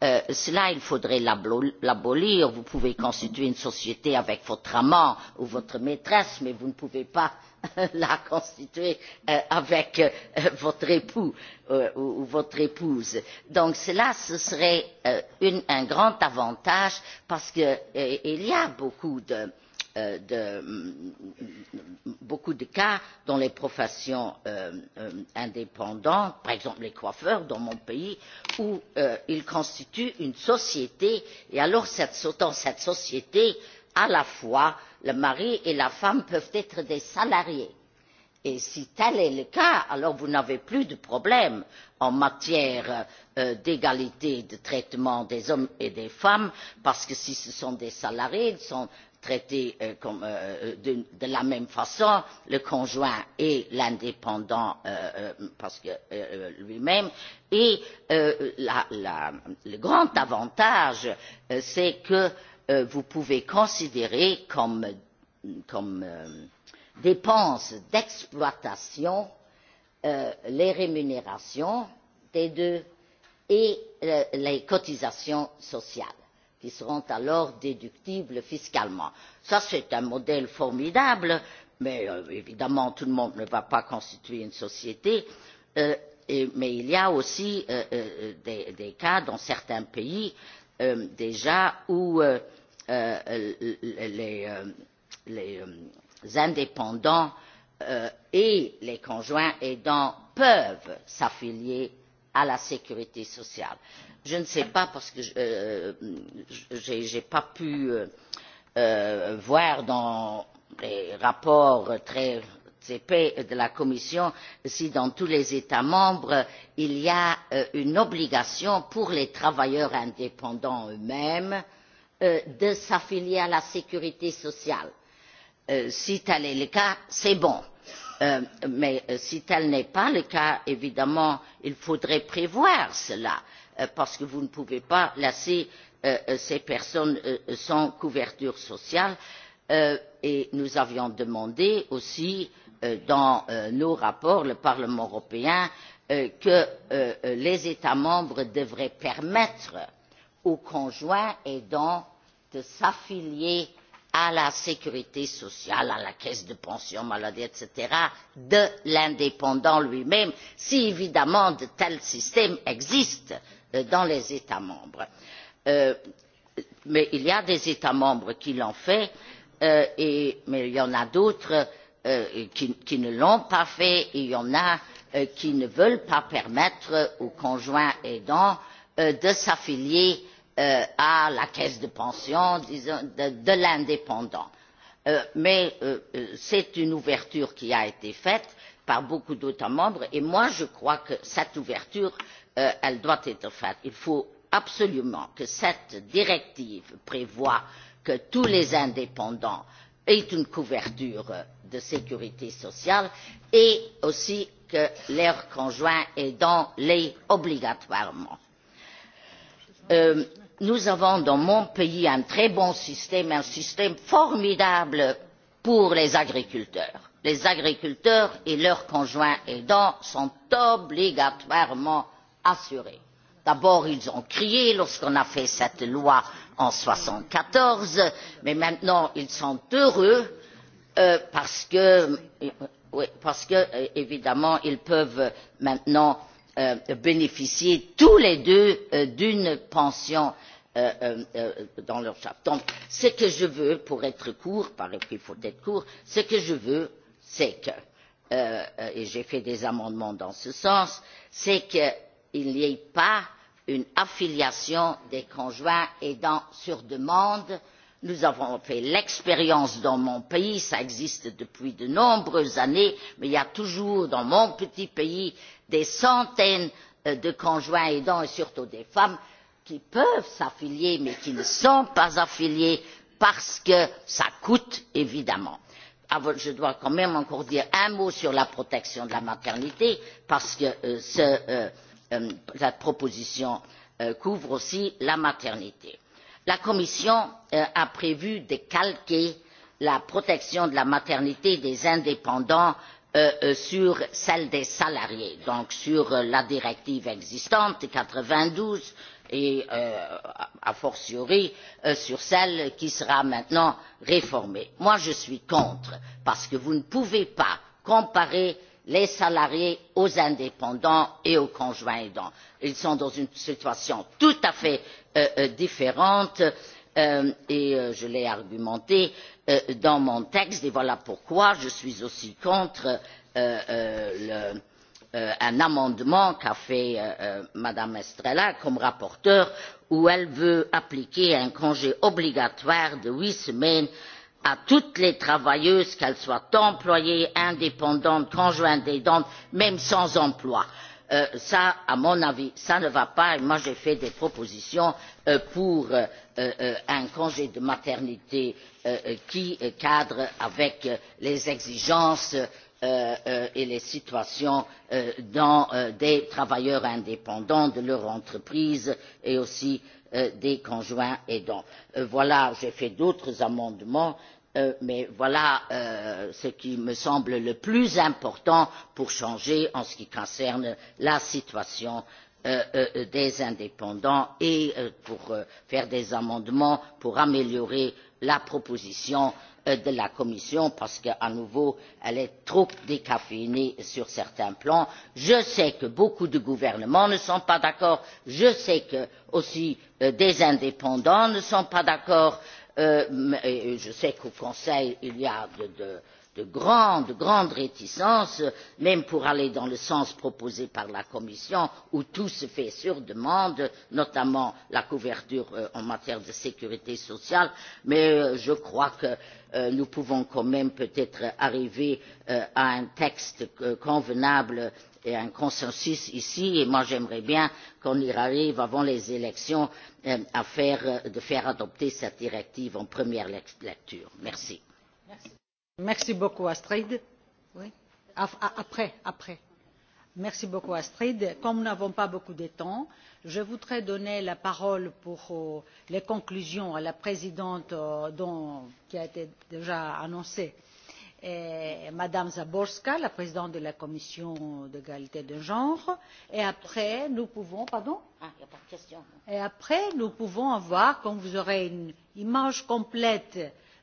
Euh, cela il faudrait l'abolir vous pouvez constituer une société avec votre amant ou votre maîtresse mais vous ne pouvez pas la constituer euh, avec euh, votre époux ou votre épouse. donc cela ce serait un grand avantage parce qu'il y a beaucoup de Euh, mm, beaucoup de cas dans les professions euh, euh, indépendantes par exemple les coiffeurs dans mon pays où ils constituent une société et dans cette société à la fois le mari et la femme peuvent être des salariés si tel est le cas alors vous n'avez plus de problème en matière d'égalité de traitement des hommes et des femmes parce que si ce sont des salariés ils sont traité euh, euh, euh, de la même façon le conjoint et l'indépendant lui même et le grand avantage c'est que vous pouvez considérer comme dépenses d'exploitation les rémunérations des deux et les cotisations sociales qui seront alors déductibles fiscalement. c'est un modèle formidable mais euh, évidemment tout le monde ne va pas constituer une société euh, et, mais il y a aussi euh, euh des, des cas dans certains pays euh, déjà où euh, les, les indépendants et les conjoints aidants peuvent s'affilier à la sécurité sociale. je ne sais pas parce que je n'ai euh, pas pu euh, euh, voir dans les rapports très épais de la commission si dans tous les états membres il y a une obligation pour les travailleurs indépendants eux mêmes de s'affilier à la sécurité sociale. si tel est le cas c'est bon Euh, mais euh, si tel n'est pas le cas évidemment il faudrait prévoir cela euh, parce que vous ne pouvez pas laisser ces personnes sans couverture sociale et nous avions demandé aussi dans nos rapports le parlement européen que les états membres devraient permettre aux conjoints aidants de s'affilier à la sécurité sociale à la caisse de pension maladie etc. de l'indépendant lui même si évidemment de tels systèmes existent euh, dans les états membres. Euh, mais il y a des états membres qui l'ont fait euh, et, mais il y en a d'autres qui, qui ne l'ont pas fait et il y en a qui ne veulent pas permettre aux conjoints aidants de s'affilier Euh, à la caisse de pension de, l'indépendant. Euh, mais euh, c'est une ouverture qui a été faite par beaucoup d'états membres et je crois que cette ouverture elle doit être faite. il faut absolument que cette directive prévoie que tous les indépendants aient une couverture de sécurité sociale et aussi que leurs conjoints aidants l'aient obligatoirement nous avons dans mon pays un très bon système un système formidable pour les agriculteurs. les agriculteurs et leurs conjoints aidants sont obligatoirement assurés. d'abord ils ont crié lorsqu'on a fait cette loi en mille neuf cent soixante quatorze mais maintenant ils sont heureux euh, parce que parce que euh, évidemment ils peuvent maintenant Euh, bénéficier tous les deux euh, d'une pension euh, dans leur charge. donc ce que je veux pour être court parce qu'il faut être court ce que je veux c'est que et j'ai fait des amendements dans ce sens c'est qu'il n'y ait pas une affiliation des conjoints aidants sur demande. nous avons fait l'expérience dans mon pays cela existe depuis de nombreuses années mais il y a toujours dans mon petit pays des centaines euh, de conjoints aidants et surtout des femmes qui peuvent s'affilier mais qui ne sont pas affiliées parce que cela coûte évidemment. Ah, je dois quand même encore dire un mot sur la protection de la maternité parce que euh, cette euh, proposition couvre aussi la maternité. la commission a prévu de calquer la protection de la maternité des indépendants Euh, euh, sur celle des salariés donc sur euh, la directive existante de quatre vingt douze et a fortiori sur celle qui sera maintenant réformée. je suis contre parce que vous ne pouvez pas comparer les salariés aux indépendants et aux conjoints aidants. ils sont dans une situation tout à fait différente et Euh, et euh, je l'ai argumenté euh, dans mon texte et voilà pourquoi je suis aussi contre un amendement qu'a fait mme estrela comme rapporteure où elle veut appliquer un congé obligatoire de huit semaines à toutes les travailleuses qu'elles soient employées indépendantes conjointes aidantes même sans emploi cela euh, à mon avis ne va pas et j'ai fait des propositions euh, pour euh, un congé de maternité qui cadre avec les exigences et les situations des travailleurs indépendants de leur entreprise et aussi des conjoints aidants. voilà j'ai fait d'autres amendements Euh, mais voilà euh, ce qui me semble le plus important pour changer en ce qui concerne la situation euh, des indépendants et pour faire des amendements pour améliorer la proposition de la Commission parce qu'à nouveau, elle est trop décaféinée sur certains plans. Je sais que beaucoup de gouvernements ne sont pas d'accord. Je sais que aussi euh, des indépendants ne sont pas d'accord. Euh, je sais qu'au conseil il y a de grandes réticences même pour aller dans le sens proposé par la commission où tout se fait sur demande notamment la couverture euh, en matière de sécurité sociale mais euh, je crois que nous pouvons quand même peut être arriver à un texte convenable et un consensus ici et moi j'aimerais bien qu'on y arrive avant les élections euh, à faire, euh, de faire adopter cette directive en première lecture. Merci. Merci, beaucoup Astrid. Comme nous n'avons pas beaucoup de temps, je voudrais donner la parole pour euh, les conclusions à la présidente qui a été déjà annoncée et Madame Zaborska, la présidente de la commission de l'égalité des genres ah, Et après nous pouvons avoir, quand vous aurez une image complète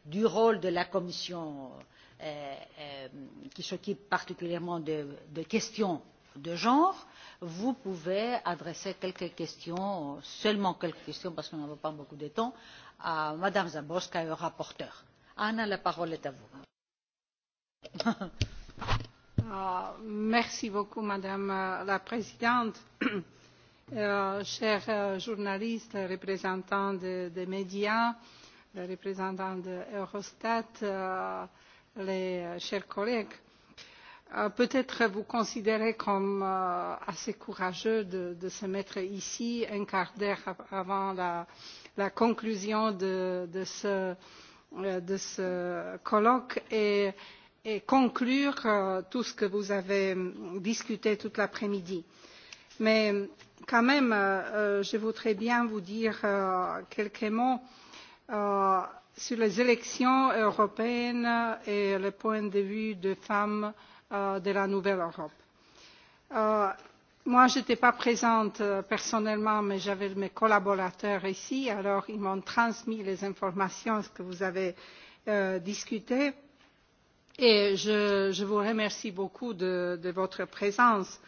du rôle de la commission euh, euh, qui s'occupe particulièrement des questions de genre, vous pouvez adresser quelques questions, seulement quelques questions parce que nous n'avons pas beaucoup de temps, à mme zborsk et au rapporteur. Anna, la parole est à vous. Ah, merci beaucoup, Madame euh, la Présidente. Euh, chers euh, journalistes, représentants des de médias, représentants d'Eurostat, de les chers collègues, peut-être vous considérez comme assez courageux de, de se mettre ici un quart d'heure avant la, la conclusion de, de, ce, de ce colloque et et conclure euh, tout ce que vous avez discuté toute l'après midi mais quand même euh, euh, je voudrais bien vous dire quelques mots sur les élections européennes et le point de vue des femmes de la nouvelle europe. moi je n'étais pas présente personnellement mais j'avais mes collaborateurs ici alors ils m'ont transmis les informations que vous avez discutées et je, je vous remercie beaucoup de, de votre présence.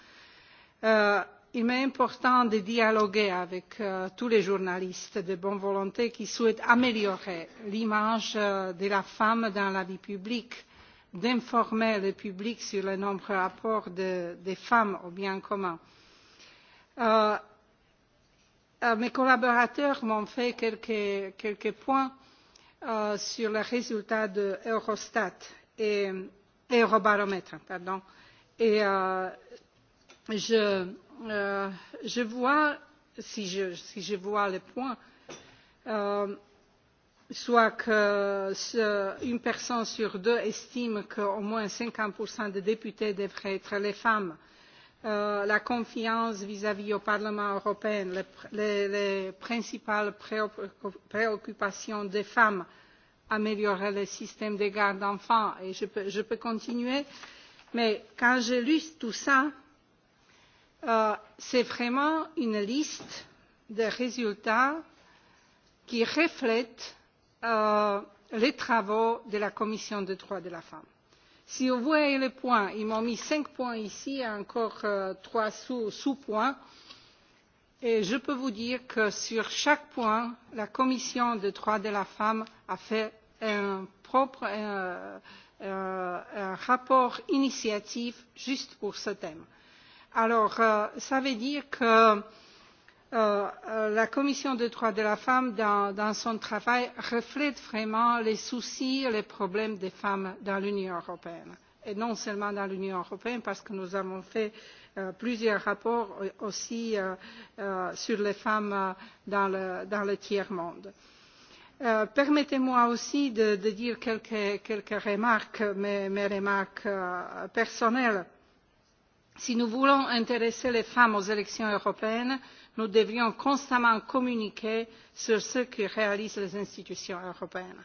Euh, il m'est important de dialoguer avec euh, tous les journalistes de bonne volonté qui souhaitent améliorer l'image euh, de la femme dans la vie publique d'informer le public sur les nombreux rapports de, des femmes au bien commun. Euh, euh, mes collaborateurs m'ont fait quelques, quelques points euh, sur les résultats de Eurostat et eurobaromètre. Pardon. Et euh, je, euh, je vois, si je, vois le point, euh, soit qu'une personne sur deux estime qu'au moins cinquante des députés devraient être des femmes euh, la confiance vis à vis du parlement européen les, principales préoccupations des femmes améliorer le système de garde d'enfants et je peux, je peux continuer mais quand j'ai lu tout ça, euh, c'est vraiment une liste de résultats qui reflète euh, les travaux de la commission des droits de la femme. si vous voyez les points ils m'ont mis cinq points ici et encore euh, trois sous, points sous et je peux vous dire que sur chaque point la commission des droits de la femme a fait un propre euh, rapport d'initiative juste pour ce thème. alors cela euh, veut dire que euh, la commission des droits de la femme dans son travail reflète vraiment les soucis et les problèmes des femmes dans l'union européenne et non seulement dans l'union européenne parce que nous avons fait euh, plusieurs rapports euh, aussi euh, sur les femmes dans le, dans le tiers monde. Uh, permettez moi aussi de, de dire quelques, quelques remarques mes, mes remarques uh, personnelles. si nous voulons intéresser les femmes aux élections européennes nous devrions constamment communiquer sur ce que réalisent les institutions européennes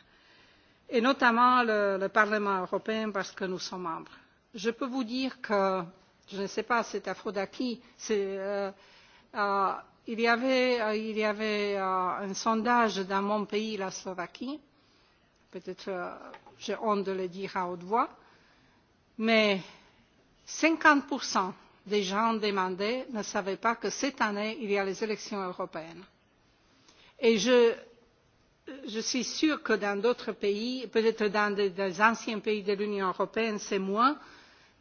et notamment le, Parlement européen parce que nous sommes membres. Je peux vous dire que, je ne sais pas, c'est à c'est, euh, qui euh, il y avait, euh, euh, un sondage dans mon pays, la Slovaquie, peut-être j'ai honte de le dire à haute voix, mais cinquante des gens demandés ne savaient pas que cette année, il y a les élections européennes. Et je suis sûre que dans d'autres pays peut être dans les anciens pays de l'union européenne c'est moins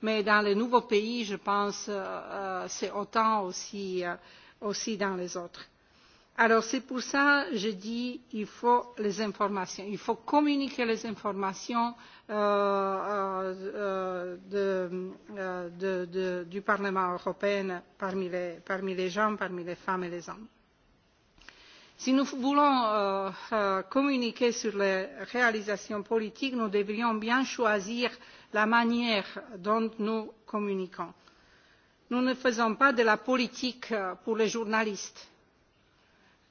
mais dans les nouveaux pays je pense que euh, euh, c'est autant euh, aussi, dans les autres. alors c'est pour cela que je dis qu'il faut les informations il faut communiquer les informations du parlement européen parmi parmi les gens parmi les femmes et les hommes si nous voulons euh, euh, communiquer sur les réalisations politiques nous devrions bien choisir la manière dont nous communiquons. nous ne faisons pas de la politique euh, pour les journalistes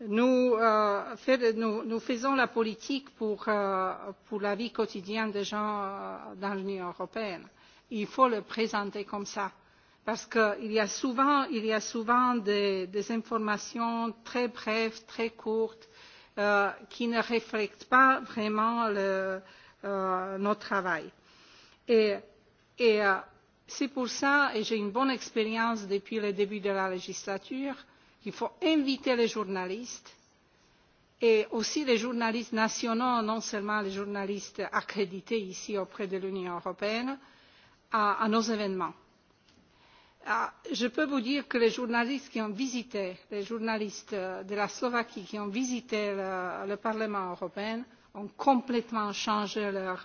nous, euh, fait, faisons la politique pour, la vie quotidienne des gens dans l'union européenne. il faut le présenter comme cela parce qu'il y a souvent, il y a souvent des, des informations très brèves, très courtes, euh, qui ne reflètent pas vraiment le, euh, notre travail. Et, et euh, c'est pour ça, et j'ai une bonne expérience depuis le début de la législature, qu'il faut inviter les journalistes et aussi les journalistes nationaux, non seulement les journalistes accrédités ici auprès de l'Union européenne, à, à nos événements a je peux vous dire que les journalistes qui ont visité les journalistes euh, de la slovaquie qui ont visité le, parlement européen ont complètement changé leurs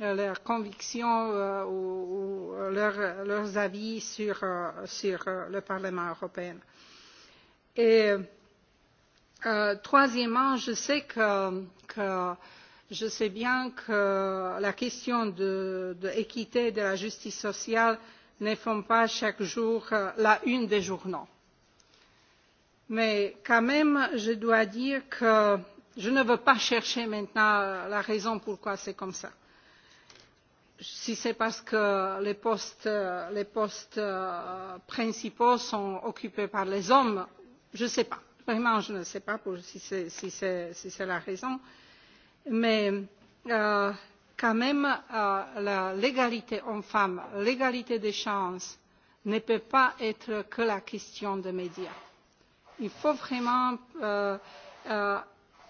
euh, convictions euh, ou, leurs avis sur, le parlement européen. Et, troisièmement je sais que, je sais bien que la question de l'équité et de, la justice sociale est ne font pas chaque jour euh, la une des journaux. mais quand même je dois dire que je ne veux pas chercher maintenant euh, la raison pourquoi c'est comme ça si c'est parce que les postes, euh, les postes principaux sont occupés par les hommes je ne sais pas vraiment je ne sais pas pour, si c'est si si la raison mais euh, quand même euh, la l'égalité hommes femmes l'égalité des chances ne peut pas être que la question des médias. il faut vraiment euh, euh,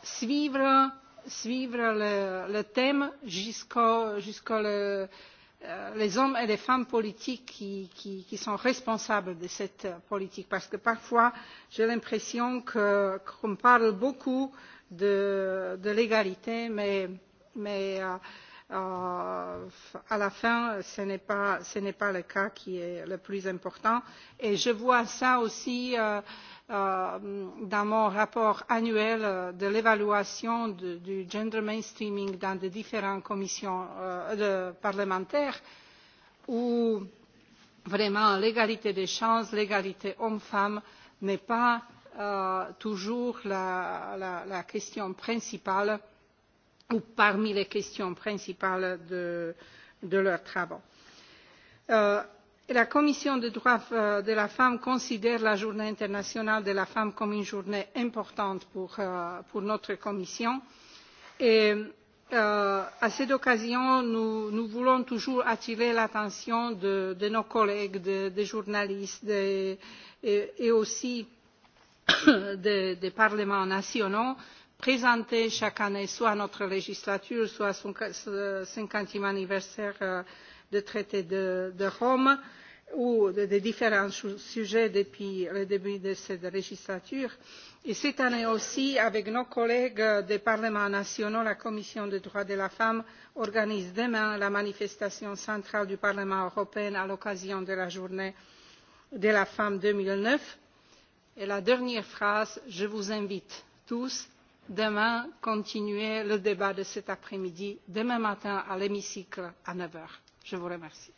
suivre, suivre le, le thème jusqu'aux jusqu le, euh, les hommes et les femmes politiques qui, qui, qui sont responsables de cette politique parce que parfois j'ai l'impression qu'on qu parle beaucoup de, de l'égalité mais, mais euh, Euh, à la fin ce n'est pas, le cas qui est le plus important et je vois cela aussi euh, euh, dans mon rapport annuel de l'évaluation du gender mainstreaming dans les différentes commissions parlementaires où vraiment l'égalité des chances l'égalité hommes femmes n'est pas toujours la question principale ou parmi les questions principales de, de leurs travaux. Euh, la commission des droits euh, de la femme considère la journée internationale de la femme comme une journée importante pour, euh, pour notre commission et euh, à cette occasion nous, nous voulons toujours attirer l'attention de, de nos collègues des de journalistes de, et, et aussi des parlements nationaux présenté chaque année soit à notre législature soit à son cinquantième anniversaire euh, du traité de, de rome ou des de différents sujets depuis le début de cette législature et cette année aussi avec nos collègues des parlements nationaux la commission des droits de la femme organise demain la manifestation centrale du parlement européen à l'occasion de la journée de la femme. deux mille neuf et la dernière phrase je vous invite tous demain continuer le débat de cet après midi demain matin à l'hémicycle à neuf heures. je vous remercie.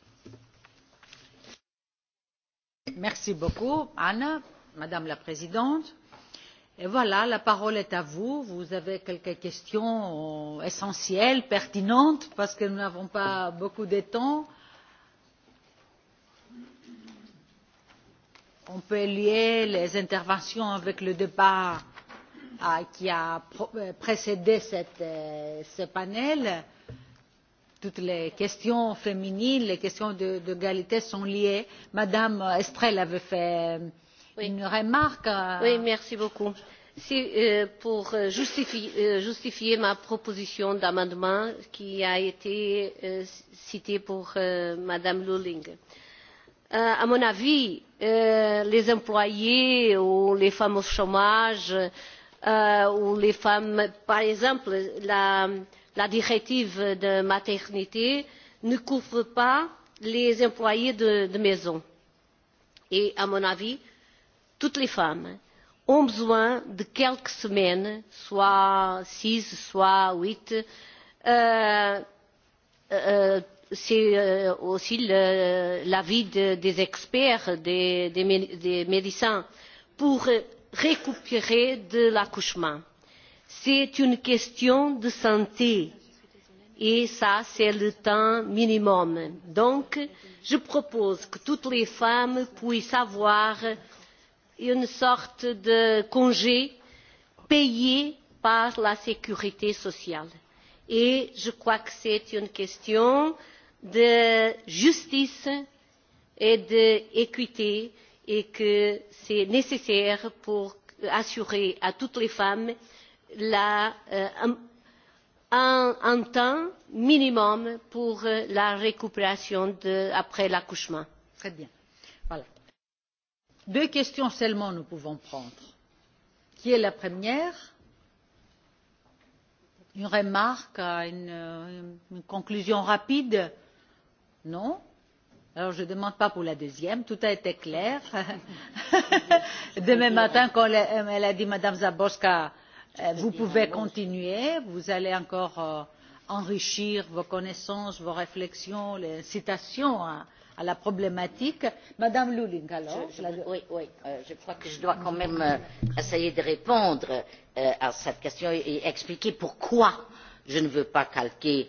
merci beaucoup anna madame la présidente. Et voilà la parole est à vous vous avez quelques questions essentielles pertinentes parce que nous n'avons pas beaucoup de temps. on peut lier les interventions avec le débat Euh, qui a euh, précédé euh, ce panel. Toutes les questions féminines, les questions d'égalité sont liées. mme estrela avait fait oui. une remarque. Oui, merci beaucoup. Si, euh, pour justifier, justifier ma proposition d'amendement qui a été euh, citée pour euh, Madame Luling. Euh, à mon avis, euh, les employés ou les femmes au chômage euh, Euh, où les femmes par exemple la, la directive de maternité ne couvre pas les employées de, maison et à mon avis toutes les femmes ont besoin de quelques semaines soit six soit huit euh, euh, c'est aussi l'avis des experts des médecins pour récupérer de l'accouchement. c'est une question de santé et ça c'est le temps minimum. donc je propose que toutes les femmes puissent avoir une sorte de congé payé par la sécurité sociale et je crois que c'est une question de justice et d'équité et que c'est nécessaire pour assurer à toutes les femmes la, euh, un, un temps minimum pour euh, la récupération de, après l'accouchement. Très bien. Voilà. Deux questions seulement nous pouvons prendre. Qui est la première Une remarque, une, une conclusion rapide Non alors je ne demande pas pour la deuxième tout a été clair. demain matin comme l'a dit mme zborsk euh, vous pouvez continuer vous allez encore euh, enrichir vos connaissances vos réflexions les citations à, la problématique. madame lulling alors je, je, euh, je crois que je dois quand même essayer de répondre à cette question et, expliquer pourquoi je ne veux pas calquer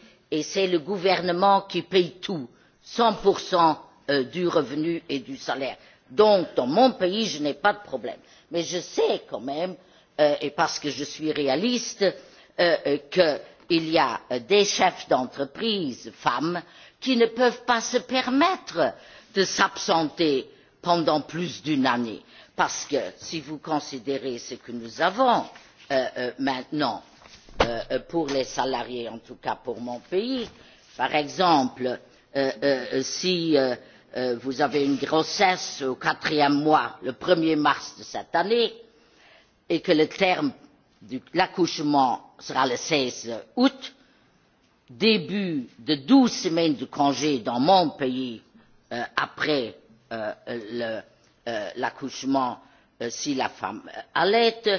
et c'est le gouvernement qui paie tout cent euh, du revenu et du salaire. donc dans mon pays je n'ai pas de problème mais je sais quand même euh, et parce que je suis réaliste euh, qu'il y a des chefs d'entreprise femmes qui ne peuvent pas se permettre de s'absenter pendant plus d'une année parce que si vous considérez ce que nous avons maintenant Euh, euh, pour les salariés en tout cas pour mon pays. par exemple euh, si vous avez une grossesse au quatrième mois le un er mars de cette année et que le terme de l'accouchement sera le seize août début de douze semaines de congé dans mon pays après l'accouchement si la femme allaite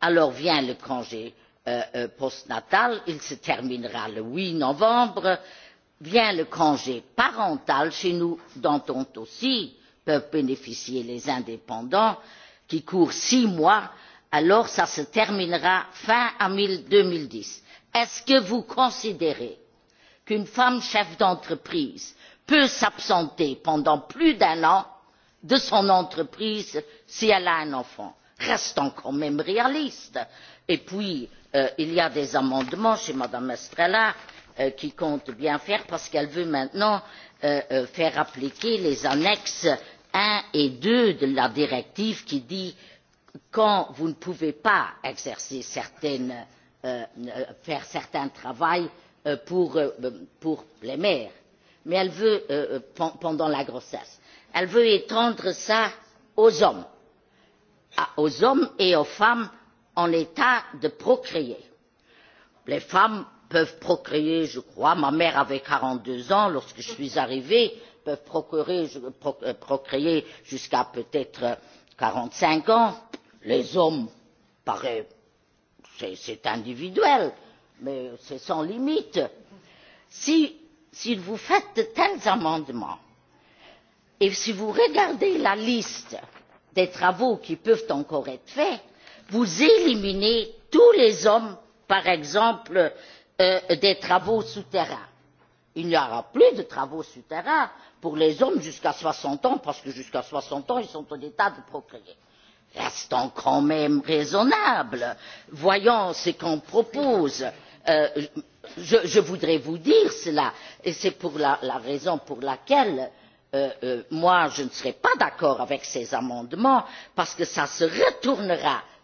alors vient le congé Euh, euh, postnatal il se terminera le huit novembre vient le congé parental chez nous dont aussi peuvent bénéficier les indépendants qui court six mois alors cela se terminera fin deux mille dix est ce que vous considérez qu'une femme chef d'entreprise peut s'absenter pendant plus d'un an de son entreprise si elle a un enfant? restons quand même réalistes et puis euh, il y a des amendements chez mme estrela euh, qui compte bien faire parce qu'elle veut maintenant euh, faire appliquer les annexes i et ii de la directive qui dit quand vous ne pouvez pas exercer faire certains travaux pour les mères mais elle veut pendant la grossesse elle veut étendre cela aux hommes ah, aux hommes et aux femmes en état de procréer. les femmes peuvent procréer je crois ma mère avait quarante deux ans lorsque je suis arrivée peuvent euh, procréer jusqu'à peut être euh, quarante cinq ans les hommes c'est individuel mais c'est sans limite. si vous faites de tels amendements et si vous regardez la liste des travaux qui peuvent encore être faits vous éliminez tous les hommes par exemple euh, des travaux souterrains. il n'y aura plus de travaux souterrains pour les hommes jusqu'à soixante ans parce que jusqu'à soixante ans ils sont en état de procréer. restons quand même raisonnables voyons ce qu'on propose. Euh, je, je voudrais vous dire cela et c'est pour la, la raison pour laquelle euh, euh, moi je ne serai pas d'accord avec ces amendements parce que cela se retournera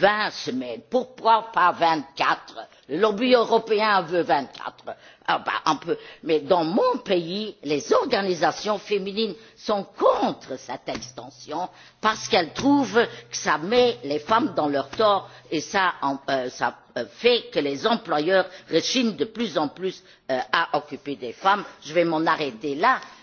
vingt semaines pourquoi pas vingt quatre le lobby européen veut vingt quatre ah, mais dans mon pays les organisations féminines sont contre cette extension parce qu'elles trouvent que cela met les femmes dans leur tort et cela euh, euh, fait que les employeurs rechignent de plus en plus euh, à occuper des femmes. je vais m'arrêter là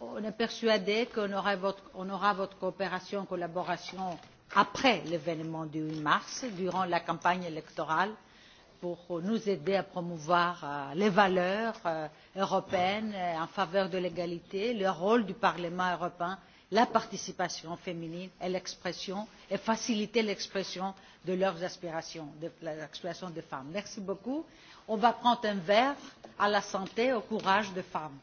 on est persuadé qu'on aura, aura votre coopération et collaboration après l'événement du huit mars durant la campagne électorale pour nous aider à promouvoir euh, les valeurs euh, européennes euh, en faveur de l'égalité le rôle du parlement européen la participation féminine et l'expression et faciliter l'expression de leurs aspirations de l'aspiration des femmes. merci beaucoup. on va prendre un verre à la santé et au courage des femmes.